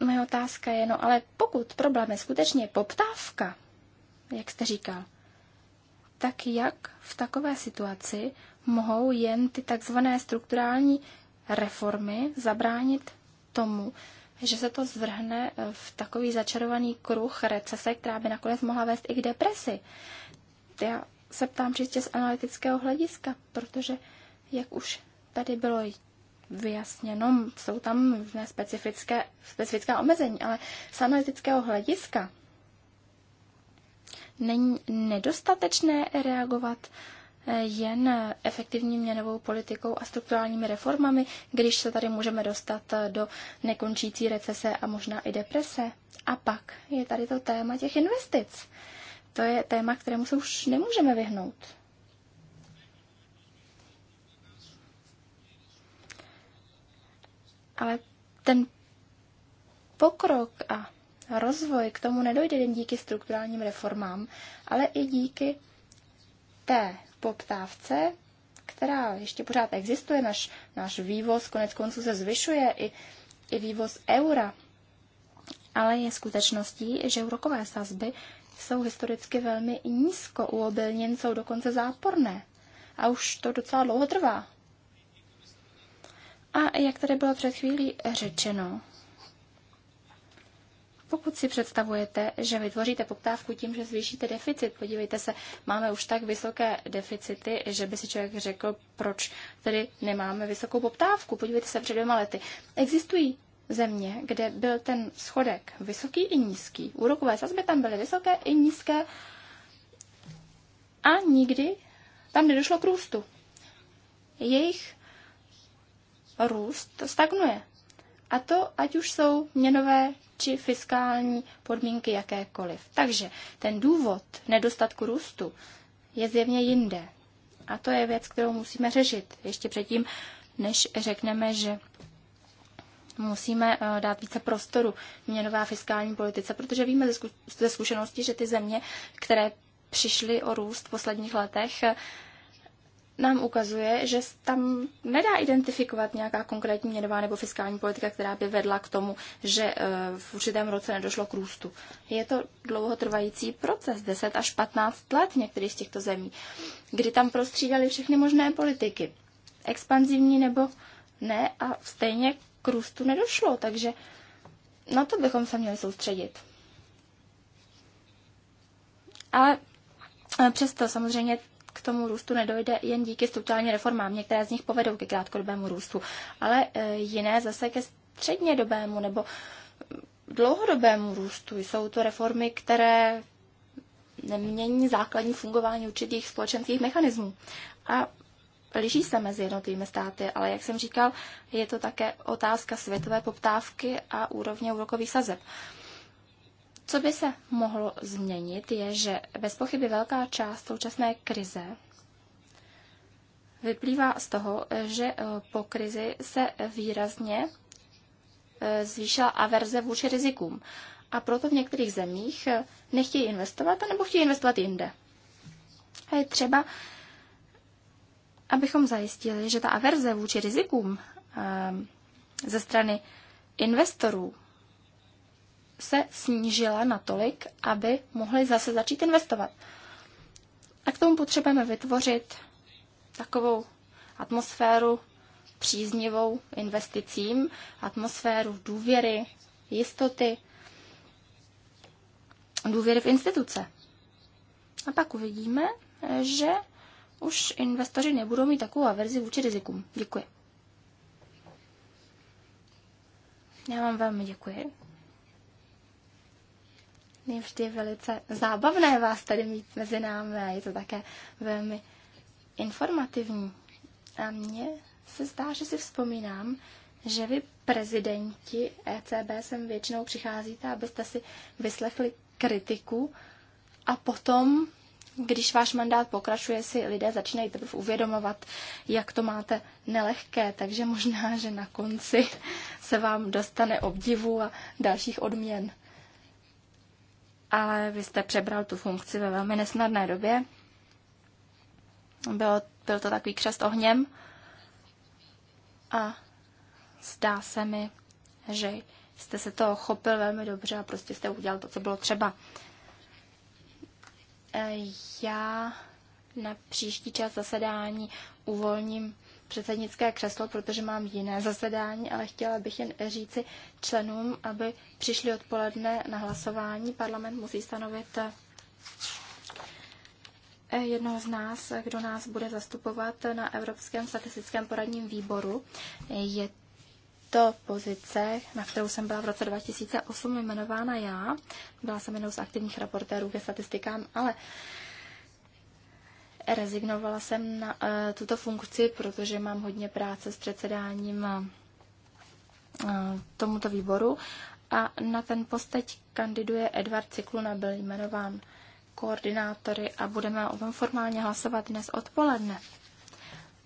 moje otázka je, no ale pokud problém je skutečně poptávka, jak jste říkal, tak jak v takové situaci mohou jen ty takzvané strukturální reformy zabránit tomu, že se to zvrhne eh, v takový začarovaný kruh recese, která by nakonec mohla vést i k depresi. Já se ptám čistě z analytického hlediska, protože, jak už tady bylo vyjasněno, jsou tam specifické, specifická omezení, ale z analytického hlediska není nedostatečné reagovat jen efektivní měnovou politikou a strukturálními reformami, když se tady můžeme dostat do nekončící recese a možná i deprese. A pak je tady to téma těch investic. To je téma, kterému se už nemůžeme vyhnout. Ale ten pokrok a rozvoj k tomu nedojde jen díky strukturálním reformám, ale i díky té poptávce, která ještě pořád existuje, náš, náš vývoz konec konců se zvyšuje, i, i vývoz eura, ale je skutečností, že úrokové sazby jsou historicky velmi nízko u obilnin, jsou dokonce záporné. A už to docela dlouho trvá. A jak tady bylo před chvílí řečeno, pokud si představujete, že vytvoříte poptávku tím, že zvýšíte deficit, podívejte se, máme už tak vysoké deficity, že by si člověk řekl, proč tedy nemáme vysokou poptávku. Podívejte se před dvěma lety. Existují země, kde byl ten schodek vysoký i nízký. Úrokové sazby tam byly vysoké i nízké a nikdy tam nedošlo k růstu. Jejich růst stagnuje. A to, ať už jsou měnové či fiskální podmínky jakékoliv. Takže ten důvod nedostatku růstu je zjevně jinde. A to je věc, kterou musíme řešit ještě předtím, než řekneme, že musíme eh, dát více prostoru měnové a fiskální politice, protože víme ze zkušenosti, že ty země, které přišly o růst v posledních letech, nám ukazuje, že tam nedá identifikovat nějaká konkrétní měnová nebo fiskální politika, která by vedla k tomu, že eh, v určitém roce nedošlo k růstu. Je to dlouhotrvající proces, 10 až 15 let některých z těchto zemí, kdy tam prostřídali všechny možné politiky, expanzivní nebo ne, a stejně k růstu nedošlo, takže na to bychom se měli soustředit. Ale eh, přesto samozřejmě k tomu růstu nedojde jen díky strukturálním reformám. Některé z nich povedou ke krátkodobému růstu, ale e, jiné zase ke střednědobému nebo dlouhodobému růstu. Jsou to reformy, které nemění základní fungování určitých společenských mechanismů. A liší se mezi jednotlivými státy, ale jak jsem říkal, je to také otázka světové poptávky a úrovně úrokových sazeb. Co by se mohlo změnit, je, že bez pochyby velká část současné krize vyplývá z toho, že eh, po krizi se výrazně eh, zvýšila averze vůči rizikům. A proto v některých zemích eh, nechtějí investovat, nebo chtějí investovat jinde. A je třeba, abychom zajistili, že ta averze vůči rizikům ze strany investorů se snížila natolik, aby mohli zase začít investovat. A k tomu potřebujeme vytvořit takovou atmosféru příznivou investicím, atmosféru důvěry, jistoty, důvěry v instituce. A pak uvidíme, že už investoři nebudou mít takovou averzi vůči rizikům. Děkuji. Já vám velmi děkuji. Je vždy velice zábavné vás tady mít mezi námi a je to také velmi informativní. A mně se zdá, že si vzpomínám, že vy prezidenti ECB sem většinou přicházíte, abyste si vyslechli kritiku a potom, když váš mandát pokračuje, si lidé začínají teprve uvědomovat, jak to máte nelehké, takže možná, že na konci se vám dostane obdivu a dalších odměn ale vy jste přebral tu funkci ve velmi nesnadné době. Bylo, byl to takový křest ohněm a zdá se mi, že jste se toho chopil velmi dobře a prostě jste udělal to, co bylo třeba. E, já na příští čas zasedání uvolním předsednické křeslo, protože mám jiné zasedání, ale chtěla bych jen říci členům, aby přišli odpoledne na hlasování. Parlament musí stanovit eh, jednoho z nás, kdo nás bude zastupovat na Evropském statistickém poradním výboru. Je to pozice, na kterou jsem byla v roce 2008 jmenována já. Byla jsem jednou z aktivních reportérů ke statistikám, ale rezignovala jsem na eh, tuto funkci, protože mám hodně práce s předsedáním eh, tomuto výboru a na ten post teď kandiduje Edvard Cikluna, byl jmenován koordinátory a budeme o tom formálně hlasovat dnes odpoledne.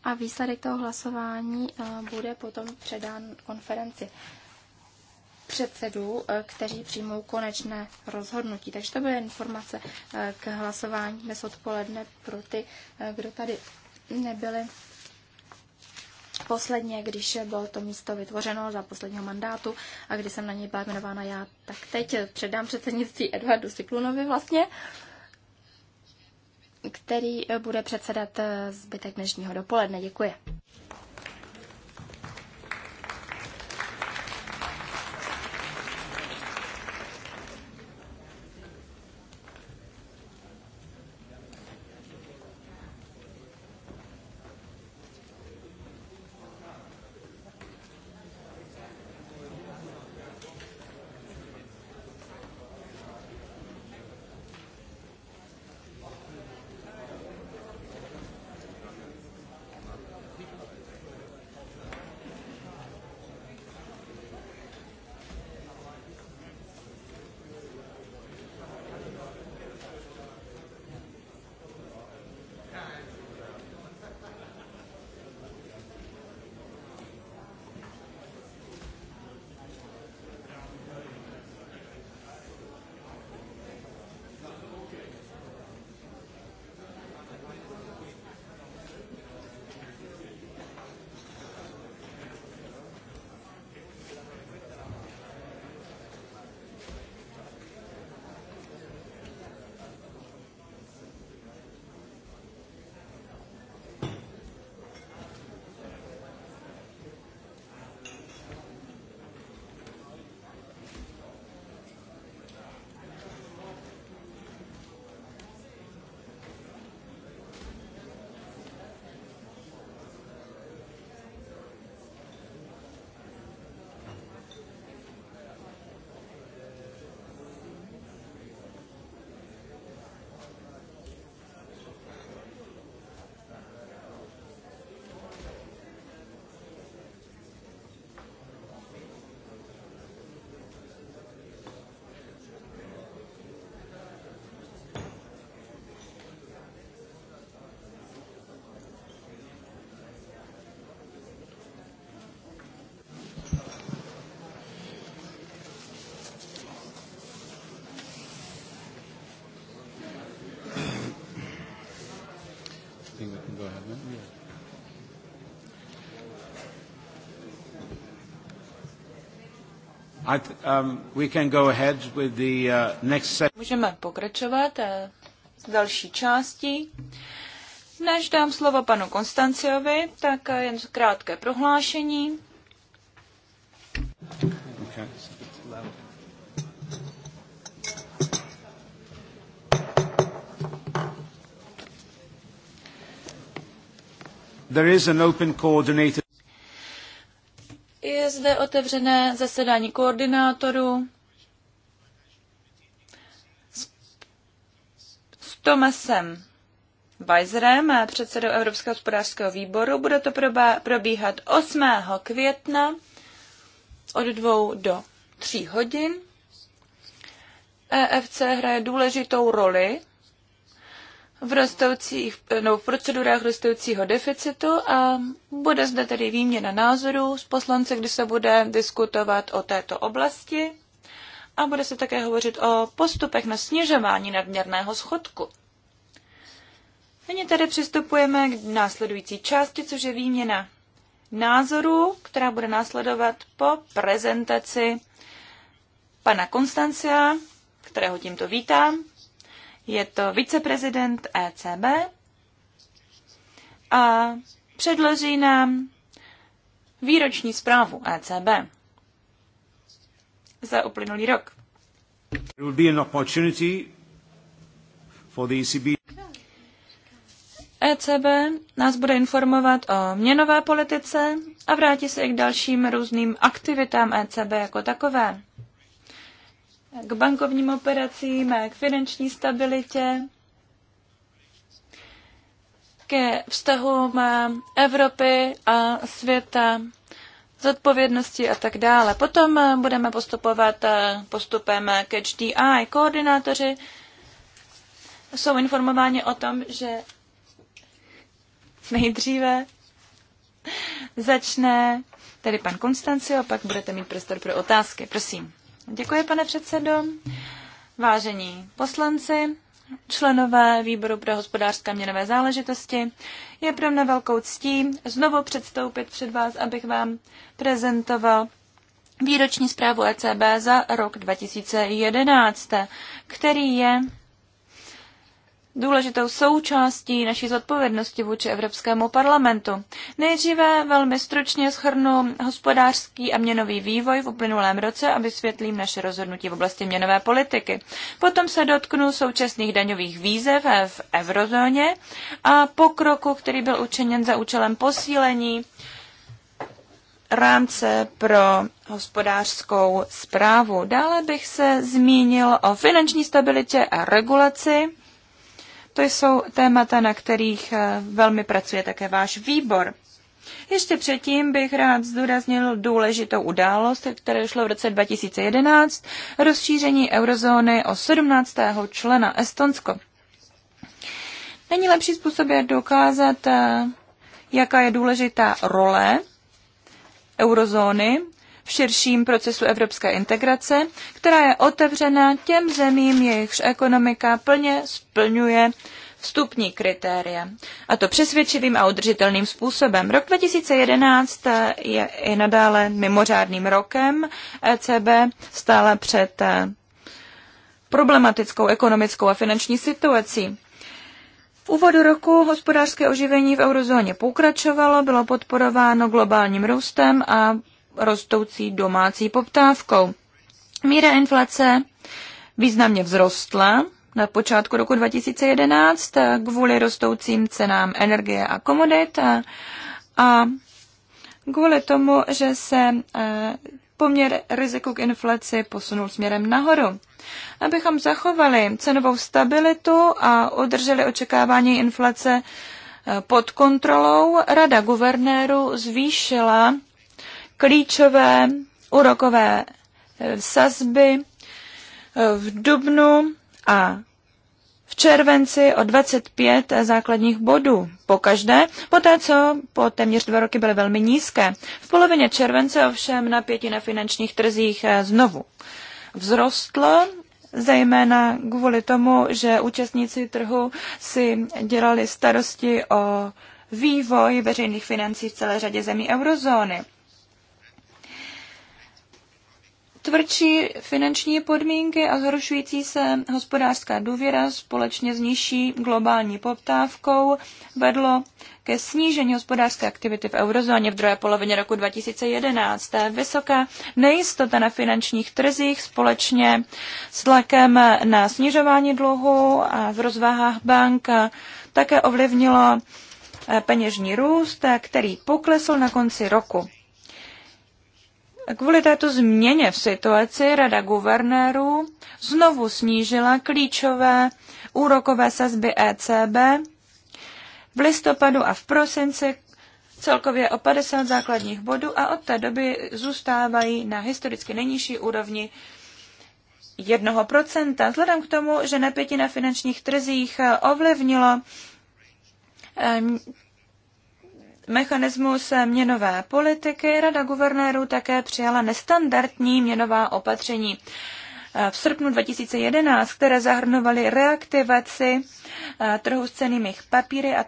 A výsledek toho hlasování eh, bude potom předán konferenci předsedů, eh, kteří přijmou konečné rozhodnutí. Takže to byla informace eh, k hlasování dnes odpoledne pro ty, eh, kdo tady nebyli posledně, když bylo to místo vytvořeno za posledního mandátu a když jsem na něj byla jmenována já, tak teď předám předsednictví Eduardu Siklunovi vlastně, který bude předsedat zbytek dnešního dopoledne. Děkuji. Můžeme pokračovat eh, s další částí. Než dám slovo panu Konstanciovi, tak eh, jen krátké prohlášení. There is an open coordinated zde otevřené zasedání koordinátorů s, s Tomasem Weiserem, předsedou Evropského hospodářského výboru. Bude to probíhat 8. května od 2 do 3 hodin. EFC hraje důležitou roli v, rostoucích, no, v procedurách rostoucího deficitu a bude zde tedy výměna názorů s poslance, kdy se bude diskutovat o této oblasti a bude se také hovořit o postupech na snižování nadměrného schodku. Nyní tedy přistupujeme k následující části, což je výměna názorů, která bude následovat po prezentaci pana Konstancia, kterého tímto vítám, je to viceprezident ECB a předloží nám výroční zprávu ECB za uplynulý rok. ECB e e nás bude informovat o měnové politice a vrátí se i k dalším různým aktivitám ECB jako takové k bankovním operacím, k finanční stabilitě, ke vztahům Evropy a světa, zodpovědnosti a tak dále. Potom budeme postupovat eh, postupem k HDI. Koordinátoři jsou informováni o tom, že nejdříve začne tedy pan Konstancio, pak budete mít prostor pro otázky. Prosím. Děkuji, pane předsedo. Vážení poslanci, členové výboru pro hospodářské a měnové záležitosti, je pro mě velkou ctí znovu předstoupit před vás, abych vám prezentoval výroční zprávu ECB za rok 2011, který je důležitou součástí naší zodpovědnosti vůči Evropskému parlamentu. Nejdříve velmi stručně schrnu hospodářský a měnový vývoj v uplynulém roce a vysvětlím naše rozhodnutí v oblasti měnové politiky. Potom se dotknu současných daňových výzev v eurozóně a pokroku, který byl učiněn za účelem posílení rámce pro hospodářskou zprávu. Dále bych se zmínil o finanční stabilitě a regulaci to jsou témata, na kterých eh, velmi pracuje také váš výbor. Ještě předtím bych rád zdůraznil důležitou událost, které šlo v roce 2011, rozšíření eurozóny o 17. člena Estonsko. Není lepší způsob, jak dokázat, eh, jaká je důležitá role eurozóny v širším procesu evropské integrace, která je otevřena těm zemím, jejichž ekonomika plně splňuje vstupní kritéria. A to přesvědčivým a udržitelným způsobem. Rok 2011 je i nadále mimořádným rokem. ECB stále před eh, problematickou ekonomickou a finanční situací. V úvodu roku hospodářské oživení v eurozóně pokračovalo, bylo podporováno globálním růstem a rostoucí domácí poptávkou. Míra inflace významně vzrostla na počátku roku 2011 kvůli rostoucím cenám energie a komodit a kvůli tomu, že se e, poměr riziku k inflaci posunul směrem nahoru. Abychom zachovali cenovou stabilitu a udrželi očekávání inflace e, pod kontrolou, Rada guvernéru zvýšila klíčové úrokové eh, sazby eh, v dubnu a v červenci o 25 základních bodů po každé, poté co po téměř dva roky byly velmi nízké. V polovině července ovšem napětí na finančních trzích eh, znovu vzrostlo, zejména kvůli tomu, že účastníci trhu si dělali starosti o vývoj veřejných financí v celé řadě zemí eurozóny tvrdší finanční podmínky a zhoršující se hospodářská důvěra společně s nižší globální poptávkou vedlo ke snížení hospodářské aktivity v eurozóně v druhé polovině roku 2011. vysoká nejistota na finančních trzích společně s tlakem na snižování dluhu a v rozvahách bank také ovlivnilo eh, peněžní růst, eh, který poklesl na konci roku. Kvůli této změně v situaci Rada guvernérů znovu snížila klíčové úrokové sazby ECB v listopadu a v prosinci celkově o 50 základních bodů a od té doby zůstávají na historicky nejnižší úrovni 1%. Vzhledem k tomu, že napětí na finančních trzích ovlivnilo mechanismus měnové politiky, Rada guvernérů také přijala nestandardní měnová opatření v srpnu 2011, které zahrnovaly reaktivaci eh, trhu s cenými papíry a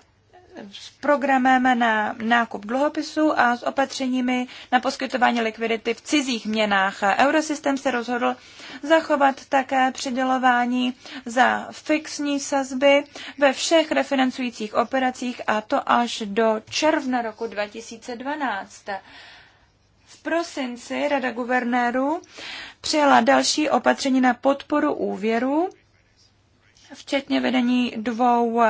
s programem na nákup dluhopisů a s opatřeními na poskytování likvidity v cizích měnách. Eurosystem se rozhodl zachovat také přidělování za fixní sazby ve všech refinancujících operacích a to až do června roku 2012. V prosinci Rada guvernérů přijala další opatření na podporu úvěru, včetně vedení dvou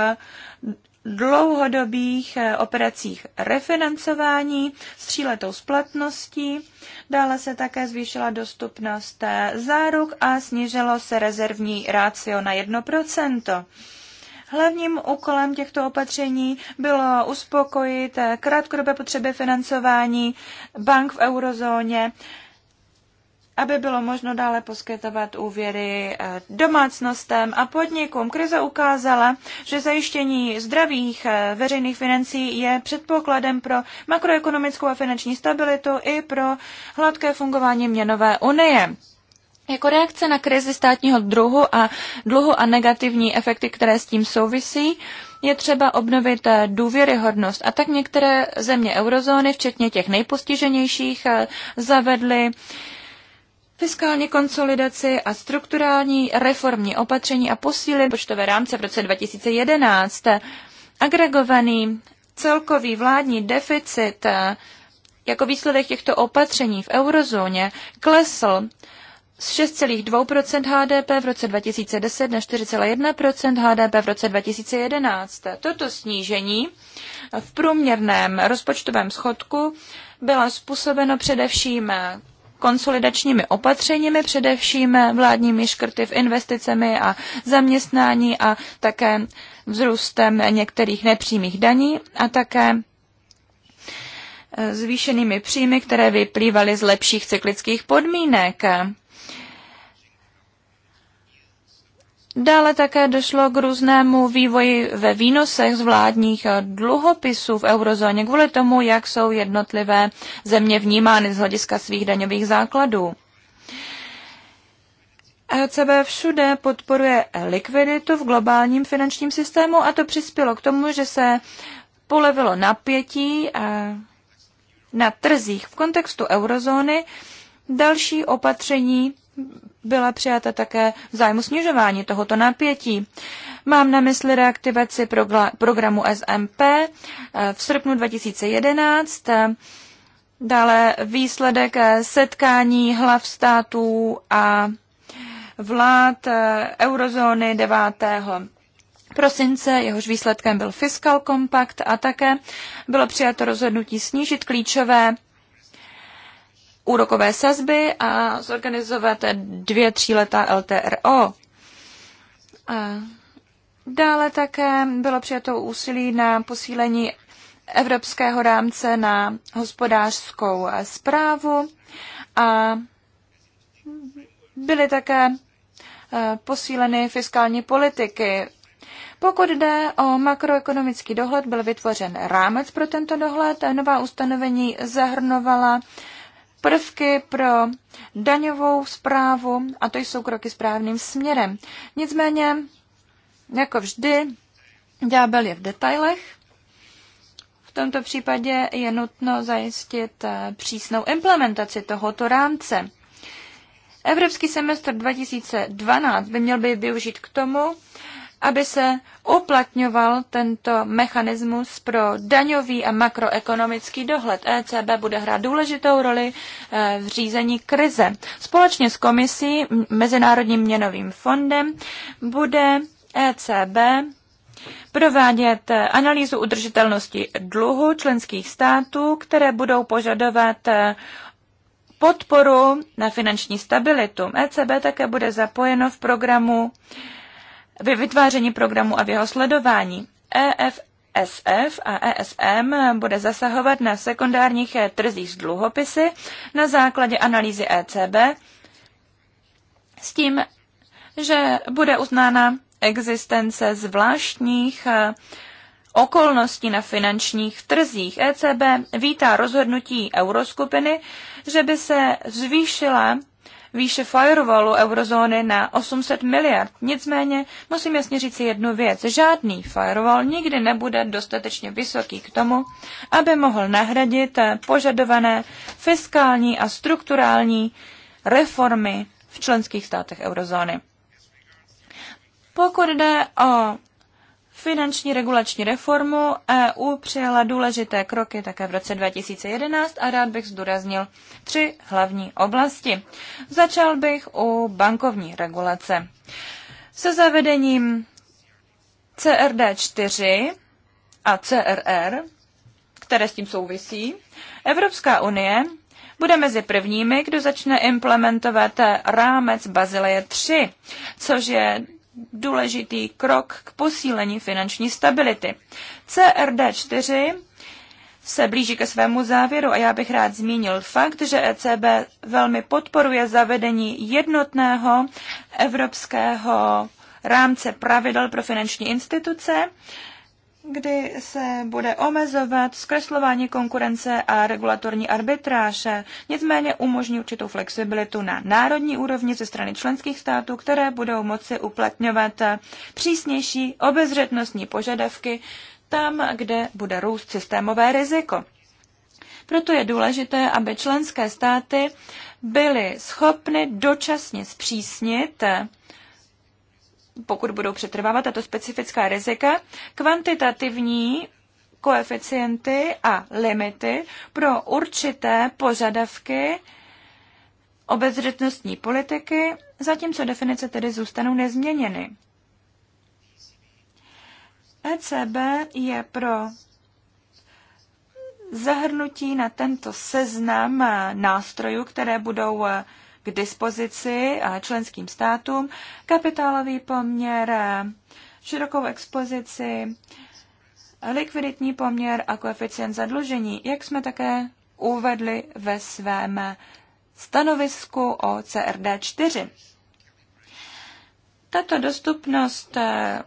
dlouhodobých eh, operacích refinancování s tříletou splatností. Dále se také zvýšila dostupnost eh, záruk a snížilo se rezervní rácio na 1%. Hlavním úkolem těchto opatření bylo uspokojit eh, krátkodobé potřeby financování bank v eurozóně aby bylo možno dále poskytovat úvěry eh, domácnostem a podnikům. Krize ukázala, že zajištění zdravých eh, veřejných financí je předpokladem pro makroekonomickou a finanční stabilitu i pro hladké fungování měnové unie. Jako reakce na krizi státního druhu a dluhu a negativní efekty, které s tím souvisí, je třeba obnovit eh, důvěryhodnost. A tak některé země eurozóny, včetně těch nejpostiženějších, zavedly fiskální konsolidaci a strukturální reformní opatření a posílit počtové rámce v roce 2011. Agregovaný celkový vládní deficit eh, jako výsledek těchto opatření v eurozóně klesl z 6,2 HDP v roce 2010 na 4,1 HDP v roce 2011. Toto snížení v průměrném rozpočtovém schodku bylo způsobeno především konsolidačními opatřeními, především vládními škrty v investicemi a zaměstnání a také vzrůstem některých nepřímých daní a také eh, zvýšenými příjmy, které vyplývaly z lepších cyklických podmínek. Dále také došlo k různému vývoji ve výnosech z vládních eh, dluhopisů v eurozóně kvůli tomu, jak jsou jednotlivé země vnímány z hlediska svých daňových základů. ECB všude podporuje likviditu v globálním finančním systému a to přispělo k tomu, že se polevilo napětí eh, na trzích v kontextu eurozóny. Další opatření byla přijata také v zájmu snižování tohoto napětí. Mám na mysli reaktivaci programu SMP eh, v srpnu 2011, eh, dále výsledek eh, setkání hlav států a vlád eurozóny 9. prosince, jehož výsledkem byl Fiscal Compact a také bylo přijato rozhodnutí snížit klíčové úrokové sazby a zorganizovat dvě tříletá LTRO. A dále také bylo přijato úsilí na posílení evropského rámce na hospodářskou zprávu a byly také eh, posíleny fiskální politiky. Pokud jde o makroekonomický dohled, byl vytvořen rámec pro tento dohled. Nová ustanovení zahrnovala prvky pro daňovou zprávu a to jsou kroky správným směrem. Nicméně, jako vždy, ďábel je v detailech. V tomto případě je nutno zajistit eh, přísnou implementaci tohoto rámce. Evropský semestr 2012 by měl být využít k tomu, aby se uplatňoval tento mechanismus pro daňový a makroekonomický dohled. ECB bude hrát důležitou roli eh, v řízení krize. Společně s komisí Mezinárodním měnovým fondem bude ECB provádět eh, analýzu udržitelnosti dluhu členských států, které budou požadovat eh, podporu na finanční stabilitu. ECB také bude zapojeno v programu ve vytváření programu a v jeho sledování. EFSF a ESM bude zasahovat na sekundárních trzích z dluhopisy na základě analýzy ECB s tím, že bude uznána existence zvláštních eh, okolností na finančních trzích. ECB vítá rozhodnutí euroskupiny, že by se zvýšila výše firewallu eurozóny na 800 miliard. Nicméně musím jasně říct si jednu věc. Žádný firewall nikdy nebude dostatečně vysoký k tomu, aby mohl nahradit požadované fiskální a strukturální reformy v členských státech eurozóny. Pokud jde o finanční regulační reformu EU přijala důležité kroky také v roce 2011 a rád bych zdůraznil tři hlavní oblasti. Začal bych u bankovní regulace. Se zavedením CRD4 a CRR, které s tím souvisí, Evropská unie bude mezi prvními, kdo začne implementovat rámec Bazileje 3, což je důležitý krok k posílení finanční stability. CRD4 se blíží ke svému závěru a já bych rád zmínil fakt, že ECB velmi podporuje zavedení jednotného evropského rámce pravidel pro finanční instituce, kdy se bude omezovat zkreslování konkurence a regulatorní arbitráže, nicméně umožní určitou flexibilitu na národní úrovni ze strany členských států, které budou moci uplatňovat přísnější obezřetnostní požadavky tam, kde bude růst systémové riziko. Proto je důležité, aby členské státy byly schopny dočasně zpřísnit pokud budou přetrvávat tato specifická rizika, kvantitativní koeficienty a limity pro určité požadavky obezřetnostní politiky, zatímco definice tedy zůstanou nezměněny. ECB je pro zahrnutí na tento seznam nástrojů, které budou k dispozici eh, členským státům, kapitálový poměr, eh, širokou expozici, likviditní poměr a koeficient zadlužení, jak jsme také uvedli ve svém stanovisku o CRD4. Tato dostupnost eh,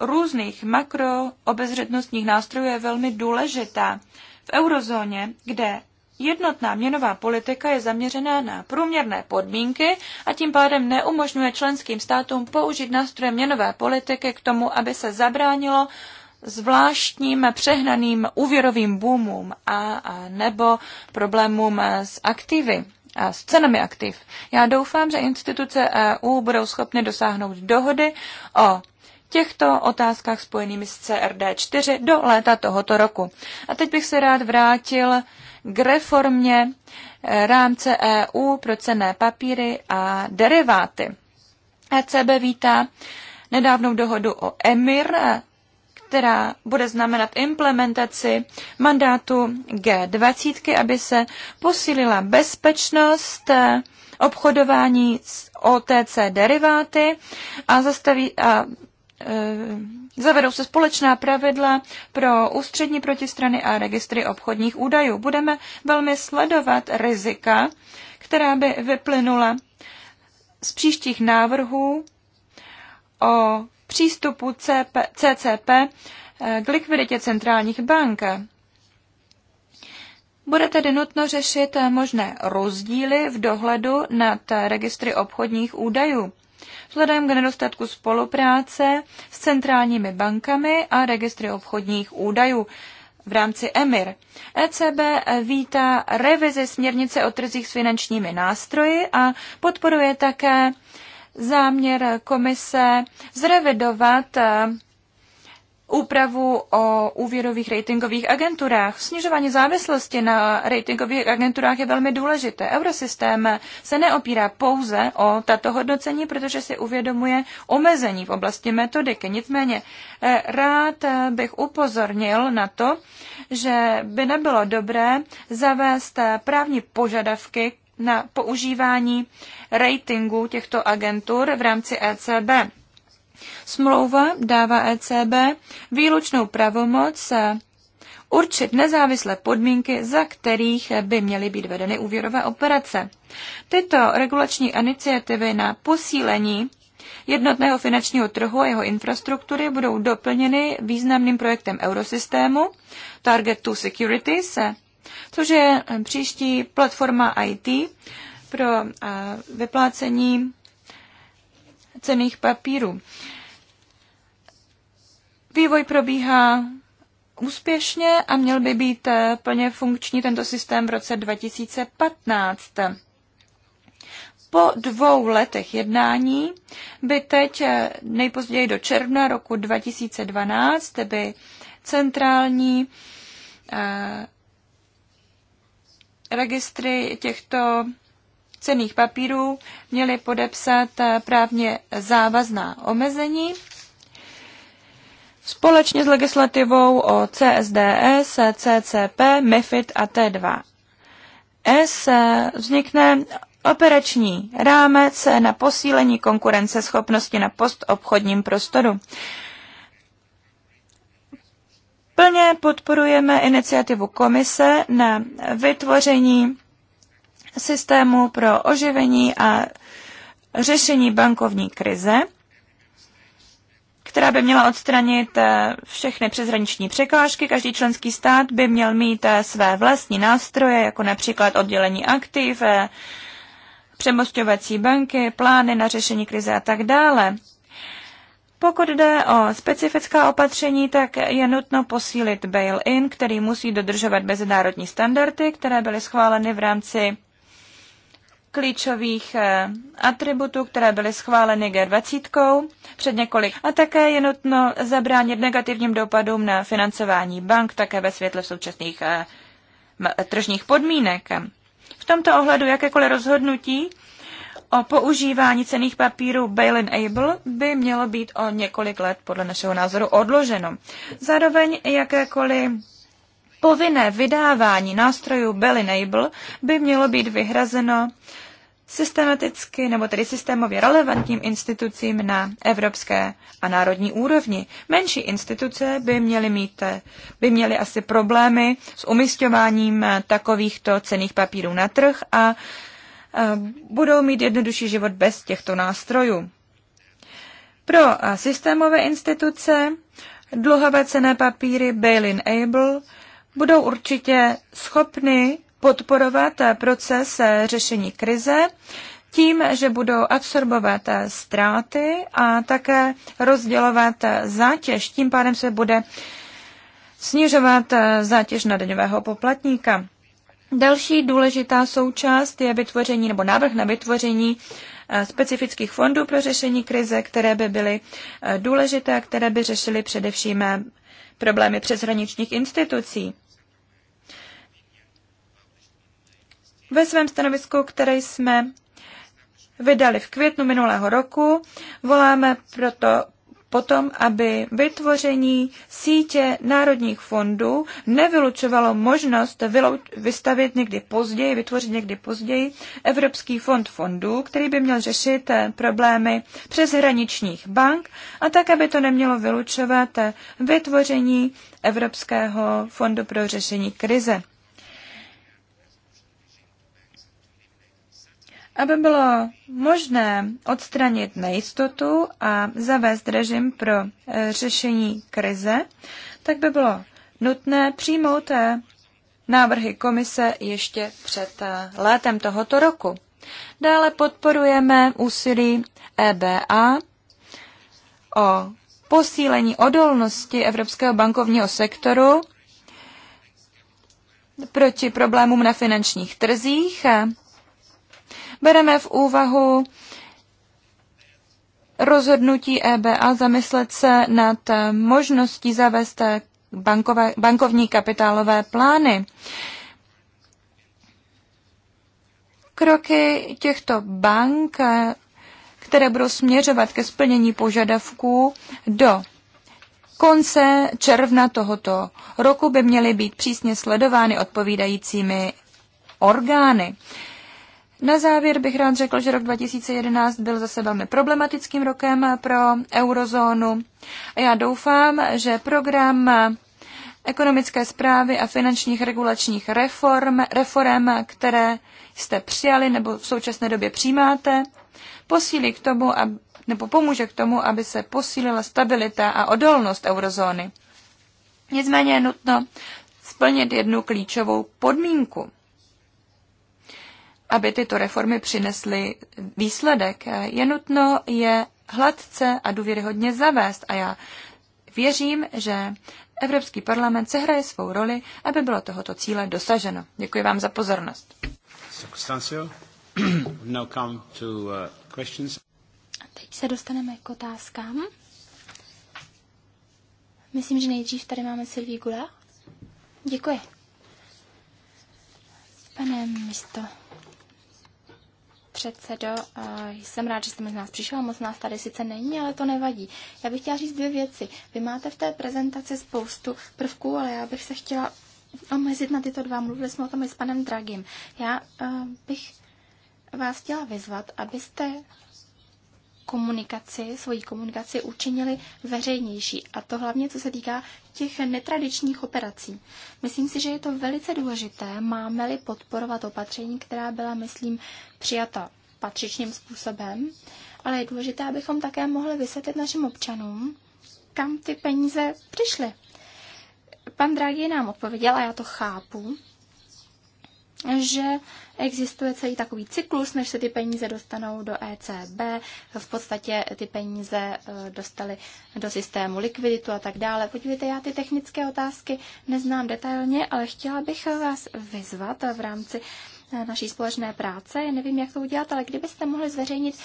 různých makroobezřetnostních nástrojů je velmi důležitá. V eurozóně, kde jednotná měnová politika je zaměřená na průměrné podmínky a tím pádem neumožňuje členským státům použít nástroje měnové politiky k tomu, aby se zabránilo zvláštním přehnaným úvěrovým boomům a, a nebo problémům s aktivy a s cenami aktiv. Já doufám, že instituce EU budou schopny dosáhnout dohody o těchto otázkách spojenými s CRD4 do léta tohoto roku. A teď bych se rád vrátil k reformě eh, rámce EU pro cenné papíry a deriváty. ECB vítá nedávnou dohodu o EMIR, eh, která bude znamenat implementaci mandátu G20, aby se posílila bezpečnost eh, obchodování s OTC deriváty a, zastaví, a Eh, zavedou se společná pravidla pro ústřední protistrany a registry obchodních údajů. Budeme velmi sledovat rizika, která by vyplynula z příštích návrhů o přístupu CP, CCP eh, k likviditě centrálních bank. Bude tedy nutno řešit eh, možné rozdíly v dohledu nad registry obchodních údajů vzhledem k nedostatku spolupráce s centrálními bankami a registry obchodních údajů v rámci EMIR. ECB vítá revizi směrnice o trzích s finančními nástroji a podporuje také záměr komise zrevidovat eh, úpravu o úvěrových ratingových agenturách. Snižování závislosti na ratingových agenturách je velmi důležité. Eurosystém se neopírá pouze o tato hodnocení, protože si uvědomuje omezení v oblasti metodiky. Nicméně eh, rád bych upozornil na to, že by nebylo dobré zavést právní požadavky na používání ratingu těchto agentur v rámci ECB. Smlouva dává ECB výlučnou pravomoc eh, určit nezávislé podmínky, za kterých eh, by měly být vedeny úvěrové operace. Tyto regulační iniciativy na posílení jednotného finančního trhu a jeho infrastruktury budou doplněny významným projektem eurosystému Target to Securities, eh, což je příští platforma IT pro vyplácení cených papírů. Vývoj probíhá úspěšně a měl by být eh, plně funkční tento systém v roce 2015. Po dvou letech jednání by teď eh, nejpozději do června roku 2012 by centrální eh, registry těchto cených papírů měly podepsat eh, právně závazná omezení. Společně s legislativou o CSDS, CCP, MIFID a T2S eh, vznikne operační rámec na posílení konkurenceschopnosti na postobchodním prostoru. Plně podporujeme iniciativu komise na vytvoření systému pro oživení a řešení bankovní krize, která by měla odstranit eh, všechny přeshraniční překážky. Každý členský stát by měl mít eh, své vlastní nástroje, jako například oddělení aktiv, eh, přemostňovací banky, plány na řešení krize a tak dále. Pokud jde o specifická opatření, tak je nutno posílit bail-in, který musí dodržovat mezinárodní standardy, které byly schváleny v rámci klíčových eh, atributů, které byly schváleny G20 před několik. A také je nutno zabránit negativním dopadům na financování bank, také ve světle současných eh, tržních podmínek. V tomto ohledu jakékoliv rozhodnutí o používání cených papírů Bail and Able by mělo být o několik let podle našeho názoru odloženo. Zároveň jakékoliv povinné vydávání nástrojů Belly Enable by mělo být vyhrazeno systematicky nebo tedy systémově relevantním institucím na evropské a národní úrovni. Menší instituce by měly mít, by měly asi problémy s umistováním takovýchto cených papírů na trh a budou mít jednodušší život bez těchto nástrojů. Pro systémové instituce dluhové cené papíry Bail-in-Able budou určitě schopny podporovat proces řešení krize tím, že budou absorbovat ztráty a také rozdělovat zátěž. Tím pádem se bude snižovat zátěž na daňového poplatníka. Další důležitá součást je vytvoření nebo návrh na vytvoření eh, specifických fondů pro řešení krize, které by byly eh, důležité a které by řešily především eh, problémy přeshraničních institucí. Ve svém stanovisku, které jsme vydali v květnu minulého roku, voláme proto potom, aby vytvoření sítě národních fondů nevylučovalo možnost vystavit někdy později, vytvořit někdy později Evropský fond fondů, který by měl řešit eh, problémy přeshraničních bank a tak, aby to nemělo vylučovat eh, vytvoření Evropského fondu pro řešení krize. aby bylo možné odstranit nejistotu a zavést režim pro eh, řešení krize, tak by bylo nutné přijmout eh, návrhy komise ještě před eh, létem tohoto roku. Dále podporujeme úsilí EBA o posílení odolnosti evropského bankovního sektoru proti problémům na finančních trzích bereme v úvahu rozhodnutí EBA zamyslet se nad možností zavést bankové, bankovní kapitálové plány. Kroky těchto bank, které budou směřovat ke splnění požadavků do konce června tohoto roku by měly být přísně sledovány odpovídajícími orgány. Na závěr bych rád řekl, že rok 2011 byl zase velmi problematickým rokem pro eurozónu. A já doufám, že program ekonomické zprávy a finančních regulačních reform, reform, které jste přijali nebo v současné době přijímáte, posílí k tomu, nebo pomůže k tomu, aby se posílila stabilita a odolnost eurozóny. Nicméně je nutno splnit jednu klíčovou podmínku aby tyto reformy přinesly výsledek. Je nutno je hladce a důvěryhodně zavést a já věřím, že Evropský parlament sehraje svou roli, aby bylo tohoto cíle dosaženo. Děkuji vám za pozornost. Uh, teď se dostaneme k otázkám. Myslím, že nejdřív tady máme Sylvie Gula. Děkuji. Pane místo předsedo. Eh, jsem rád, že jste mezi nás přišel. Moc nás tady sice není, ale to nevadí. Já bych chtěla říct dvě věci. Vy máte v té prezentaci spoustu prvků, ale já bych se chtěla omezit na tyto dva. Mluvili jsme o tom i s panem Dragim. Já eh, bych vás chtěla vyzvat, abyste komunikaci, svoji komunikaci učinili veřejnější. A to hlavně, co se týká těch netradičních operací. Myslím si, že je to velice důležité, máme-li podporovat opatření, která byla, myslím, přijata patřičným způsobem, ale je důležité, abychom také mohli vysvětlit našim občanům, kam ty peníze přišly. Pan Draghi nám odpověděl, a já to chápu, že existuje celý takový cyklus, než se ty peníze dostanou do ECB. V podstatě ty peníze e, dostaly do systému likviditu a tak dále. Podívejte, já ty technické otázky neznám detailně, ale chtěla bych vás vyzvat v rámci e, naší společné práce. Nevím, jak to udělat, ale kdybyste mohli zveřejnit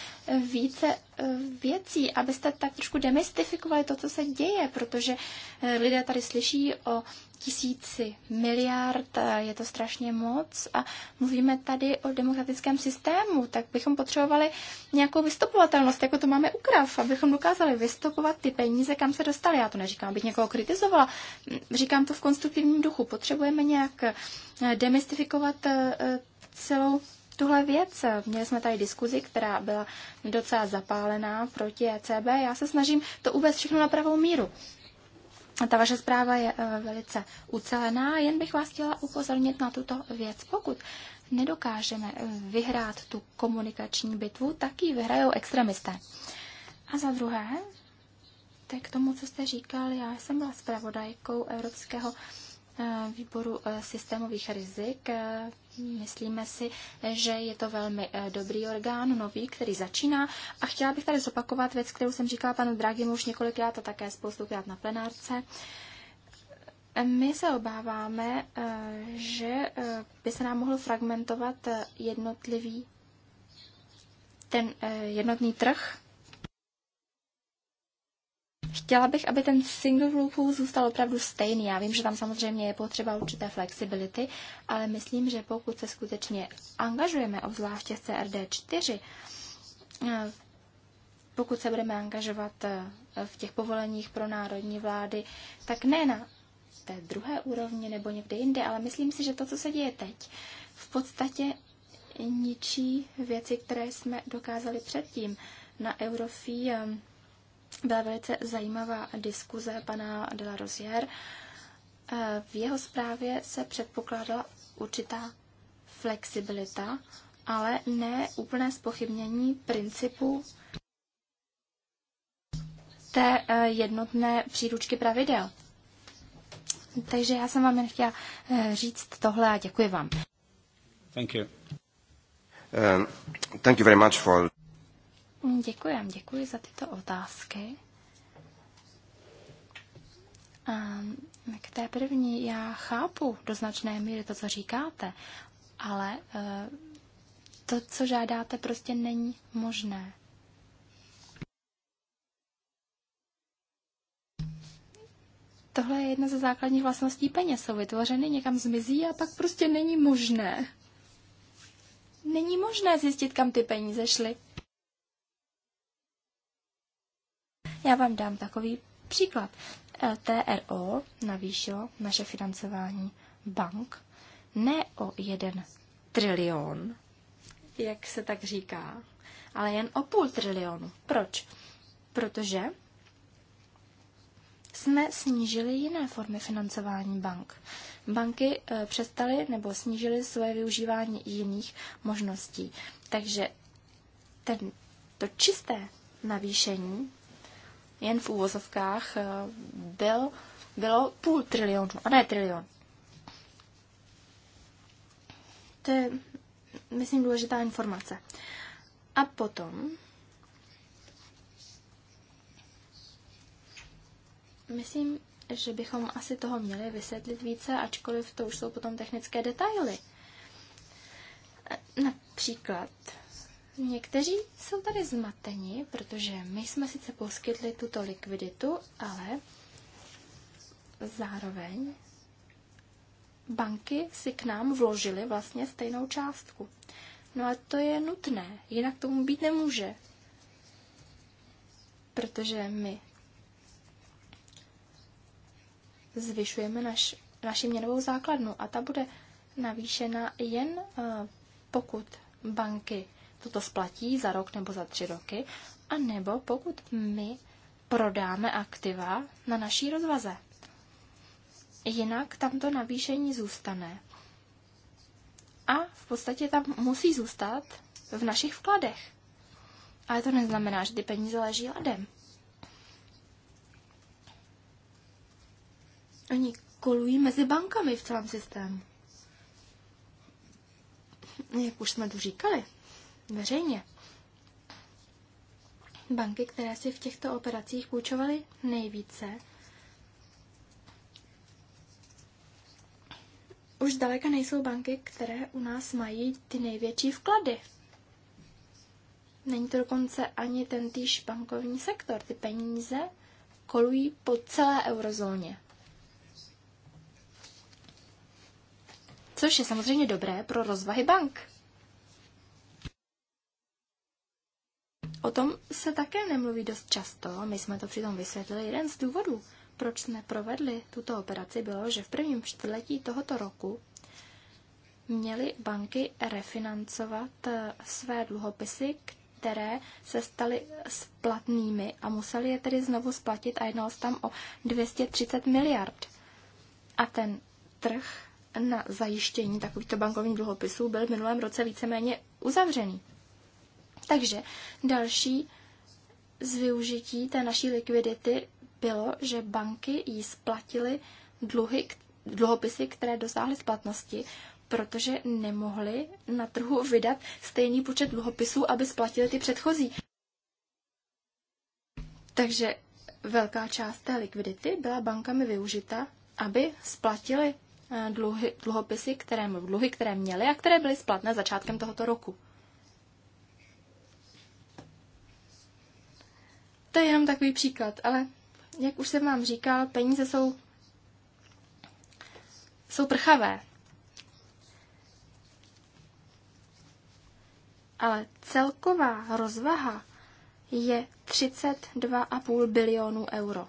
více Eh, věcí, abyste tak trošku demystifikovali to, co se děje, protože eh, lidé tady slyší o tisíci miliard, eh, je to strašně moc a mluvíme tady o demokratickém systému, tak bychom potřebovali nějakou vystupovatelnost, jako to máme u krav, abychom dokázali vystupovat ty peníze, kam se dostali. Já to neříkám, abych někoho kritizovala, mm, říkám to v konstruktivním duchu. Potřebujeme nějak demystifikovat celou tuhle věc. Měli jsme tady diskuzi, která byla docela zapálená proti ECB. Já se snažím to uvést všechno na pravou míru. Ta vaše zpráva je eh, velice ucelená, jen bych vás chtěla upozornit na tuto věc. Pokud nedokážeme eh, vyhrát tu komunikační bitvu, tak ji vyhrajou extremisté. A za druhé, tak k tomu, co jste říkal, já jsem byla zpravodajkou Evropského výboru eh, systémových rizik. Eh, myslíme si, že je to velmi eh, dobrý orgán, nový, který začíná. A chtěla bych tady zopakovat věc, kterou jsem říkala panu Dragimu už několikrát a také spoustukrát na plenárce. My se obáváme, že by se nám mohlo fragmentovat jednotlivý ten jednotný trh Chtěla bych, aby ten single loophole zůstal opravdu stejný. Já vím, že tam samozřejmě je potřeba určité flexibility, ale myslím, že pokud se skutečně angažujeme, obzvláště CRD4, eh, pokud se budeme angažovat eh, v těch povoleních pro národní vlády, tak ne na té druhé úrovni nebo někde jinde, ale myslím si, že to, co se děje teď, v podstatě ničí věci, které jsme dokázali předtím. Na Eurofi. Eh, byla velice zajímavá diskuze pana de la Rosière. Eh, v jeho zprávě se předpokládala určitá flexibilita, ale ne úplné spochybnění principu té eh, jednotné příručky pravidel. Takže já jsem vám jen chtěla eh, říct tohle a děkuji vám. Thank you. Um, thank you very much for... Mm, děkuji, děkuji za tyto otázky. Ehm, k té první, já chápu do značné míry to, co říkáte, ale eh, to, co žádáte, prostě není možné. Tohle je jedna ze základních vlastností peněz. Jsou vytvořeny, někam zmizí a pak prostě není možné. Není možné zjistit, kam ty peníze šly. Já vám dám takový příklad. Eh, TRO navýšilo naše financování bank ne o jeden trilion, jak se tak říká, ale jen o půl trilionu. Proč? Protože jsme snížili jiné formy financování bank. Banky eh, přestaly nebo snížily svoje využívání jiných možností. Takže ten, to čisté navýšení jen v úvozovkách eh, byl, bylo půl trilionu, a ne trilion. To je, myslím, důležitá informace. A potom Myslím, že bychom asi toho měli vysvětlit více, ačkoliv to už jsou potom technické detaily. Eh, například Někteří jsou tady zmateni, protože my jsme sice poskytli tuto likviditu, ale zároveň banky si k nám vložily vlastně stejnou částku. No a to je nutné, jinak tomu být nemůže. Protože my zvyšujeme naš, naši měnovou základnu a ta bude navýšena jen eh, pokud banky toto splatí za rok nebo za tři roky, a nebo pokud my prodáme aktiva na naší rozvaze. Jinak tam to navýšení zůstane. A v podstatě tam musí zůstat v našich vkladech. Ale to neznamená, že ty peníze leží ladem. Oni kolují mezi bankami v celém systému. Jak už jsme tu říkali, veřejně. Banky, které si v těchto operacích půjčovaly nejvíce, už daleka nejsou banky, které u nás mají ty největší vklady. Není to dokonce ani ten týž bankovní sektor. Ty peníze kolují po celé eurozóně. Což je samozřejmě dobré pro rozvahy bank. O tom se také nemluví dost často, my jsme to přitom vysvětlili. Jeden z důvodů, proč jsme provedli tuto operaci, bylo, že v prvním čtvrtletí tohoto roku měly banky refinancovat eh, své dluhopisy, které se staly splatnými a museli je tedy znovu splatit a jednalo se tam o 230 miliard. A ten trh na zajištění takovýchto bankovních dluhopisů byl v minulém roce víceméně uzavřený. Takže další z využití té naší likvidity bylo, že banky jí splatily dluhy, dluhopisy, které dosáhly splatnosti, protože nemohly na trhu vydat stejný počet dluhopisů, aby splatili ty předchozí. Takže velká část té likvidity byla bankami využita, aby splatili eh, dluhy, dluhopisy, které, dluhy, které měly a které byly splatné začátkem tohoto roku. To je jenom takový příklad, ale jak už jsem vám říkal, peníze jsou, jsou prchavé. Ale celková rozvaha je 32,5 bilionů euro.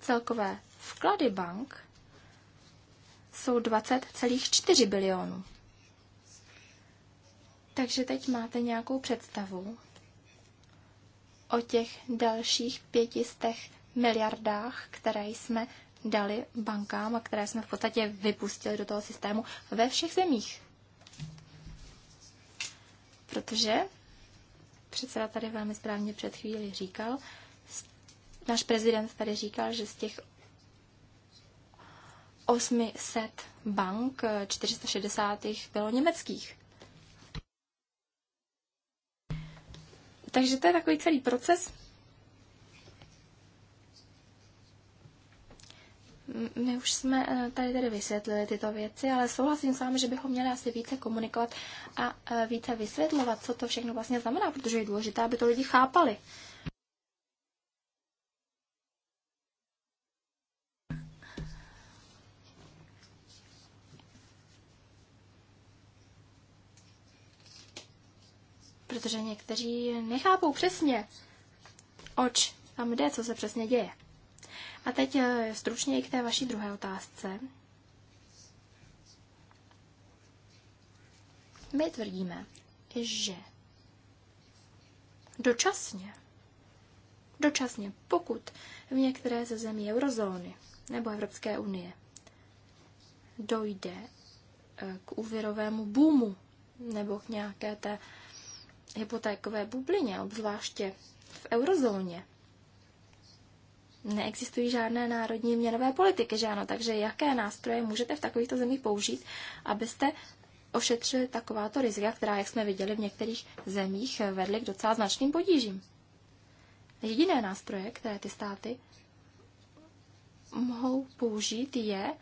Celkové vklady bank jsou 20,4 bilionů. Takže teď máte nějakou představu o těch dalších pětistech miliardách, které jsme dali bankám a které jsme v podstatě vypustili do toho systému ve všech zemích. Protože předseda tady velmi správně před chvíli říkal, náš prezident tady říkal, že z těch 800 bank 460 bylo německých. Takže to je takový celý proces. My už jsme eh, tady tedy vysvětlili tyto věci, ale souhlasím s vámi, že bychom měli asi více komunikovat a eh, více vysvětlovat, co to všechno vlastně znamená, protože je důležité, aby to lidi chápali. protože někteří nechápou přesně, oč tam jde, co se přesně děje. A teď eh, stručně i k té vaší druhé otázce. My tvrdíme, že dočasně, dočasně, pokud v některé ze zemí eurozóny nebo Evropské unie dojde eh, k úvěrovému boomu nebo k nějaké té hypotékové bublině, obzvláště v eurozóně, neexistují žádné národní měnové politiky, že ano? Takže jaké nástroje můžete v takovýchto zemích použít, abyste ošetřili takováto rizika, která, jak jsme viděli v některých zemích, vedly k docela značným potížím? Jediné nástroje, které ty státy mohou použít, je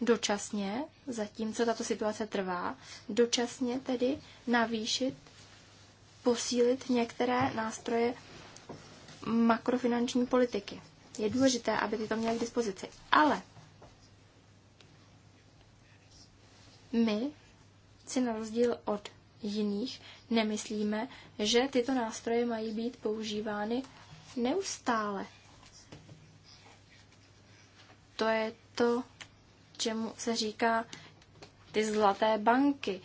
dočasně, zatímco tato situace trvá, dočasně tedy navýšit posílit některé nástroje makrofinanční politiky. Je důležité, aby to měly k dispozici. Ale my si na rozdíl od jiných nemyslíme, že tyto nástroje mají být používány neustále. To je to, čemu se říká ty zlaté banky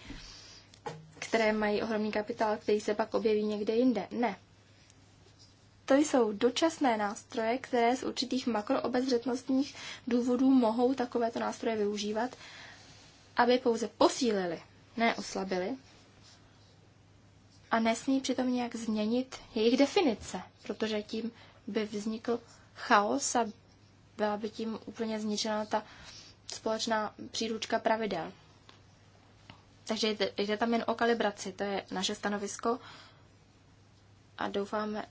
které mají ohromný kapitál, který se pak objeví někde jinde. Ne. To jsou dočasné nástroje, které z určitých makroobezřetnostních důvodů mohou takovéto nástroje využívat, aby pouze posílili, ne oslabili, a nesmí přitom nějak změnit jejich definice, protože tím by vznikl chaos a byla by tím úplně zničena ta společná příručka pravidel. Takže jde, jde tam jen o kalibraci, to je naše stanovisko. A doufáme,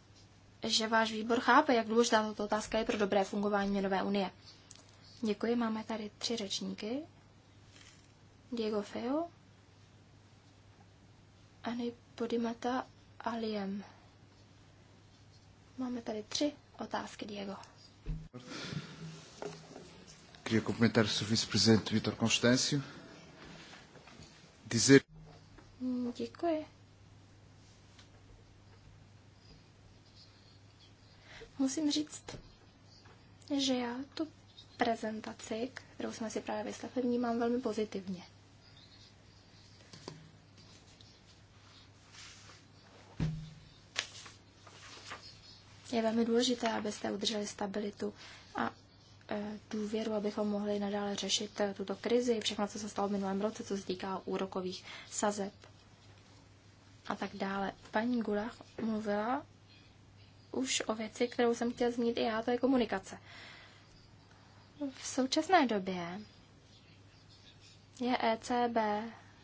že váš výbor chápe, jak důležitá tato otázka je pro dobré fungování měnové unie. Děkuji, máme tady tři řečníky. Diego Feo, Ani Podimata a Máme tady tři otázky, Diego. Queria cumprimentar o vice-presidente Vítor Constâncio désir. Děkuji. Musím říct, že já tu prezentaci, kterou jsme si právě vyslechli, vnímám velmi pozitivně. Je velmi důležité, abyste udrželi stabilitu a Eh, důvěru, abychom mohli nadále řešit eh, tuto krizi, všechno, co se stalo v minulém roce, co se týká úrokových sazeb a tak dále. Paní Gulach mluvila už o věci, kterou jsem chtěla zmínit i já, to je komunikace. V současné době je ECB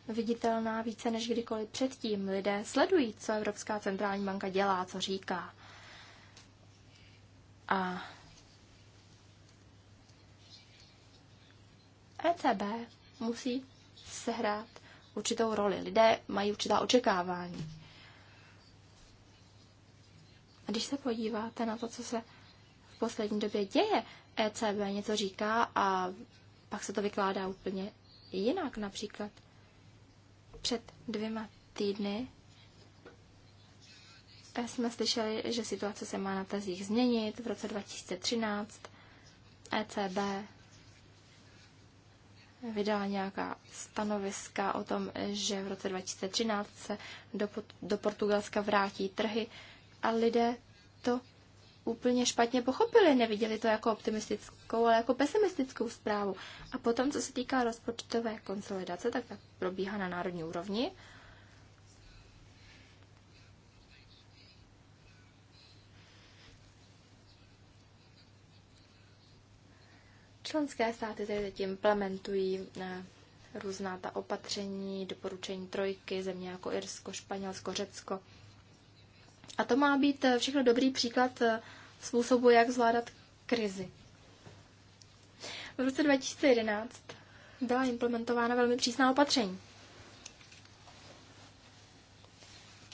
viditelná více než kdykoliv předtím. Lidé sledují, co Evropská centrální banka dělá, co říká. A ECB musí sehrát určitou roli. Lidé mají určitá očekávání. A když se podíváte na to, co se v poslední době děje, ECB něco říká a pak se to vykládá úplně jinak. Například před dvěma týdny jsme slyšeli, že situace se má na tezích změnit v roce 2013. ECB vydala nějaká stanoviska o tom, že v roce 2013 se do, do Portugalska vrátí trhy a lidé to úplně špatně pochopili, neviděli to jako optimistickou, ale jako pesimistickou zprávu. A potom, co se týká rozpočtové konsolidace, tak ta probíhá na národní úrovni Členské státy tedy teď implementují eh, různá ta opatření, doporučení trojky, země jako Irsko, Španělsko, Řecko. A to má být eh, všechno dobrý příklad eh, způsobu, jak zvládat krizi. V roce 2011 byla implementována velmi přísná opatření.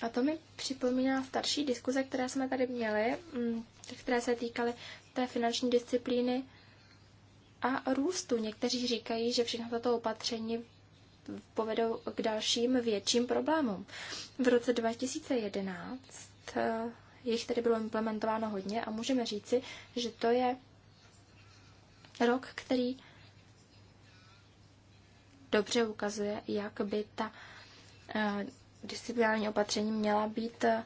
A to mi připomíná starší diskuze, které jsme tady měli, mm, které se týkaly té finanční disciplíny a růstu. Někteří říkají, že všechno toto opatření povedou k dalším větším problémům. V roce 2011 eh, jich tedy bylo implementováno hodně a můžeme říci, že to je rok, který dobře ukazuje, jak by ta eh, disciplinární opatření měla být eh,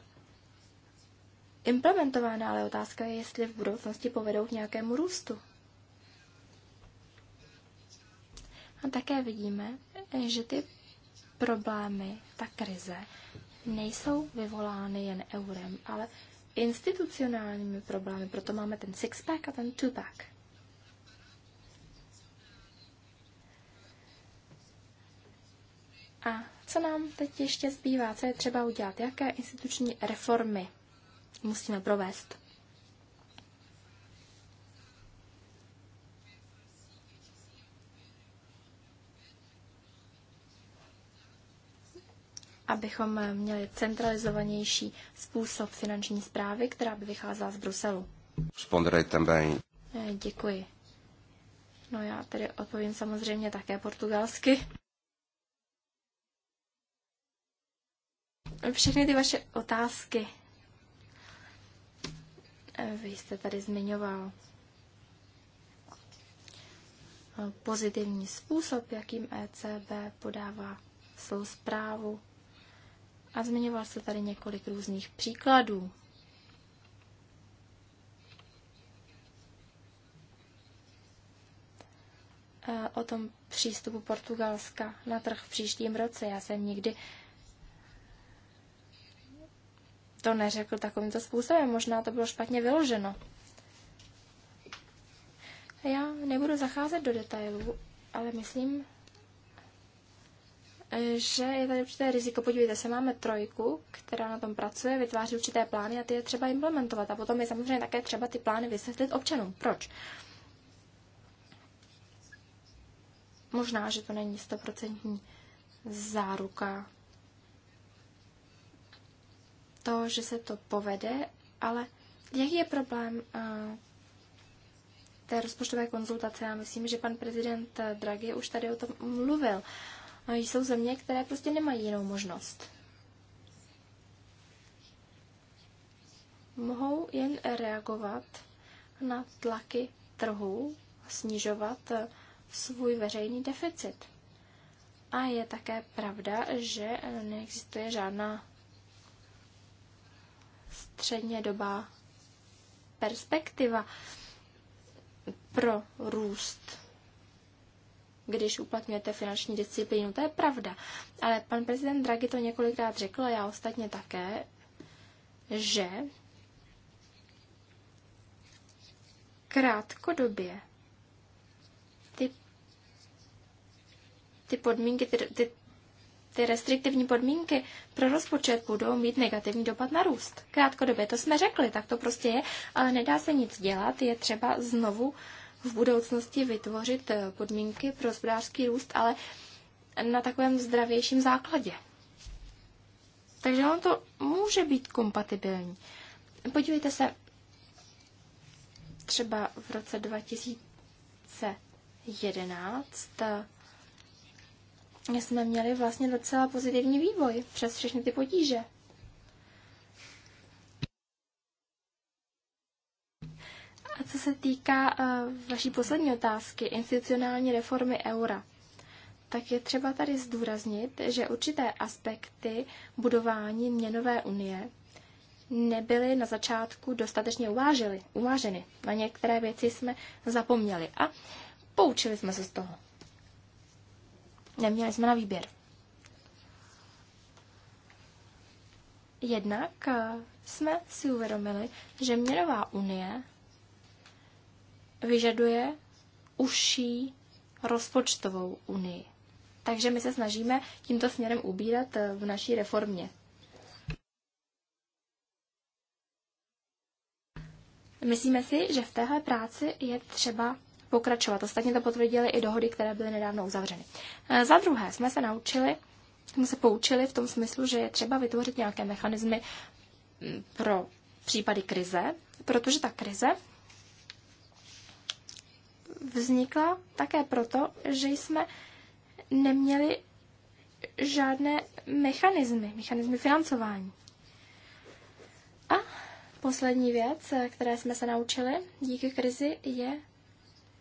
implementována, ale otázka je, jestli v budoucnosti povedou k nějakému růstu. A také vidíme, že ty problémy, ta krize, nejsou vyvolány jen eurem, ale institucionálními problémy. Proto máme ten six-pack a ten two-pack. A co nám teď ještě zbývá? Co je třeba udělat? Jaké instituční reformy musíme provést? abychom měli centralizovanější způsob finanční zprávy, která by vycházela z Bruselu. Eh, děkuji. No já tedy odpovím samozřejmě také portugalsky. Všechny ty vaše otázky eh, vy jste tady zmiňoval eh, pozitivní způsob, jakým ECB podává svou zprávu a zmiňoval se tady několik různých příkladů. O tom přístupu Portugalska na trh v příštím roce. Já jsem nikdy to neřekl takovýmto způsobem. Možná to bylo špatně vyloženo. Já nebudu zacházet do detailů, ale myslím, že je tady určité riziko. Podívejte se, máme trojku, která na tom pracuje, vytváří určité plány a ty je třeba implementovat. A potom je samozřejmě také třeba ty plány vysvětlit občanům. Proč? Možná, že to není stoprocentní záruka. To, že se to povede, ale jaký je problém té rozpočtové konzultace? Já myslím, že pan prezident Draghi už tady o tom mluvil. Uh, a jsou země, které prostě nemají jinou možnost. Mohou jen reagovat na tlaky trhu, snižovat eh, svůj veřejný deficit. A je také pravda, že eh, neexistuje žádná středně doba perspektiva pro růst když uplatňujete finanční disciplínu. To je pravda. Ale pan prezident Draghi to několikrát řekl, a já ostatně také, že krátkodobě ty, ty podmínky, ty, ty, ty restriktivní podmínky pro rozpočet budou mít negativní dopad na růst. Krátkodobě to jsme řekli, tak to prostě je, ale nedá se nic dělat, je třeba znovu v budoucnosti vytvořit eh, podmínky pro hospodářský růst, ale na takovém zdravějším základě. Takže ono to může být kompatibilní. Podívejte se, třeba v roce 2011 eh, jsme měli vlastně docela pozitivní vývoj přes všechny ty potíže. Co se týká eh, vaší poslední otázky, institucionální reformy eura, tak je třeba tady zdůraznit, že určité aspekty budování měnové unie nebyly na začátku dostatečně uvážily, uváženy. Na některé věci jsme zapomněli a poučili jsme se z toho. Neměli jsme na výběr. Jednak eh, jsme si uvědomili, že měnová unie vyžaduje užší rozpočtovou unii. Takže my se snažíme tímto směrem ubírat eh, v naší reformě. Myslíme si, že v téhle práci je třeba pokračovat. Ostatně to potvrdili i dohody, které byly nedávno uzavřeny. Eh, za druhé jsme se naučili, jsme se poučili v tom smyslu, že je třeba vytvořit nějaké mechanismy mm, pro případy krize, protože ta krize vznikla také proto, že jsme neměli žádné mechanismy, mechanismy financování. A poslední věc, které jsme se naučili díky krizi, je,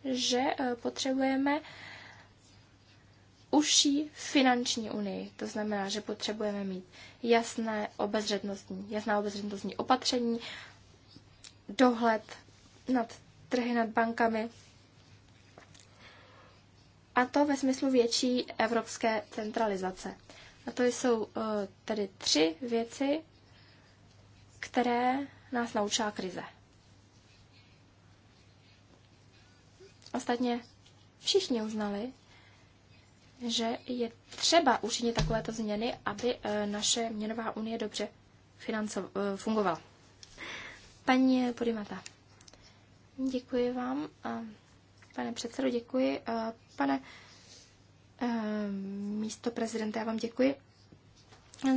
že eh, potřebujeme užší finanční unii. To znamená, že potřebujeme mít jasné obezřetnostní, jasná obezřetnostní opatření, dohled nad trhy, nad bankami, a to ve smyslu větší evropské centralizace. A to jsou eh, tedy tři věci, které nás naučila krize. Ostatně všichni uznali, že je třeba učinit takovéto změny, aby eh, naše měnová unie dobře financo- eh, fungovala. Paní Podimata, děkuji vám. A pane předsedo, děkuji. Eh, pane eh, místo prezidenta, já vám děkuji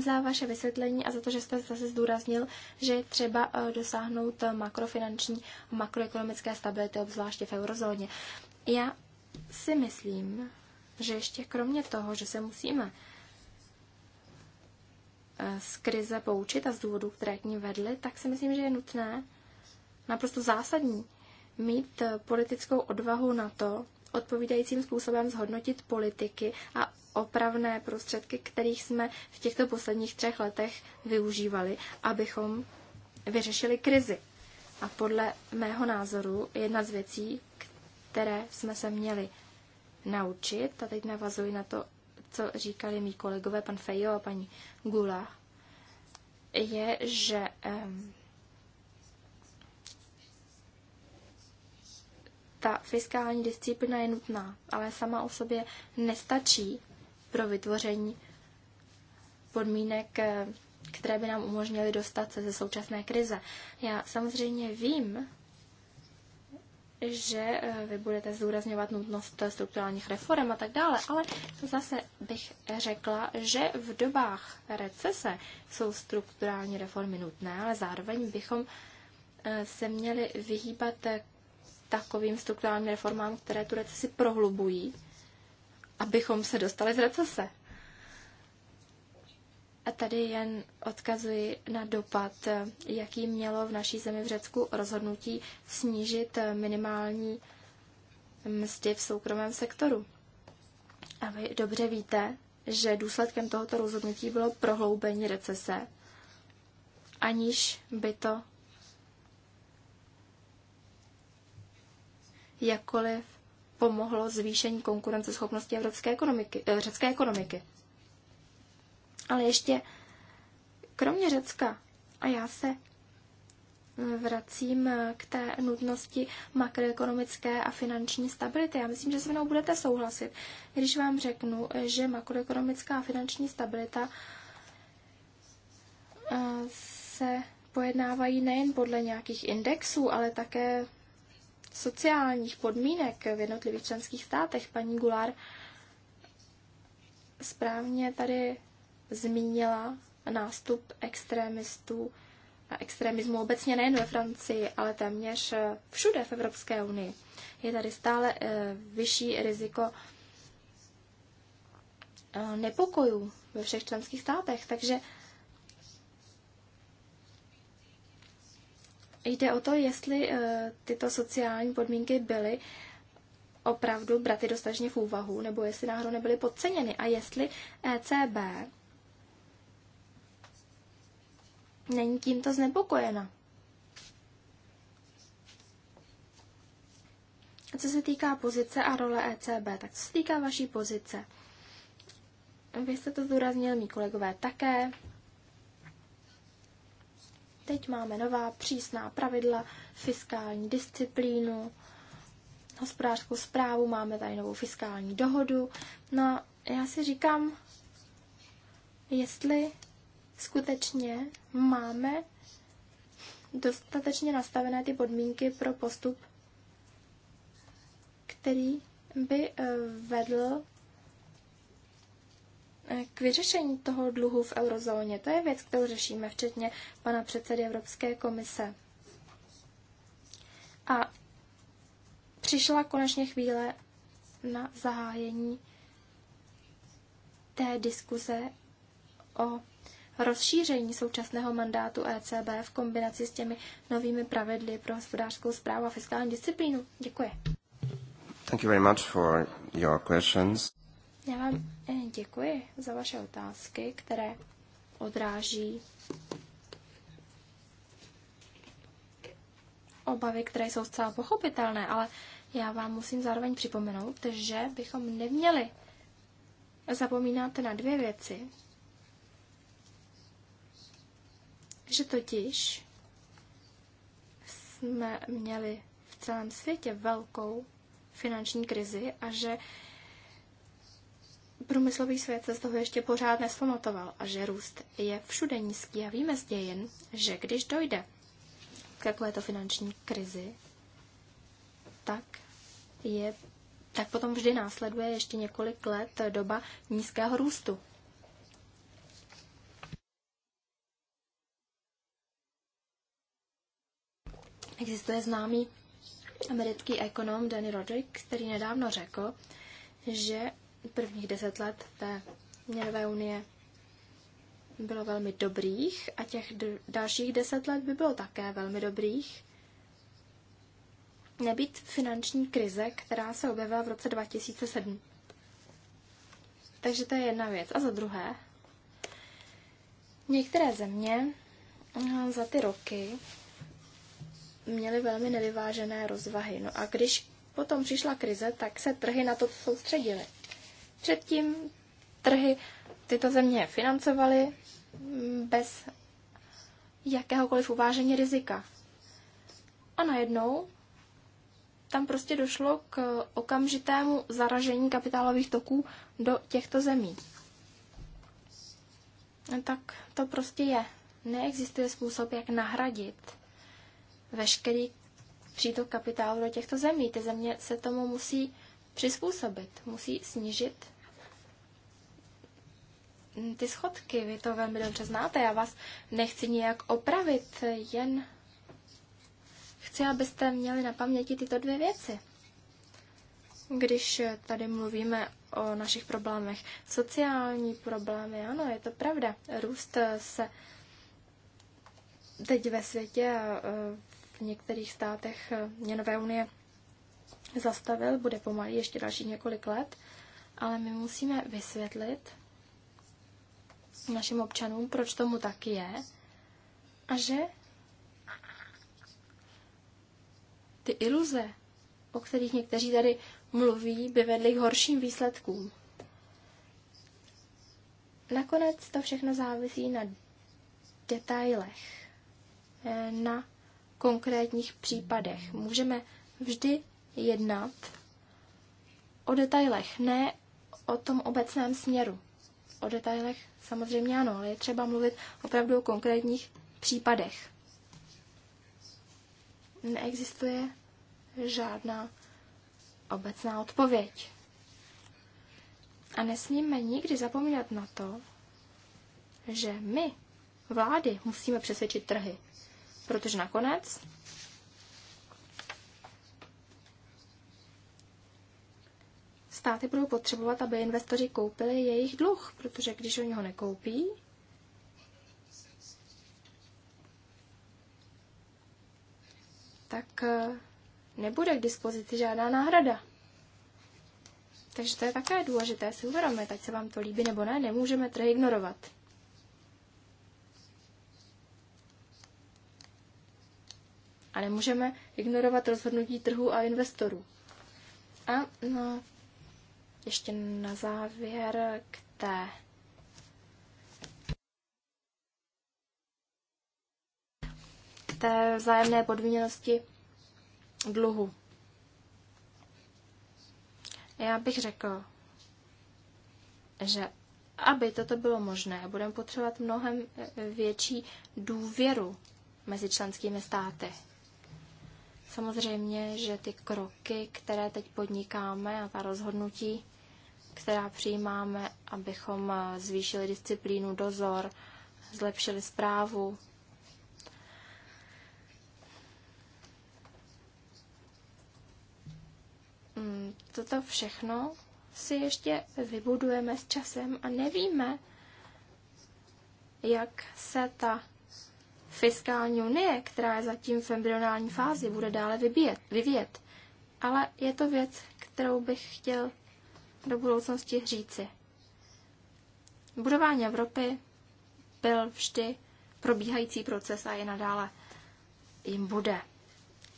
za vaše vysvětlení a za to, že jste zase zdůraznil, že je třeba eh, dosáhnout makrofinanční a makroekonomické stability, obzvláště v eurozóně. Já si myslím, že ještě kromě toho, že se musíme z krize poučit a z důvodů, které k ní vedly, tak si myslím, že je nutné, naprosto zásadní, mít eh, politickou odvahu na to, odpovídajícím způsobem zhodnotit politiky a opravné prostředky, kterých jsme v těchto posledních třech letech využívali, abychom vyřešili krizi. A podle mého názoru jedna z věcí, které jsme se měli naučit, a teď navazuji na to, co říkali mý kolegové, pan Fejo a paní Gula, je, že um, Ta fiskální disciplína je nutná, ale sama o sobě nestačí pro vytvoření podmínek, eh, které by nám umožnily dostat se ze současné krize. Já samozřejmě vím, že eh, vy budete zdůrazňovat nutnost strukturálních reform a tak dále, ale zase bych řekla, že v dobách recese jsou strukturální reformy nutné, ale zároveň bychom eh, se měli vyhýbat takovým strukturálním reformám, které tu recesi prohlubují, abychom se dostali z recese. A tady jen odkazuji na dopad, jaký mělo v naší zemi v Řecku rozhodnutí snížit minimální mzdy v soukromém sektoru. A vy dobře víte, že důsledkem tohoto rozhodnutí bylo prohloubení recese, aniž by to jakkoliv pomohlo zvýšení konkurenceschopnosti evropské ekonomiky, eh, řecké ekonomiky. Ale ještě kromě Řecka, a já se vracím eh, k té nutnosti makroekonomické a finanční stability. Já myslím, že se mnou budete souhlasit, když vám řeknu, že makroekonomická a finanční stabilita eh, se pojednávají nejen podle nějakých indexů, ale také sociálních podmínek v jednotlivých členských státech. Paní Gulár správně tady zmínila nástup extremistů a extremismu obecně nejen ve Francii, ale téměř eh, všude v Evropské unii. Je tady stále eh, vyšší riziko eh, nepokojů ve všech členských státech, takže Jde o to, jestli eh, tyto sociální podmínky byly opravdu braty dostatečně v úvahu, nebo jestli náhodou nebyly podceněny a jestli ECB není tímto znepokojena. A co se týká pozice a role ECB, tak co se týká vaší pozice? Vy jste to zdůraznil, mý kolegové také. Teď máme nová přísná pravidla, fiskální disciplínu, hospodářskou zprávu, máme tady novou fiskální dohodu. No a já si říkám, jestli skutečně máme dostatečně nastavené ty podmínky pro postup, který by eh, vedl k vyřešení toho dluhu v eurozóně. To je věc, kterou řešíme, včetně pana předsedy Evropské komise. A přišla konečně chvíle na zahájení té diskuze o rozšíření současného mandátu ECB v kombinaci s těmi novými pravidly pro hospodářskou zprávu a fiskální disciplínu. Děkuji. Thank you very much for your questions. Já vám eh, děkuji za vaše otázky, které odráží obavy, které jsou zcela pochopitelné, ale já vám musím zároveň připomenout, že bychom neměli zapomínat na dvě věci. Že totiž jsme měli v celém světě velkou finanční krizi a že Průmyslový svět se z toho ještě pořád nespamatoval a že růst je všude nízký a víme z dějin, že když dojde k takovéto finanční krizi, tak je tak potom vždy následuje ještě několik let doba nízkého růstu. Existuje známý americký ekonom Danny Roderick, který nedávno řekl, že prvních deset let té měnové unie bylo velmi dobrých a těch dalších deset let by bylo také velmi dobrých. Nebýt finanční krize, která se objevila v roce 2007. Takže to je jedna věc. A za druhé, některé země za ty roky měly velmi nevyvážené rozvahy. No a když potom přišla krize, tak se trhy na to soustředily. Předtím trhy tyto země financovaly mm, bez jakéhokoliv uvážení rizika. A najednou tam prostě došlo k okamžitému zaražení kapitálových toků do těchto zemí. No tak to prostě je. Neexistuje způsob, jak nahradit veškerý přítok kapitálu do těchto zemí. Ty země se tomu musí přizpůsobit, musí snížit ty schodky. Vy to velmi dobře znáte, já vás nechci nijak opravit, jen chci, abyste měli na paměti tyto dvě věci. Když tady mluvíme o našich problémech, sociální problémy, ano, je to pravda. Růst se teď ve světě a v některých státech měnové unie zastavil, bude pomalý ještě další několik let, ale my musíme vysvětlit našim občanům, proč tomu tak je a že ty iluze, o kterých někteří tady mluví, by vedly k horším výsledkům. Nakonec to všechno závisí na detailech, eh, na konkrétních případech. Můžeme vždy jednat o detailech, ne o tom obecném směru. O detailech samozřejmě ano, ale je třeba mluvit opravdu o konkrétních případech. Neexistuje žádná obecná odpověď. A nesmíme nikdy zapomínat na to, že my, vlády, musíme přesvědčit trhy. Protože nakonec státy budou potřebovat, aby investoři koupili jejich dluh, protože když oni ho nekoupí, tak eh, nebude k dispozici žádná náhrada. Takže to je také důležité si uvědomit, ať se vám to líbí nebo ne, nemůžeme to ignorovat. A nemůžeme ignorovat rozhodnutí trhu a investorů. A no, ještě na závěr k té k té vzájemné podmíněnosti dluhu. Já bych řekl, že aby toto bylo možné, budeme potřebovat mnohem větší důvěru mezi členskými státy. Samozřejmě, že ty kroky, které teď podnikáme a ta rozhodnutí, která přijímáme, abychom eh, zvýšili disciplínu, dozor, zlepšili zprávu. Mm, toto všechno si ještě vybudujeme s časem a nevíme, jak se ta fiskální unie, která je zatím v embryonální fázi, bude dále vybíjet, vyvíjet. Ale je to věc, kterou bych chtěl do budoucnosti říci. Budování Evropy byl vždy probíhající proces a je nadále jim bude.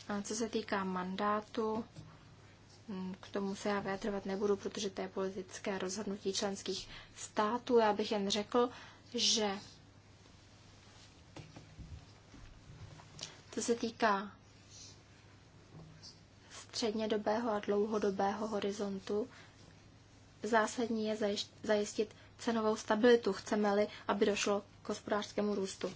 A co se týká mandátu, k tomu se já vyjadřovat nebudu, protože to je politické rozhodnutí členských států. Já bych jen řekl, že co se týká střednědobého a dlouhodobého horizontu, Zásadní je zajistit cenovou stabilitu, chceme-li, aby došlo k hospodářskému růstu.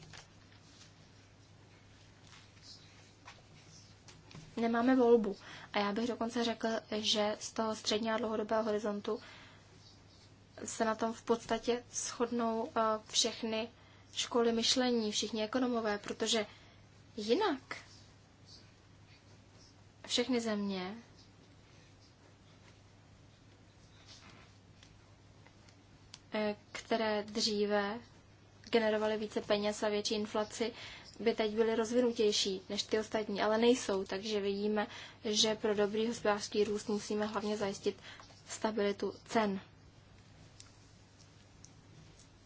Nemáme volbu a já bych dokonce řekl, že z toho středního a dlouhodobého horizontu se na tom v podstatě shodnou uh, všechny školy myšlení, všichni ekonomové, protože jinak všechny země Eh, které dříve generovaly více peněz a větší inflaci, by teď byly rozvinutější než ty ostatní, ale nejsou, takže vidíme, že pro dobrý hospodářský růst musíme hlavně zajistit stabilitu cen.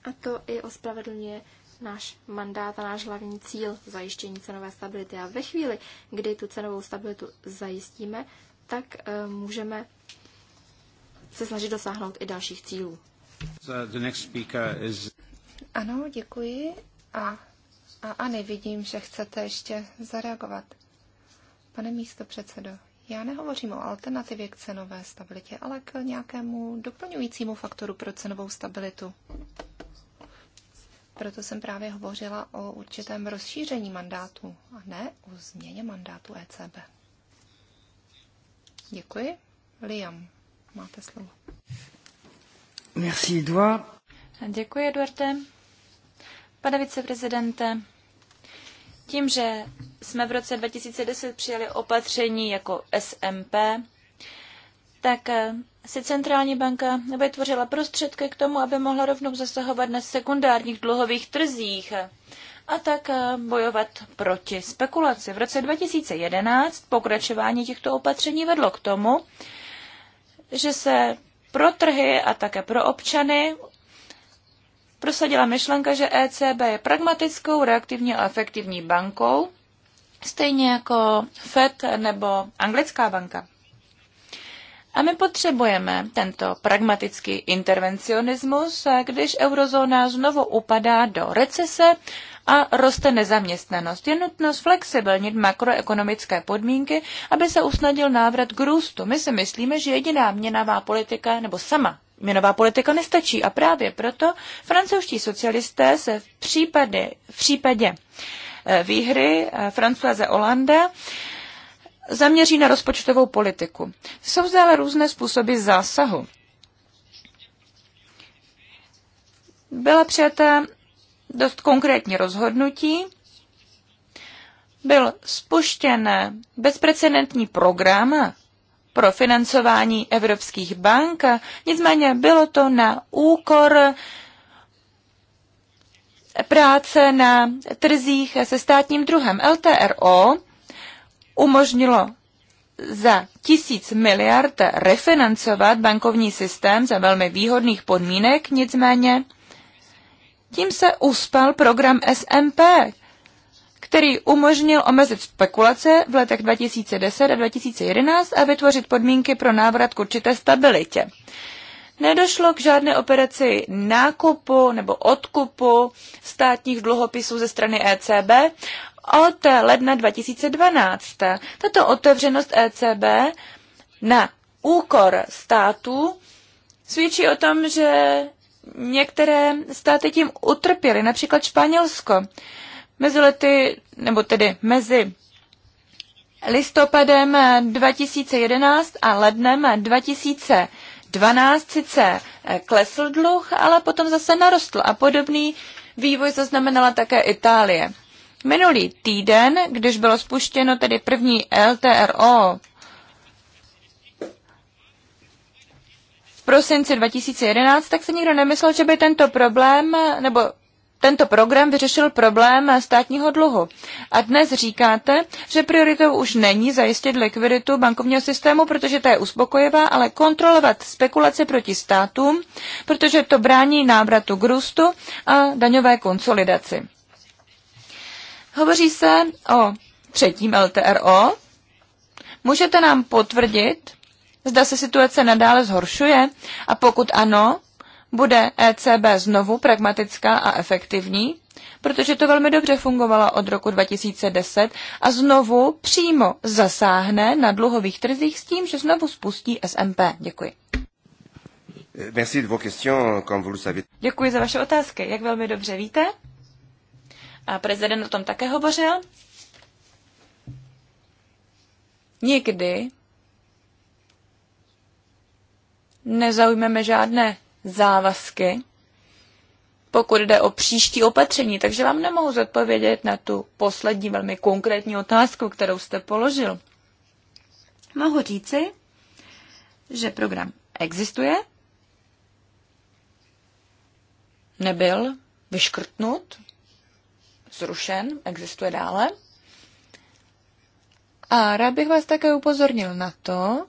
A to i ospravedlňuje náš mandát a náš hlavní cíl zajištění cenové stability. A ve chvíli, kdy tu cenovou stabilitu zajistíme, tak eh, můžeme se snažit dosáhnout i dalších cílů. Ano, děkuji. A, a, a nevidím, že chcete ještě zareagovat. Pane místo předsedo, já nehovořím o alternativě k cenové stabilitě, ale k nějakému doplňujícímu faktoru pro cenovou stabilitu. Proto jsem právě hovořila o určitém rozšíření mandátu a ne o změně mandátu ECB. Děkuji. Liam, máte slovo. Merci, Děkuji, Eduarde. Pane viceprezidente, tím, že jsme v roce 2010 přijali opatření jako SMP, tak eh, si centrální banka vytvořila prostředky k tomu, aby mohla rovnou zasahovat na sekundárních dluhových trzích a tak eh, bojovat proti spekulaci. V roce 2011 pokračování těchto opatření vedlo k tomu, že se pro trhy a také pro občany prosadila myšlenka, že ECB je pragmatickou, reaktivní a efektivní bankou, stejně jako FED nebo anglická banka. A my potřebujeme tento pragmatický intervencionismus, když eurozóna znovu upadá do recese a roste nezaměstnanost. Je nutno zflexibilnit makroekonomické podmínky, aby se usnadnil návrat k růstu. My si myslíme, že jediná měnová politika nebo sama měnová politika nestačí a právě proto francouzští socialisté se v, případy, v případě eh, výhry eh, Francoise Hollande zaměří na rozpočtovou politiku. Jsou zde ale různé způsoby zásahu. Byla přijata dost konkrétní rozhodnutí. Byl spuštěn bezprecedentní program pro financování evropských bank, nicméně bylo to na úkor práce na trzích se státním druhem LTRO umožnilo za tisíc miliard refinancovat bankovní systém za velmi výhodných podmínek, nicméně tím se uspal program SMP, který umožnil omezit spekulace v letech 2010 a 2011 a vytvořit podmínky pro návrat k určité stabilitě. Nedošlo k žádné operaci nákupu nebo odkupu státních dluhopisů ze strany ECB od ledna 2012. Tato otevřenost ECB na úkor států svědčí o tom, že některé státy tím utrpěly, například Španělsko. Mezi lety, nebo tedy mezi listopadem 2011 a lednem 2012 sice eh, klesl dluh, ale potom zase narostl a podobný vývoj zaznamenala také Itálie. Minulý týden, když bylo spuštěno tedy první LTRO v prosinci 2011, tak se nikdo nemyslel, že by tento problém nebo tento program vyřešil problém státního dluhu. A dnes říkáte, že prioritou už není zajistit likviditu bankovního systému, protože ta je uspokojivá, ale kontrolovat spekulace proti státům, protože to brání návratu k růstu a daňové konsolidaci. Hovoří se o třetím LTRO. Můžete nám potvrdit, Zda se situace nadále zhoršuje a pokud ano, bude ECB znovu pragmatická a efektivní, protože to velmi dobře fungovalo od roku 2010 a znovu přímo zasáhne na dluhových trzích s tím, že znovu spustí SMP. Děkuji. Merci de vos questions, comme vous le savez. Děkuji za vaše otázky, jak velmi dobře víte. A prezident o tom také hovořil. Nikdy nezaujmeme žádné závazky, pokud jde o příští opatření, takže vám nemohu zodpovědět na tu poslední velmi konkrétní otázku, kterou jste položil. Mohu říci, že program existuje, nebyl vyškrtnut, zrušen, existuje dále. A rád bych vás také upozornil na to,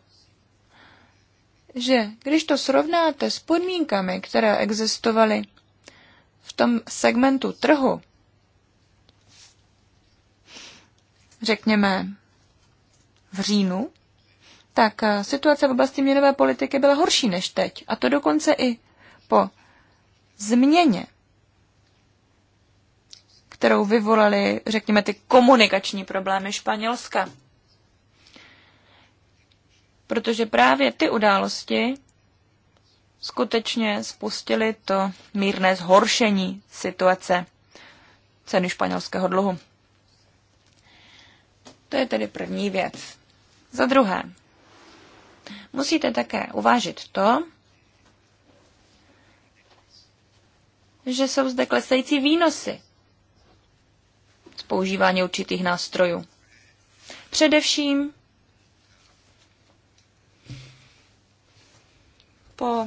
že když to srovnáte s podmínkami, které existovaly v tom segmentu trhu, řekněme v říjnu, tak eh, situace v oblasti měnové politiky byla horší než teď. A to dokonce i po změně, kterou vyvolaly, řekněme, ty komunikační problémy Španělska protože právě ty události skutečně spustily to mírné zhoršení situace ceny španělského dluhu. To je tedy první věc. Za druhé, musíte také uvážit to, že jsou zde klesající výnosy z používání určitých nástrojů. Především po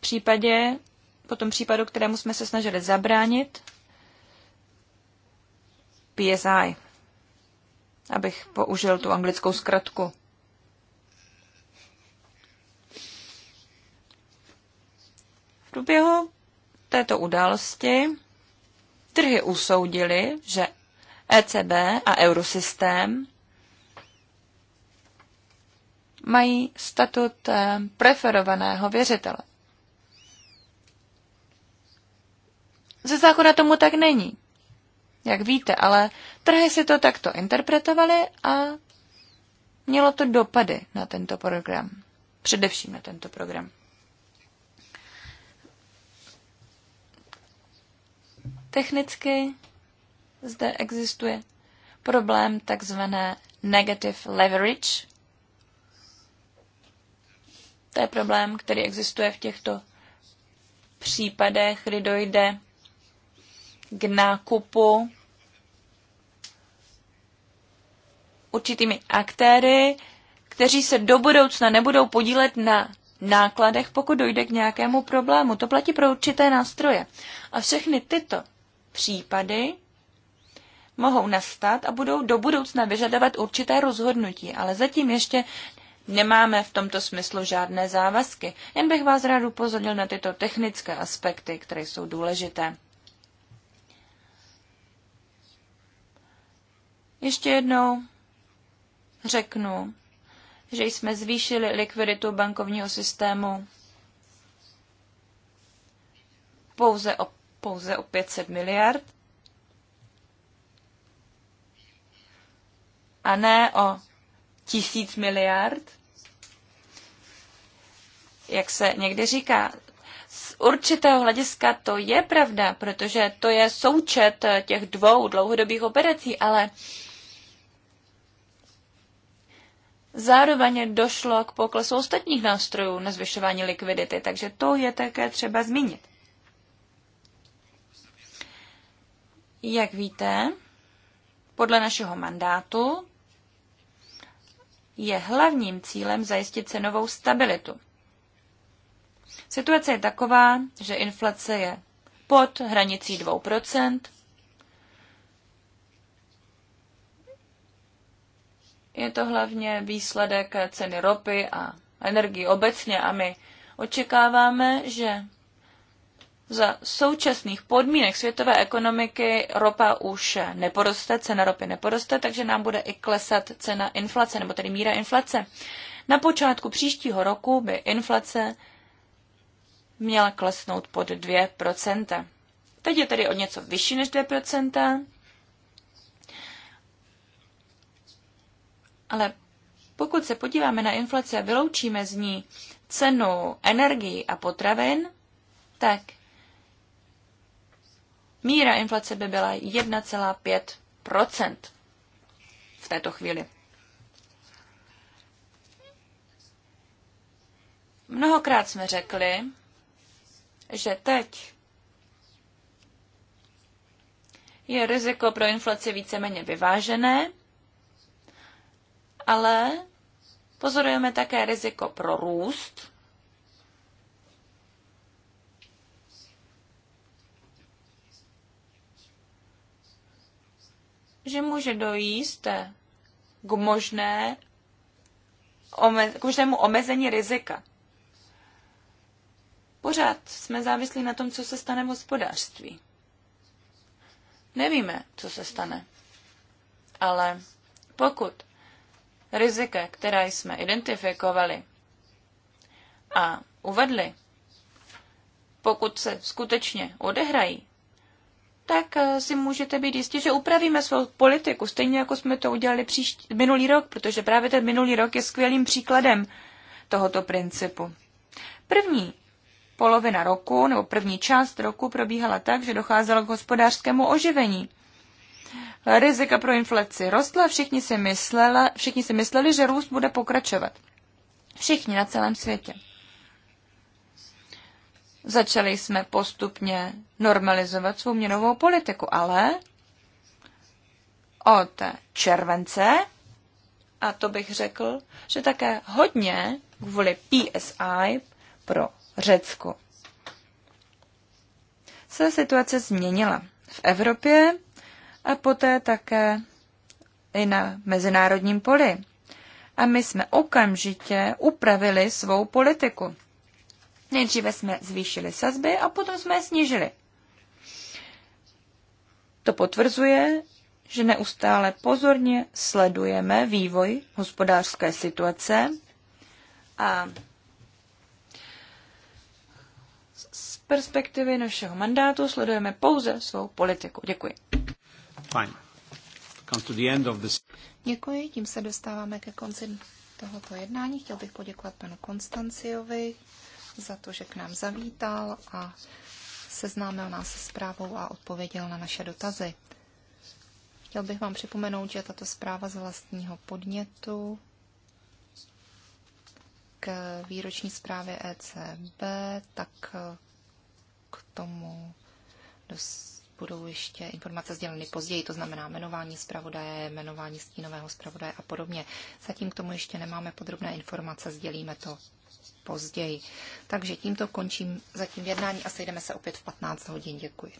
případě, po tom případu, kterému jsme se snažili zabránit, PSI, abych použil tu anglickou zkratku. V průběhu této události trhy usoudili, že ECB a eurosystém mají statut eh, preferovaného věřitele. Ze zákona tomu tak není. Jak víte, ale trhy si to takto interpretovaly a mělo to dopady na tento program. Především na tento program. Technicky zde existuje problém takzvané negative leverage, to je problém, který existuje v těchto případech, kdy dojde k nákupu určitými aktéry, kteří se do budoucna nebudou podílet na nákladech, pokud dojde k nějakému problému. To platí pro určité nástroje. A všechny tyto případy mohou nastat a budou do budoucna vyžadovat určité rozhodnutí, ale zatím ještě nemáme v tomto smyslu žádné závazky. Jen bych vás rád upozornil na tyto technické aspekty, které jsou důležité. Ještě jednou řeknu, že jsme zvýšili likviditu bankovního systému pouze o, pouze o 500 miliard a ne o tisíc miliard, jak se někdy říká, z určitého hlediska to je pravda, protože to je součet eh, těch dvou dlouhodobých operací, ale zároveň došlo k poklesu ostatních nástrojů na zvyšování likvidity, takže to je také třeba zmínit. Jak víte, podle našeho mandátu je hlavním cílem zajistit cenovou stabilitu. Situace je taková, že inflace je pod hranicí 2%. Je to hlavně výsledek ceny ropy a energii obecně a my očekáváme, že za současných podmínek světové ekonomiky ropa už neporoste, cena ropy neporoste, takže nám bude i klesat cena inflace, nebo tedy míra inflace. Na počátku příštího roku by inflace měla klesnout pod 2%. Teď je tedy o něco vyšší než 2%, ale pokud se podíváme na inflaci a vyloučíme z ní cenu energií a potravin, tak míra inflace by byla 1,5 v této chvíli. Mnohokrát jsme řekli, že teď je riziko pro inflaci víceméně vyvážené, ale pozorujeme také riziko pro růst, že může dojít k, možné, k možnému omezení rizika. Pořád jsme závislí na tom, co se stane v hospodářství. Nevíme, co se stane. Ale pokud rizika, která jsme identifikovali a uvedli, pokud se skutečně odehrají, tak eh, si můžete být jistí, že upravíme svou politiku, stejně jako jsme to udělali příští, minulý rok, protože právě ten minulý rok je skvělým příkladem tohoto principu. První polovina roku nebo první část roku probíhala tak, že docházelo k hospodářskému oživení. Rizika pro inflaci rostla, všichni si, myslela, všichni si mysleli, že růst bude pokračovat. Všichni na celém světě. Začali jsme postupně normalizovat svou měnovou politiku, ale od července, a to bych řekl, že také hodně kvůli PSI pro Řecko. Se situace změnila v Evropě a poté také i na mezinárodním poli. A my jsme okamžitě upravili svou politiku. Nejdříve jsme zvýšili sazby a potom jsme je snížili. To potvrzuje, že neustále pozorně sledujeme vývoj hospodářské situace a z perspektivy našeho mandátu sledujeme pouze svou politiku. Děkuji. Fine. Come to the end of this. Děkuji, tím se dostáváme ke konci tohoto jednání. Chtěl bych poděkovat panu Konstanciovi za to, že k nám zavítal a seznámil nás se zprávou a odpověděl na naše dotazy. Chtěl bych vám připomenout, že tato zpráva z vlastního podnětu k výroční zprávě ECB, tak k tomu budou ještě informace sděleny později, to znamená jmenování zpravodaje, jmenování stínového zpravodaje a podobně. Zatím k tomu ještě nemáme podrobné informace, sdělíme to později. Takže tímto končím zatím jednání a sejdeme se opět v 15 hodin. Děkuji.